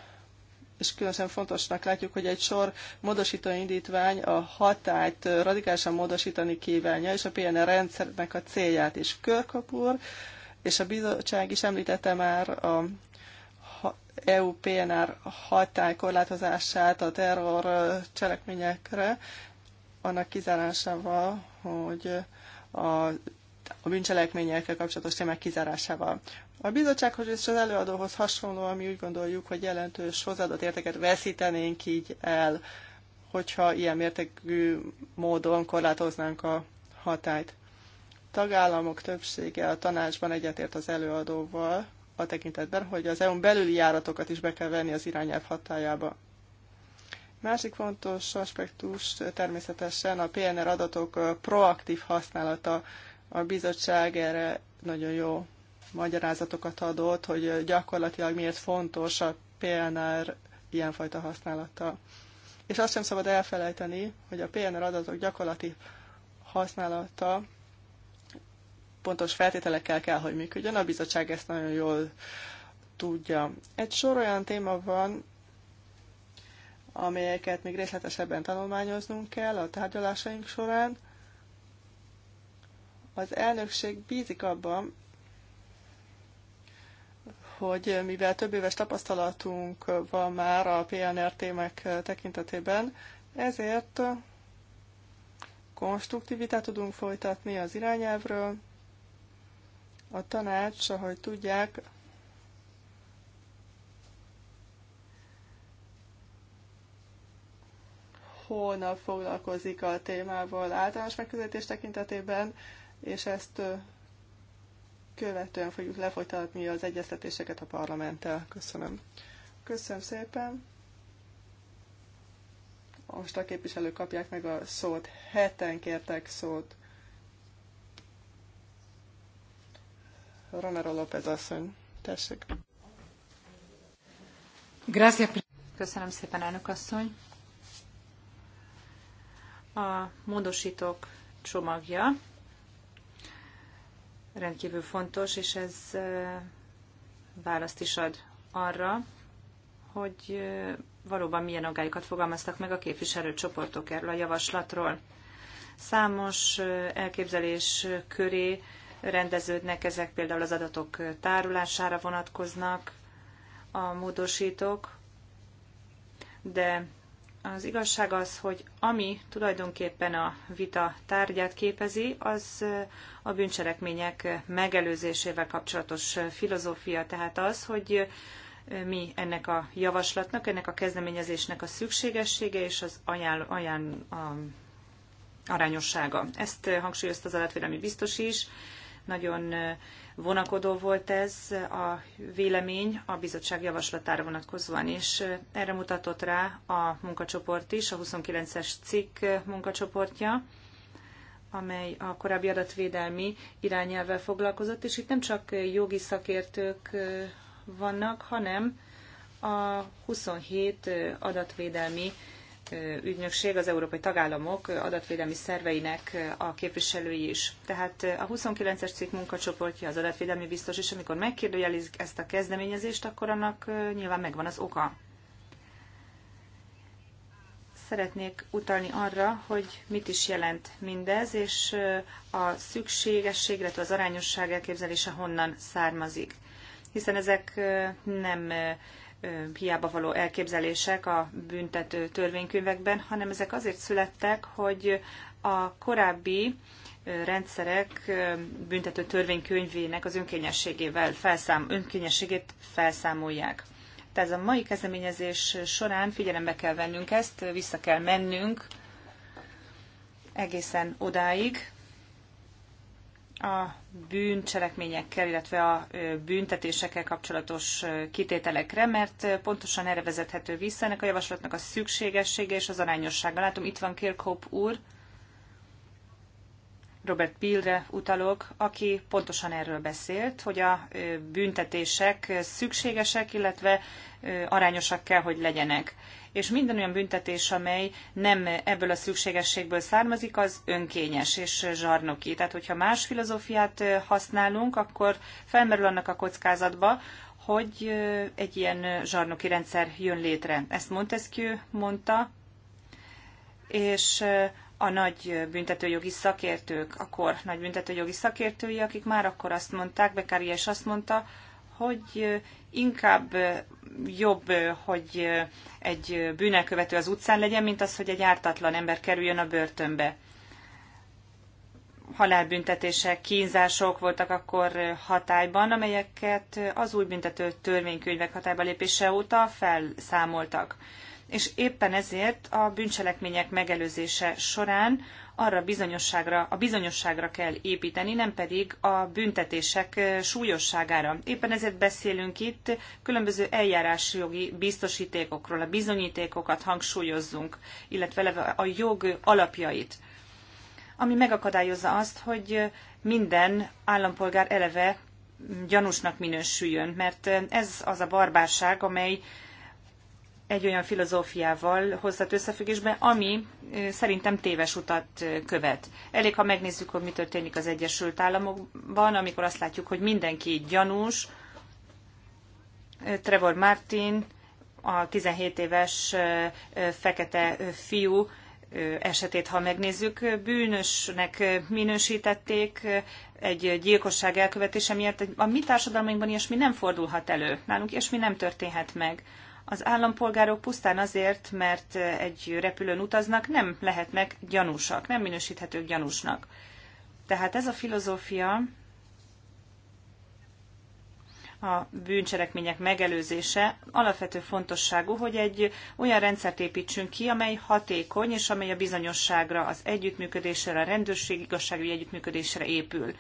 és különösen fontosnak látjuk, hogy egy sor módosító indítvány a hatályt radikálisan módosítani kívánja, és a PNR rendszernek a célját is. Körkapur, és a bizottság is említette már a EU PNR hatály korlátozását a terror cselekményekre, annak kizárásával, hogy a a bűncselekményekkel kapcsolatos témák kizárásával. A bizottsághoz és az előadóhoz hasonlóan mi úgy gondoljuk, hogy jelentős hozzáadott értéket veszítenénk így el, hogyha ilyen mértékű módon korlátoznánk a hatályt. Tagállamok többsége a tanácsban egyetért az előadóval a tekintetben, hogy az EU-n belüli járatokat is be kell venni az irányelv hatájába. Másik fontos aspektus természetesen a PNR adatok proaktív használata. A bizottság erre nagyon jó magyarázatokat adott, hogy gyakorlatilag miért fontos a PNR ilyenfajta használata. És azt sem szabad elfelejteni, hogy a PNR adatok gyakorlati használata pontos feltételekkel kell, hogy működjön. A bizottság ezt nagyon jól tudja. Egy sor olyan téma van, amelyeket még részletesebben tanulmányoznunk kell a tárgyalásaink során. Az elnökség bízik abban, hogy mivel több éves tapasztalatunk van már a PNR témák tekintetében, ezért konstruktivitát tudunk folytatni az irányelvről. A tanács, ahogy tudják, holnap foglalkozik a témával általános megközelítés tekintetében, és ezt követően fogjuk lefolytatni az egyeztetéseket a parlamenttel. Köszönöm. Köszönöm szépen. Most a képviselők kapják meg a szót. Heten kértek szót. Romero López asszony. Tessék. Köszönöm szépen, elnök asszony. A módosítók csomagja rendkívül fontos, és ez választ is ad arra, hogy valóban milyen aggályokat fogalmaztak meg a képviselőcsoportok erről a javaslatról. Számos elképzelés köré rendeződnek, ezek például az adatok tárolására vonatkoznak a módosítók, de az igazság az, hogy ami tulajdonképpen a vita tárgyát képezi, az eh, a bűncselekmények megelőzésével kapcsolatos eh, filozófia, tehát az, hogy eh, mi ennek a javaslatnak, ennek a kezdeményezésnek a szükségessége és az ajánl, ajánl, a, arányossága. Ezt hangsúlyozta az adatvédelmi biztos is, nagyon vonakodó volt ez a vélemény a bizottság javaslatára vonatkozóan is. Erre mutatott rá a munkacsoport is, a 29-es cikk munkacsoportja amely a korábbi adatvédelmi irányelvvel foglalkozott, és itt nem csak jogi szakértők vannak, hanem a 27 adatvédelmi ügynökség, az európai tagállamok adatvédelmi szerveinek a képviselői is. Tehát a 29-es cikk munkacsoportja az adatvédelmi biztos is, amikor megkérdőjelezik ezt a kezdeményezést, akkor annak nyilván megvan az oka. Szeretnék utalni arra, hogy mit is jelent mindez, és a szükségesség, illetve az arányosság elképzelése honnan származik. Hiszen ezek nem hiába való elképzelések a büntető törvénykönyvekben, hanem ezek azért születtek, hogy a korábbi rendszerek büntető törvénykönyvének az önkényességével felszám, önkényességét felszámolják. Tehát a mai kezdeményezés során figyelembe kell vennünk ezt, vissza kell mennünk egészen odáig, a bűncselekményekkel, illetve a büntetésekkel kapcsolatos kitételekre, mert pontosan erre vezethető vissza ennek a javaslatnak a szükségessége és az arányossága. Látom, itt van Kirkhope úr, Robert Pilre utalok, aki pontosan erről beszélt, hogy a büntetések szükségesek, illetve arányosak kell, hogy legyenek és minden olyan büntetés, amely nem ebből a szükségességből származik, az önkényes és zsarnoki. Tehát, hogyha más filozófiát használunk, akkor felmerül annak a kockázatba, hogy egy ilyen zsarnoki rendszer jön létre. Ezt Montesquieu mondta, és a nagy büntetőjogi szakértők, akkor nagy büntetőjogi szakértői, akik már akkor azt mondták, Bekária is azt mondta, hogy inkább jobb, hogy egy bűnelkövető az utcán legyen, mint az, hogy egy ártatlan ember kerüljön a börtönbe. Halálbüntetések, kínzások voltak akkor hatályban, amelyeket az új büntető törvénykönyvek hatályba lépése óta felszámoltak. És éppen ezért a bűncselekmények megelőzése során arra bizonyosságra, a bizonyosságra kell építeni, nem pedig a büntetések súlyosságára. Éppen ezért beszélünk itt különböző eljárásjogi biztosítékokról, a bizonyítékokat hangsúlyozzunk, illetve a jog alapjait ami megakadályozza azt, hogy minden állampolgár eleve gyanúsnak minősüljön, mert ez az a barbárság, amely egy olyan filozófiával hozhat összefüggésbe, ami szerintem téves utat követ. Elég, ha megnézzük, hogy mi történik az Egyesült Államokban, amikor azt látjuk, hogy mindenki gyanús, Trevor Martin, a 17 éves fekete fiú esetét, ha megnézzük, bűnösnek minősítették egy gyilkosság elkövetése miatt. A mi társadalmainkban ilyesmi nem fordulhat elő, nálunk és mi nem történhet meg az állampolgárok pusztán azért, mert egy repülőn utaznak, nem lehetnek gyanúsak, nem minősíthetők gyanúsnak. Tehát ez a filozófia a bűncselekmények megelőzése alapvető fontosságú, hogy egy olyan rendszert építsünk ki, amely hatékony, és amely a bizonyosságra, az együttműködésre, a rendőrség igazságügyi együttműködésre épül.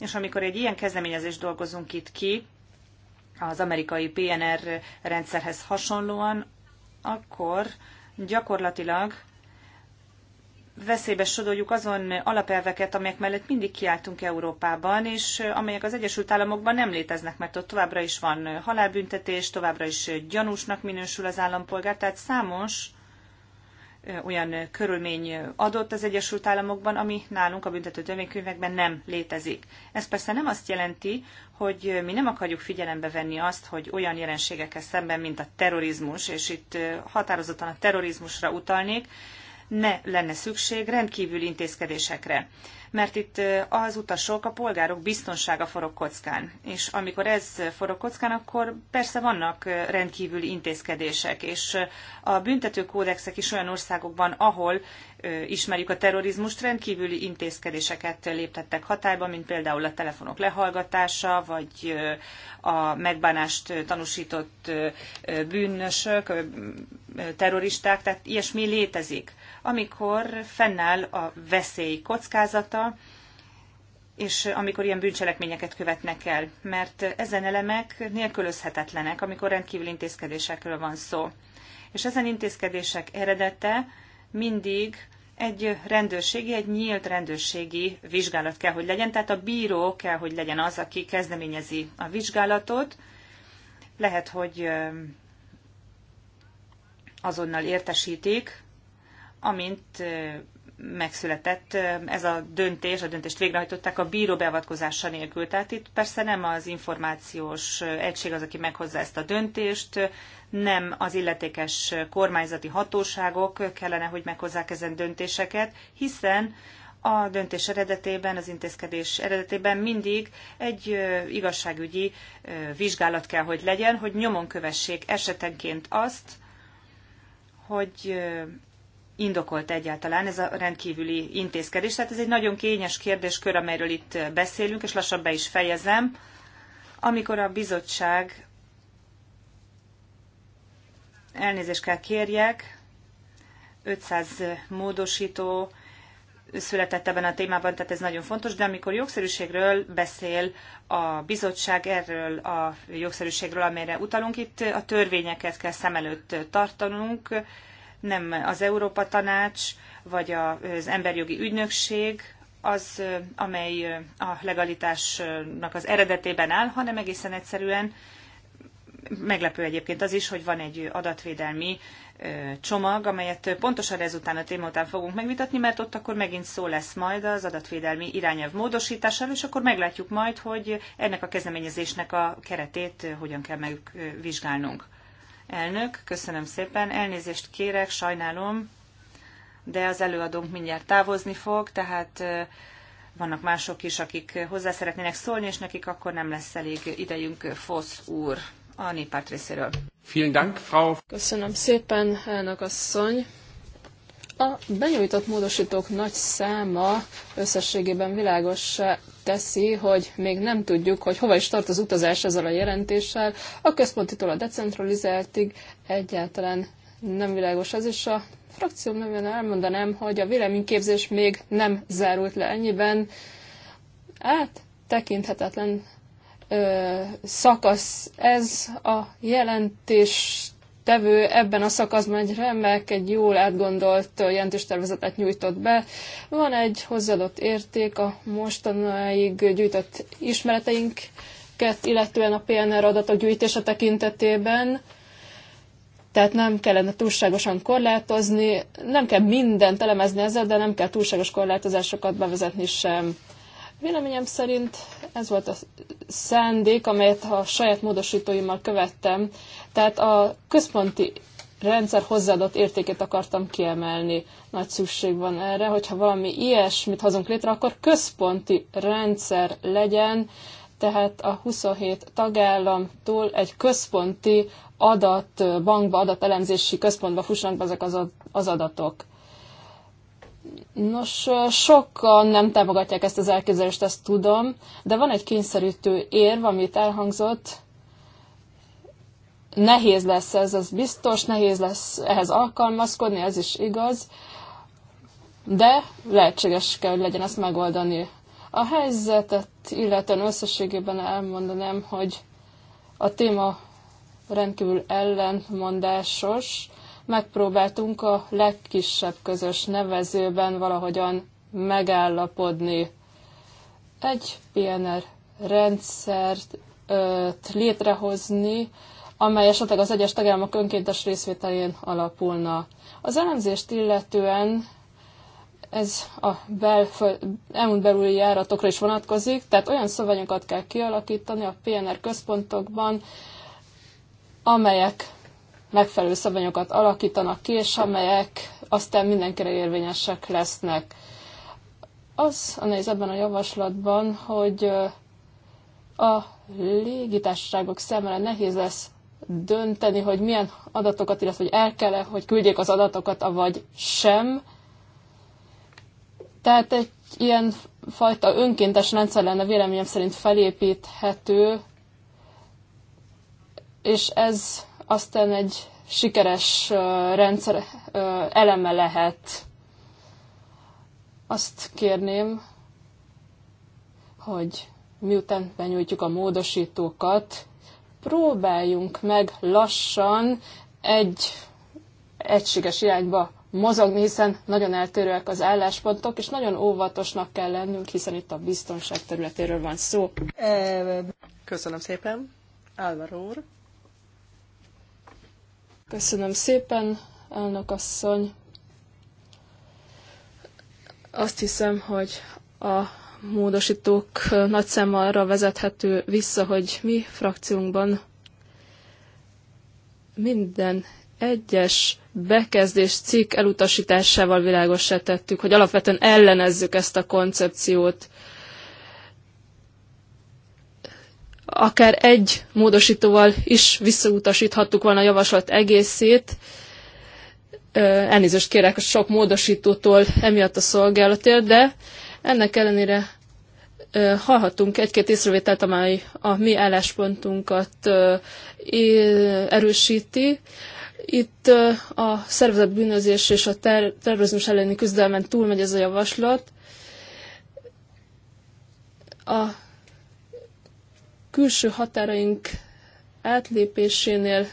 És amikor egy ilyen kezdeményezést dolgozunk itt ki, az amerikai PNR rendszerhez hasonlóan, akkor gyakorlatilag veszélybe sodoljuk azon alapelveket, amelyek mellett mindig kiálltunk Európában, és amelyek az Egyesült Államokban nem léteznek, mert ott továbbra is van halálbüntetés, továbbra is gyanúsnak minősül az állampolgár, tehát számos olyan körülmény adott az Egyesült Államokban, ami nálunk a büntető törvénykönyvekben nem létezik. Ez persze nem azt jelenti, hogy mi nem akarjuk figyelembe venni azt, hogy olyan jelenségekkel szemben, mint a terrorizmus, és itt határozottan a terrorizmusra utalnék, ne lenne szükség rendkívül intézkedésekre mert itt az utasok, a polgárok biztonsága forog kockán. És amikor ez forog kockán, akkor persze vannak rendkívüli intézkedések, és a büntetőkódexek is olyan országokban, ahol ismerjük a terrorizmust, rendkívüli intézkedéseket léptettek hatályba, mint például a telefonok lehallgatása, vagy a megbánást tanúsított bűnösök, terroristák, tehát ilyesmi létezik amikor fennáll a veszély kockázata, és amikor ilyen bűncselekményeket követnek el, mert ezen elemek nélkülözhetetlenek, amikor rendkívül intézkedésekről van szó. És ezen intézkedések eredete mindig egy rendőrségi, egy nyílt rendőrségi vizsgálat kell, hogy legyen, tehát a bíró kell, hogy legyen az, aki kezdeményezi a vizsgálatot. Lehet, hogy azonnal értesítik amint megszületett ez a döntés, a döntést végrehajtották a bíró beavatkozása nélkül. Tehát itt persze nem az információs egység az, aki meghozza ezt a döntést, nem az illetékes kormányzati hatóságok kellene, hogy meghozzák ezen döntéseket, hiszen a döntés eredetében, az intézkedés eredetében mindig egy igazságügyi vizsgálat kell, hogy legyen, hogy nyomon kövessék esetenként azt, hogy indokolt egyáltalán ez a rendkívüli intézkedés. Tehát ez egy nagyon kényes kérdéskör, amelyről itt beszélünk, és lassan be is fejezem. Amikor a bizottság elnézést kell kérjek, 500 módosító született ebben a témában, tehát ez nagyon fontos, de amikor jogszerűségről beszél a bizottság, erről a jogszerűségről, amelyre utalunk, itt a törvényeket kell szem előtt tartanunk, nem az Európa Tanács vagy az Emberjogi Ügynökség az, amely a legalitásnak az eredetében áll, hanem egészen egyszerűen meglepő egyébként az is, hogy van egy adatvédelmi csomag, amelyet pontosan ezután a téma után fogunk megvitatni, mert ott akkor megint szó lesz majd az adatvédelmi irányelv módosításáról, és akkor meglátjuk majd, hogy ennek a kezdeményezésnek a keretét hogyan kell megvizsgálnunk. Elnök, köszönöm szépen. Elnézést kérek, sajnálom, de az előadónk mindjárt távozni fog, tehát vannak mások is, akik hozzá szeretnének szólni, és nekik akkor nem lesz elég idejünk Fosz úr a néppárt részéről. Vielen Dank, Frau. Köszönöm szépen, elnök asszony. A benyújtott módosítók nagy száma összességében világossá teszi, hogy még nem tudjuk, hogy hova is tart az utazás ezzel a jelentéssel, a központitól a decentralizáltig egyáltalán nem világos ez, és a frakcióm nevén elmondanám, hogy a véleményképzés még nem zárult le ennyiben. Hát, tekinthetetlen ö, szakasz ez a jelentés tevő ebben a szakaszban egy remek, egy jól átgondolt jelentéstervezetet nyújtott be. Van egy hozzáadott érték a mostanáig gyűjtött ismereteinket, illetően a PNR adatok gyűjtése tekintetében. Tehát nem kellene túlságosan korlátozni, nem kell mindent elemezni ezzel, de nem kell túlságos korlátozásokat bevezetni sem. Véleményem szerint ez volt a szándék, amelyet a saját módosítóimmal követtem, tehát a központi rendszer hozzáadott értékét akartam kiemelni. Nagy szükség van erre, hogyha valami ilyesmit hozunk létre, akkor központi rendszer legyen, tehát a 27 tagállamtól egy központi adatbankba, adatelemzési központba fussanak be ezek az, az adatok. Nos, sokan nem támogatják ezt az elképzelést, ezt tudom, de van egy kényszerítő érv, amit elhangzott. Nehéz lesz ez, az biztos, nehéz lesz ehhez alkalmazkodni, ez is igaz, de lehetséges kell, hogy legyen ezt megoldani. A helyzetet illetően összességében elmondanám, hogy a téma rendkívül ellentmondásos, megpróbáltunk a legkisebb közös nevezőben valahogyan megállapodni. Egy PNR rendszert ö, létrehozni, amely esetleg az egyes tagállamok önkéntes részvételén alapulna. Az elemzést illetően ez a elmúlt belüli járatokra is vonatkozik, tehát olyan szövegeket kell kialakítani a PNR központokban, amelyek megfelelő szabványokat alakítanak ki, és amelyek aztán mindenkire érvényesek lesznek. Az a nehéz ebben a javaslatban, hogy a légitársaságok számára nehéz lesz dönteni, hogy milyen adatokat, illetve hogy el kell -e, hogy küldjék az adatokat, avagy sem. Tehát egy ilyen fajta önkéntes rendszer lenne véleményem szerint felépíthető, és ez aztán egy sikeres rendszer eleme lehet. Azt kérném, hogy miután benyújtjuk a módosítókat, próbáljunk meg lassan egy egységes irányba mozogni, hiszen nagyon eltérőek az álláspontok, és nagyon óvatosnak kell lennünk, hiszen itt a biztonság területéről van szó. Köszönöm szépen, Álvaro úr. Köszönöm szépen, elnök asszony. Azt hiszem, hogy a módosítók nagy szem arra vezethető vissza, hogy mi frakciónkban minden egyes bekezdés cikk elutasításával világosra tettük, hogy alapvetően ellenezzük ezt a koncepciót. akár egy módosítóval is visszautasíthattuk volna a javaslat egészét. Elnézést kérek a sok módosítótól emiatt a szolgálatért, de ennek ellenére hallhattunk egy-két észrevételt, amely a mi álláspontunkat erősíti. Itt a szervezet bűnözés és a ter- terrorizmus elleni küzdelmen túlmegy ez a javaslat. A külső határaink átlépésénél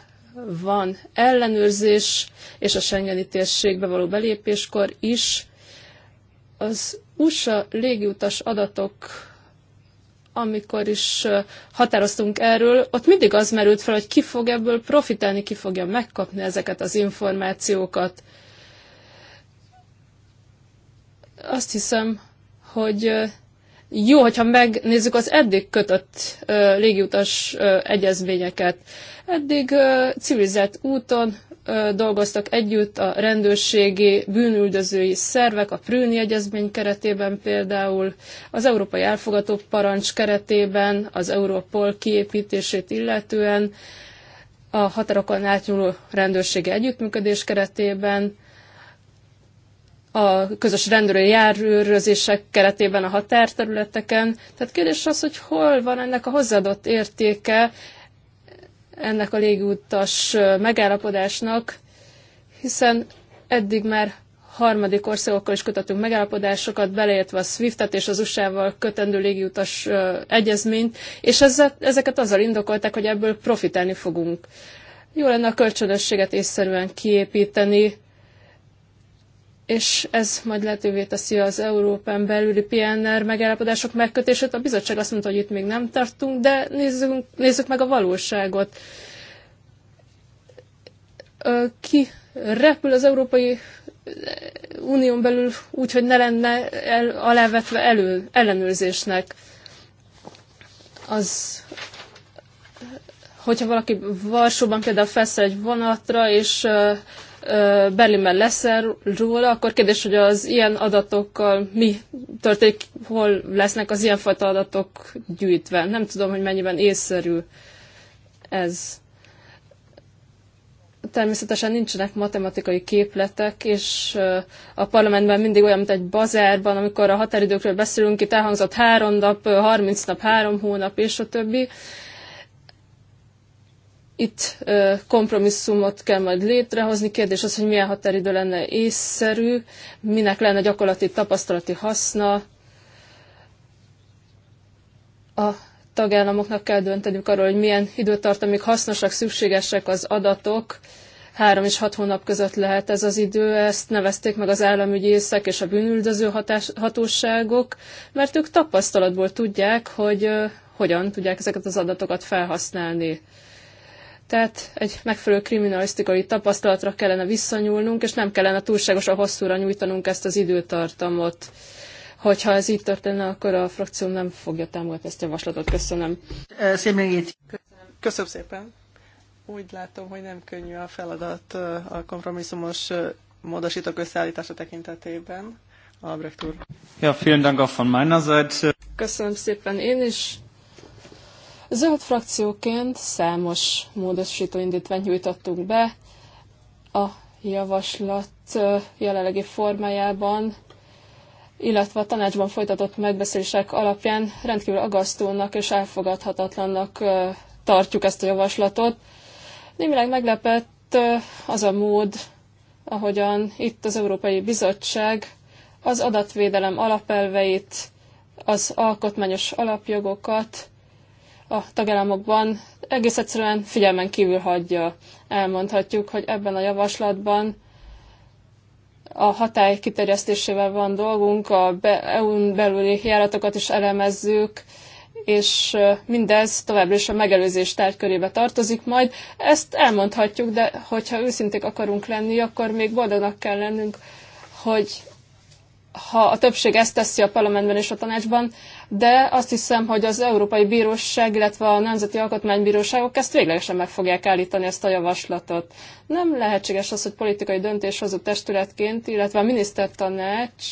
van ellenőrzés, és a Schengeni térségbe való belépéskor is. Az USA légiutas adatok, amikor is határoztunk erről, ott mindig az merült fel, hogy ki fog ebből profitálni, ki fogja megkapni ezeket az információkat. Azt hiszem, hogy jó, hogyha megnézzük az eddig kötött ö, légiutas ö, egyezményeket. Eddig ö, civilizált úton ö, dolgoztak együtt a rendőrségi, bűnüldözői szervek, a Prűni Egyezmény keretében például, az Európai Elfogató Parancs keretében, az Europol kiépítését illetően, a határokon átnyúló rendőrségi együttműködés keretében, a közös rendőri járőrözések keretében a határterületeken. Tehát kérdés az, hogy hol van ennek a hozzáadott értéke ennek a légutas megállapodásnak, hiszen eddig már harmadik országokkal is kötöttünk megállapodásokat, beleértve a SWIFT-et és az USA-val kötendő légiutas egyezményt, és ezeket azzal indokolták, hogy ebből profitálni fogunk. Jó lenne a kölcsönösséget észszerűen kiépíteni, és ez majd lehetővé teszi az Európán belüli PNR megállapodások megkötését. A bizottság azt mondta, hogy itt még nem tartunk, de nézzünk, nézzük meg a valóságot. Ki repül az Európai Unión belül úgy, hogy ne lenne el, alávetve elő, ellenőrzésnek. Az hogyha valaki Varsóban például felszáll egy vonatra, és Berlinben lesz róla, akkor kérdés, hogy az ilyen adatokkal mi történik, hol lesznek az ilyenfajta adatok gyűjtve. Nem tudom, hogy mennyiben észszerű ez. Természetesen nincsenek matematikai képletek, és a parlamentben mindig olyan, mint egy bazárban, amikor a határidőkről beszélünk, itt elhangzott három nap, 30 nap, három hónap, és a többi. Itt kompromisszumot kell majd létrehozni. Kérdés az, hogy milyen határidő lenne észszerű, minek lenne gyakorlati tapasztalati haszna. A tagállamoknak kell dönteniük arról, hogy milyen időtartamig hasznosak, szükségesek az adatok. Három és hat hónap között lehet ez az idő, ezt nevezték meg az államügyészek és a bűnüldöző hatás, hatóságok, mert ők tapasztalatból tudják, hogy hogyan tudják ezeket az adatokat felhasználni. Tehát egy megfelelő kriminalisztikai tapasztalatra kellene visszanyúlnunk, és nem kellene túlságosan hosszúra nyújtanunk ezt az időtartamot. Hogyha ez így történne, akkor a frakció nem fogja támogatni ezt a javaslatot. Köszönöm. Köszönöm. Köszönöm szépen. Úgy látom, hogy nem könnyű a feladat a kompromisszumos módosítók összeállítása tekintetében. Albrecht úr. Ja, vielen Dank auch von meiner Seite. Köszönöm szépen én is Zöld frakcióként számos módosító indítványt nyújtottunk be a javaslat jelenlegi formájában, illetve a tanácsban folytatott megbeszélések alapján rendkívül agasztónak és elfogadhatatlannak tartjuk ezt a javaslatot. Némileg meglepett az a mód, ahogyan itt az Európai Bizottság az adatvédelem alapelveit, az alkotmányos alapjogokat, a tagállamokban egész egyszerűen figyelmen kívül hagyja. Elmondhatjuk, hogy ebben a javaslatban a hatály kiterjesztésével van dolgunk, a EU-n belüli járatokat is elemezzük, és mindez továbbra is a megelőzés tárgykörébe tartozik majd. Ezt elmondhatjuk, de hogyha őszinték akarunk lenni, akkor még boldognak kell lennünk, hogy ha a többség ezt teszi a parlamentben és a tanácsban, de azt hiszem, hogy az Európai Bíróság, illetve a Nemzeti Alkotmánybíróságok ezt véglegesen meg fogják állítani ezt a javaslatot. Nem lehetséges az, hogy politikai döntéshozó testületként, illetve a minisztertanács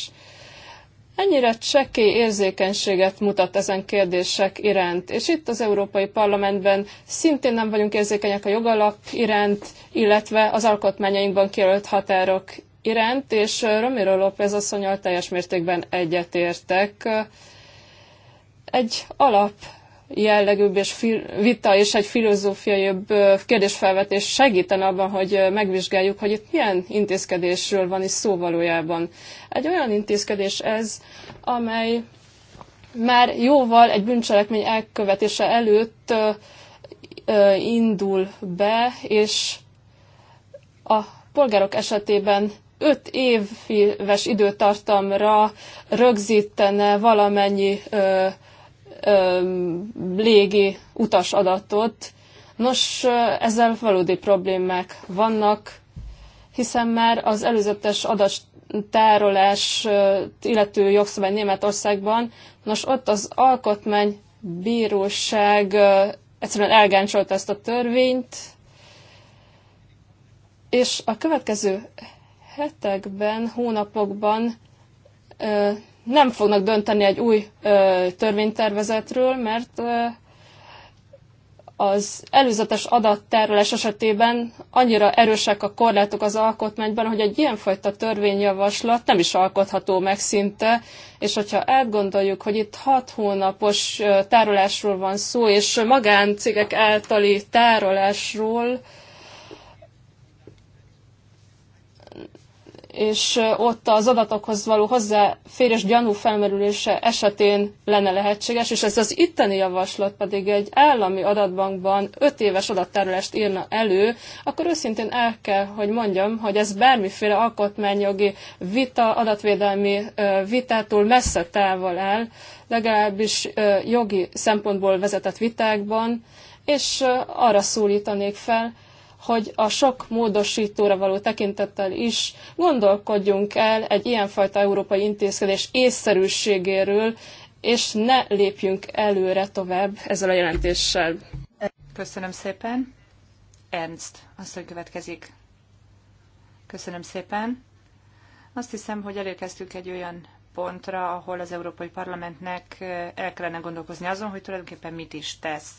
ennyire csekély érzékenységet mutat ezen kérdések iránt. És itt az Európai Parlamentben szintén nem vagyunk érzékenyek a jogalap iránt, illetve az alkotmányainkban kijelölt határok iránt, és Romero López asszonyal teljes mértékben egyetértek egy alap jellegűbb és vita és egy filozófiai kérdésfelvetés segíten abban, hogy megvizsgáljuk, hogy itt milyen intézkedésről van is szó valójában. Egy olyan intézkedés ez, amely már jóval egy bűncselekmény elkövetése előtt indul be, és a polgárok esetében öt éves időtartamra rögzítene valamennyi légi utas adatot. Nos, ezzel valódi problémák vannak, hiszen már az előzetes adattárolás illető jogszabály Németországban, nos ott az alkotmánybíróság egyszerűen elgáncsolta ezt a törvényt, és a következő hetekben, hónapokban nem fognak dönteni egy új ö, törvénytervezetről, mert ö, az előzetes adattárolás esetében annyira erősek a korlátok az alkotmányban, hogy egy ilyenfajta törvényjavaslat nem is alkotható meg szinte, és hogyha átgondoljuk, hogy itt hat hónapos tárolásról van szó, és magáncégek általi tárolásról, és ott az adatokhoz való hozzáférés gyanú felmerülése esetén lenne lehetséges, és ez az itteni javaslat pedig egy állami adatbankban 5 éves adattárolást írna elő, akkor őszintén el kell, hogy mondjam, hogy ez bármiféle alkotmányjogi vita, adatvédelmi vitától messze távol áll, legalábbis jogi szempontból vezetett vitákban, és arra szólítanék fel, hogy a sok módosítóra való tekintettel is gondolkodjunk el egy ilyenfajta európai intézkedés észszerűségéről, és ne lépjünk előre tovább ezzel a jelentéssel. Köszönöm szépen. Ernst, azt, hogy következik. Köszönöm szépen. Azt hiszem, hogy elérkeztünk egy olyan pontra, ahol az Európai Parlamentnek eh, el kellene gondolkozni azon, hogy tulajdonképpen mit is tesz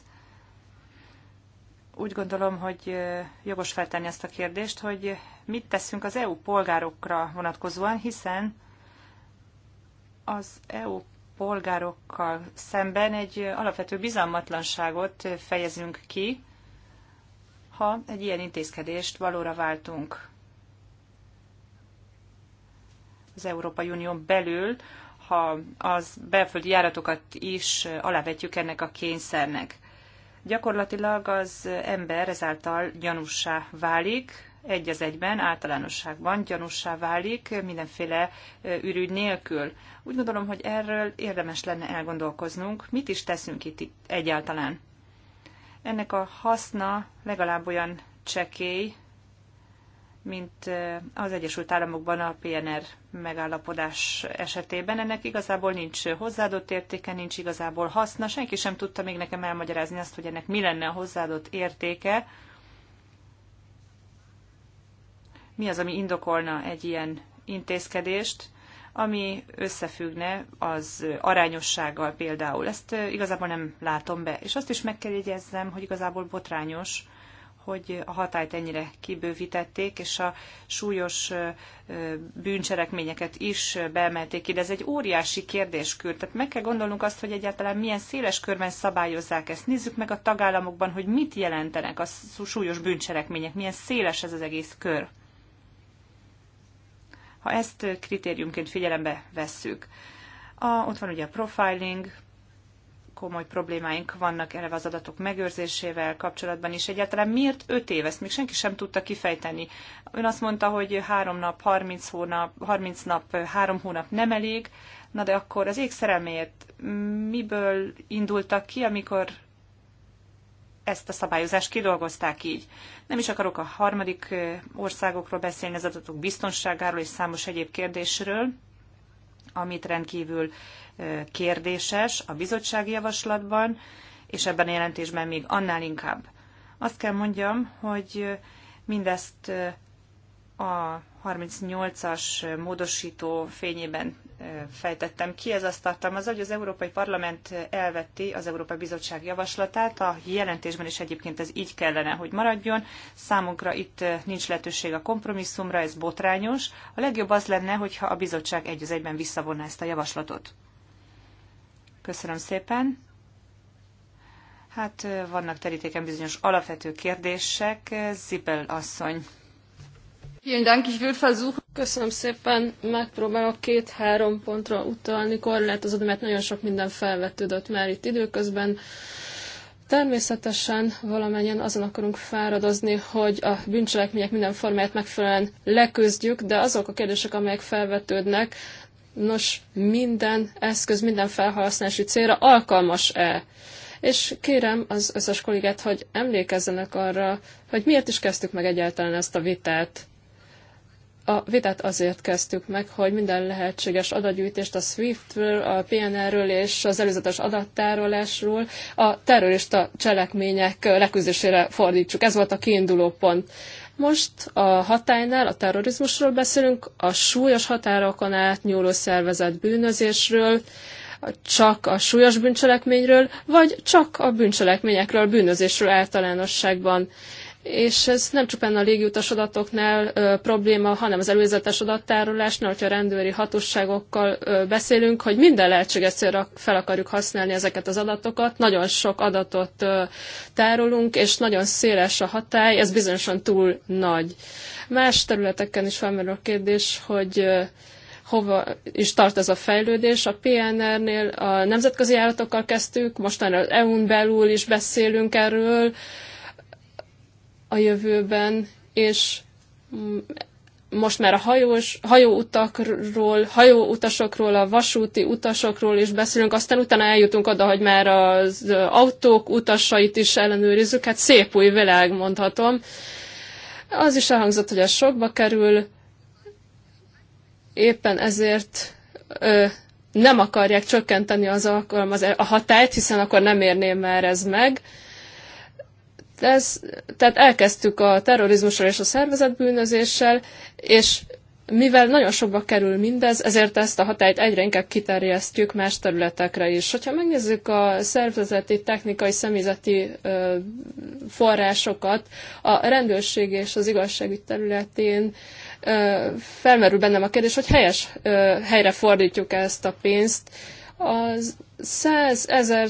úgy gondolom, hogy jogos feltenni ezt a kérdést, hogy mit teszünk az EU polgárokra vonatkozóan, hiszen az EU polgárokkal szemben egy alapvető bizalmatlanságot fejezünk ki, ha egy ilyen intézkedést valóra váltunk az Európai Unión belül, ha az belföldi járatokat is alávetjük ennek a kényszernek gyakorlatilag az ember ezáltal gyanussá válik, egy az egyben, általánosságban gyanussá válik, mindenféle ürügy nélkül. Úgy gondolom, hogy erről érdemes lenne elgondolkoznunk, mit is teszünk itt, itt egyáltalán. Ennek a haszna legalább olyan csekély, mint az Egyesült Államokban a PNR megállapodás esetében. Ennek igazából nincs hozzáadott értéke, nincs igazából haszna. Senki sem tudta még nekem elmagyarázni azt, hogy ennek mi lenne a hozzáadott értéke. Mi az, ami indokolna egy ilyen intézkedést, ami összefüggne az arányossággal például. Ezt igazából nem látom be. És azt is meg kell jegyezzem, hogy igazából botrányos, hogy a hatályt ennyire kibővítették, és a súlyos bűncselekményeket is beemelték ide. Ez egy óriási kérdéskör. Tehát meg kell gondolnunk azt, hogy egyáltalán milyen széles körben szabályozzák ezt. Nézzük meg a tagállamokban, hogy mit jelentenek a súlyos bűncselekmények, milyen széles ez az egész kör. Ha ezt kritériumként figyelembe vesszük. A, ott van ugye a profiling, komoly problémáink vannak eleve az adatok megőrzésével kapcsolatban is. Egyáltalán miért öt év? Ezt még senki sem tudta kifejteni. Ön azt mondta, hogy három nap, 30 hónap, 30 nap, három hónap nem elég. Na de akkor az ég szerelméért miből indultak ki, amikor ezt a szabályozást kidolgozták így. Nem is akarok a harmadik országokról beszélni, az adatok biztonságáról és számos egyéb kérdésről, amit rendkívül kérdéses a bizottsági javaslatban, és ebben a jelentésben még annál inkább. Azt kell mondjam, hogy mindezt a 38-as módosító fényében fejtettem ki, ez azt tartalmazza, hogy az Európai Parlament elvetti az Európai Bizottság javaslatát, a jelentésben is egyébként ez így kellene, hogy maradjon. Számunkra itt nincs lehetőség a kompromisszumra, ez botrányos. A legjobb az lenne, hogyha a bizottság egy az egyben visszavonna ezt a javaslatot. Köszönöm szépen. Hát vannak terítéken bizonyos alapvető kérdések. Zibel asszony. Köszönöm szépen, megpróbálok két-három pontra utalni, korlátozod, mert nagyon sok minden felvetődött már itt időközben. Természetesen valamennyien azon akarunk fáradozni, hogy a bűncselekmények minden formáját megfelelően leküzdjük, de azok a kérdések, amelyek felvetődnek, nos, minden eszköz, minden felhasználási célra alkalmas-e? és kérem az összes kollégát, hogy emlékezzenek arra, hogy miért is kezdtük meg egyáltalán ezt a vitát. A vitát azért kezdtük meg, hogy minden lehetséges adatgyűjtést a SWIFT-ről, a PNR-ről és az előzetes adattárolásról a terrorista cselekmények leküzdésére fordítsuk. Ez volt a kiinduló pont. Most a hatálynál, a terrorizmusról beszélünk, a súlyos határokon át nyúló szervezet bűnözésről, csak a súlyos bűncselekményről, vagy csak a bűncselekményekről, bűnözésről általánosságban és ez nem csupán a légiutas adatoknál ö, probléma, hanem az előzetes adattárolásnál, hogyha rendőri hatóságokkal ö, beszélünk, hogy minden lehetséges célra fel akarjuk használni ezeket az adatokat. Nagyon sok adatot ö, tárolunk, és nagyon széles a hatály, ez bizonyosan túl nagy. Más területeken is felmerül a kérdés, hogy ö, hova is tart ez a fejlődés. A PNR-nél a nemzetközi állatokkal kezdtük, mostanában az EU-n belül is beszélünk erről, a jövőben, és most már a hajós, hajóutakról, hajóutasokról, a vasúti utasokról is beszélünk, aztán utána eljutunk oda, hogy már az autók utasait is ellenőrizzük, hát szép új világ mondhatom. Az is elhangzott, hogy ez sokba kerül, éppen ezért ö, nem akarják csökkenteni az alkalmaz, a hatályt, hiszen akkor nem érném már ez meg. Ö, ez, tehát elkezdtük a terrorizmussal és a szervezetbűnözéssel, és mivel nagyon sokba kerül mindez, ezért ezt a hatályt egyre inkább kiterjesztjük más területekre is. Hogyha megnézzük a szervezeti, technikai, személyzeti forrásokat, a rendőrség és az igazságügy területén felmerül bennem a kérdés, hogy helyes helyre fordítjuk ezt a pénzt, a 100 ezer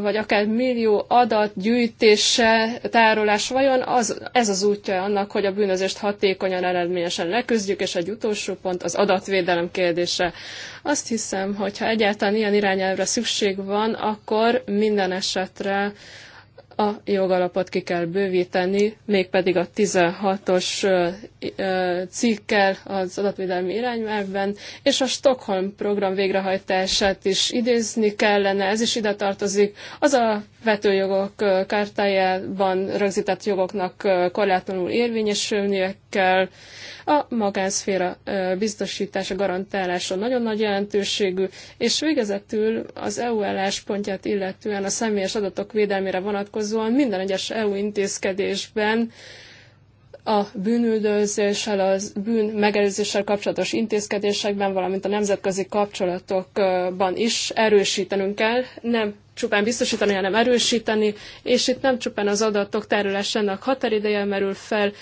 vagy akár millió adat gyűjtése, tárolás vajon az, ez az útja annak, hogy a bűnözést hatékonyan, eredményesen leküzdjük, és egy utolsó pont az adatvédelem kérdése. Azt hiszem, hogyha egyáltalán ilyen irányelvre szükség van, akkor minden esetre a jogalapot ki kell bővíteni, mégpedig a 16-os cikkel az adatvédelmi irányelvben, és a Stockholm program végrehajtását is idézni kellene, ez is ide tartozik. Az a vetőjogok kártájában rögzített jogoknak korlátlanul érvényesülnie kell. A magánszféra biztosítása, garantálása nagyon nagy jelentőségű, és végezetül az EU álláspontját illetően a személyes adatok védelmére vonatkozóan minden egyes EU intézkedésben a bűnüldözéssel, az bűn megelőzéssel kapcsolatos intézkedésekben, valamint a nemzetközi kapcsolatokban is erősítenünk kell, nem csupán biztosítani, hanem erősíteni, és itt nem csupán az adatok tárolásának határideje merül fel,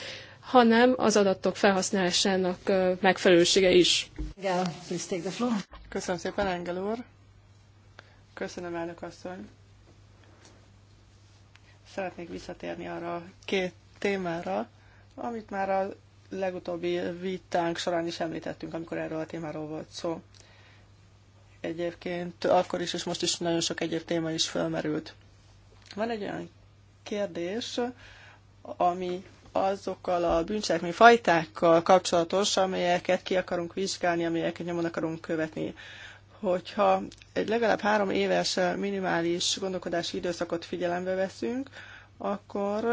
hanem az adatok felhasználásának megfelelősége is. Engel, please take the floor. Köszönöm szépen, Engel úr. Köszönöm, elnök asszony. Szeretnék visszatérni arra a két témára, amit már a legutóbbi vitánk során is említettünk, amikor erről a témáról volt szó. Egyébként akkor is, és most is nagyon sok egyéb téma is felmerült. Van egy olyan kérdés, ami azokkal a bűncselekmény fajtákkal kapcsolatos, amelyeket ki akarunk vizsgálni, amelyeket nyomon akarunk követni. Hogyha egy legalább három éves minimális gondolkodási időszakot figyelembe veszünk, akkor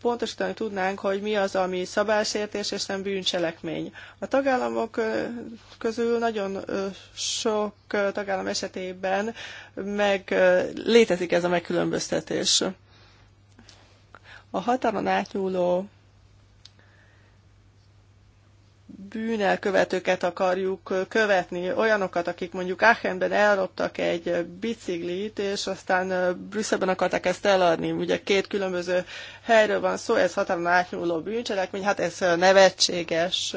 pontosítani tudnánk, hogy mi az, ami szabálysértés és nem bűncselekmény. A tagállamok közül nagyon sok tagállam esetében meg létezik ez a megkülönböztetés a határon átnyúló bűnelkövetőket akarjuk követni, olyanokat, akik mondjuk Aachenben elroptak egy biciklit, és aztán Brüsszelben akarták ezt eladni. Ugye két különböző helyről van szó, ez határon átnyúló bűncselekmény, hát ez nevetséges.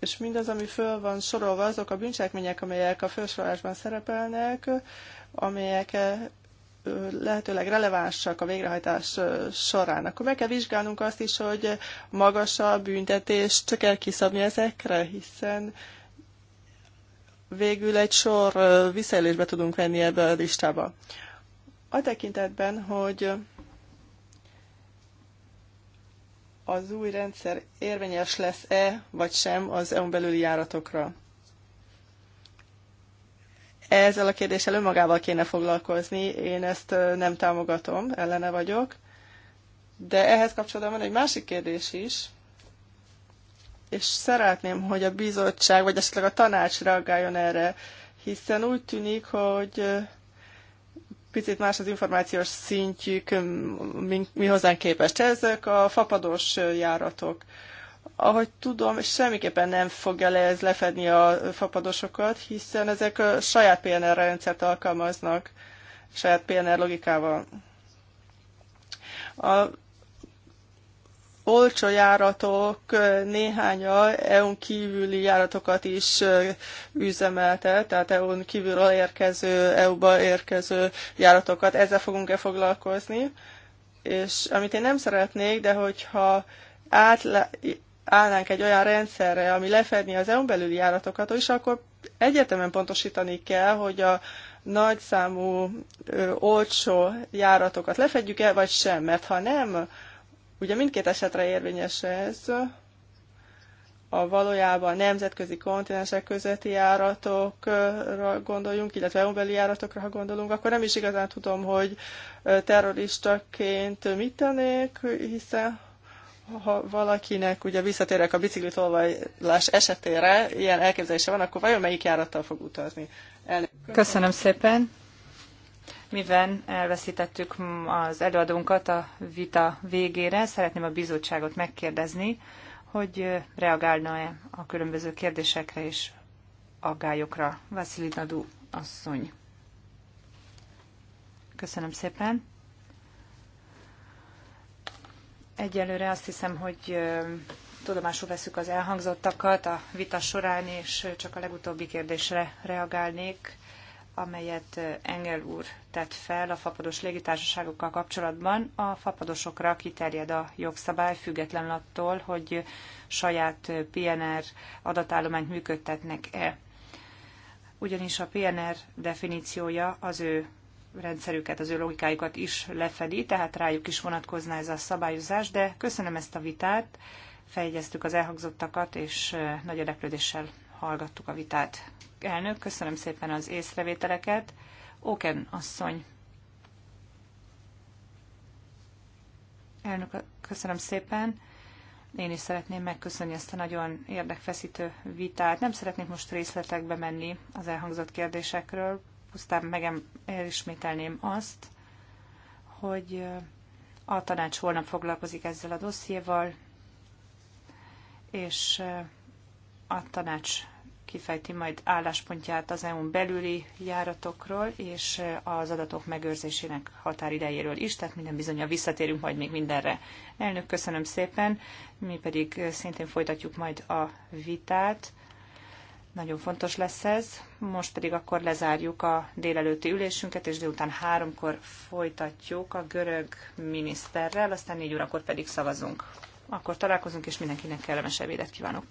És mindaz, ami föl van sorolva, azok a bűncselekmények, amelyek a fősorolásban szerepelnek, amelyek lehetőleg relevánsak a végrehajtás során, akkor meg kell vizsgálnunk azt is, hogy magas a büntetés, csak kell kiszabni ezekre, hiszen végül egy sor visszaélésbe tudunk venni ebbe a listába. A tekintetben, hogy az új rendszer érvényes lesz-e vagy sem az EU-n belüli járatokra. Ezzel a kérdéssel önmagával kéne foglalkozni, én ezt nem támogatom, ellene vagyok. De ehhez kapcsolatban van egy másik kérdés is, és szeretném, hogy a bizottság, vagy esetleg a tanács reagáljon erre, hiszen úgy tűnik, hogy picit más az információs szintjük mi, hozzánk képest. Ezek a fapados járatok. Ahogy tudom, semmiképpen nem fogja le ez lefedni a fapadosokat, hiszen ezek a saját PNR rendszert alkalmaznak, saját PNR logikával. A olcsó járatok néhánya EU-n kívüli járatokat is üzemeltet, tehát EU-n kívülről érkező, EU-ba érkező járatokat. Ezzel fogunk-e foglalkozni? És amit én nem szeretnék, de hogyha átlá- állnánk egy olyan rendszerre, ami lefedni az EU-n belüli járatokat is, akkor egyetemen pontosítani kell, hogy a nagyszámú, ö, olcsó járatokat lefedjük-e, vagy sem. Mert ha nem, ugye mindkét esetre érvényes ez, a valójában nemzetközi kontinensek közötti járatokra gondoljunk, illetve eu belüli járatokra, ha gondolunk, akkor nem is igazán tudom, hogy terroristaként mit tennék, hiszen ha valakinek, ugye visszatérek a biciklitolvajlás esetére, ilyen elképzelése van, akkor vajon melyik járattal fog utazni? El... Köszönöm szépen. Mivel elveszítettük az előadónkat a vita végére, szeretném a bizottságot megkérdezni, hogy reagálna-e a különböző kérdésekre és aggályokra. Vasszili Nadu asszony. Köszönöm szépen. Egyelőre azt hiszem, hogy tudomásul veszük az elhangzottakat a vita során, és csak a legutóbbi kérdésre reagálnék, amelyet Engel úr tett fel a fapados légitársaságokkal kapcsolatban. A fapadosokra kiterjed a jogszabály, függetlenül attól, hogy saját PNR adatállományt működtetnek-e. Ugyanis a PNR definíciója az ő rendszerüket, az ő logikájukat is lefedi, tehát rájuk is vonatkozna ez a szabályozás, de köszönöm ezt a vitát, fejegyeztük az elhangzottakat, és nagy érdeklődéssel hallgattuk a vitát. Elnök, köszönöm szépen az észrevételeket. Oken asszony. Elnök, köszönöm szépen. Én is szeretném megköszönni ezt a nagyon érdekfeszítő vitát. Nem szeretnék most részletekbe menni az elhangzott kérdésekről, pusztán megem, elismételném azt, hogy a tanács holnap foglalkozik ezzel a dossziéval, és a tanács kifejti majd álláspontját az EU-n belüli járatokról és az adatok megőrzésének határidejéről is, tehát minden bizonyal visszatérünk majd még mindenre. Elnök, köszönöm szépen, mi pedig szintén folytatjuk majd a vitát nagyon fontos lesz ez. Most pedig akkor lezárjuk a délelőtti ülésünket, és délután háromkor folytatjuk a görög miniszterrel, aztán négy órakor pedig szavazunk. Akkor találkozunk, és mindenkinek kellemes ebédet kívánok.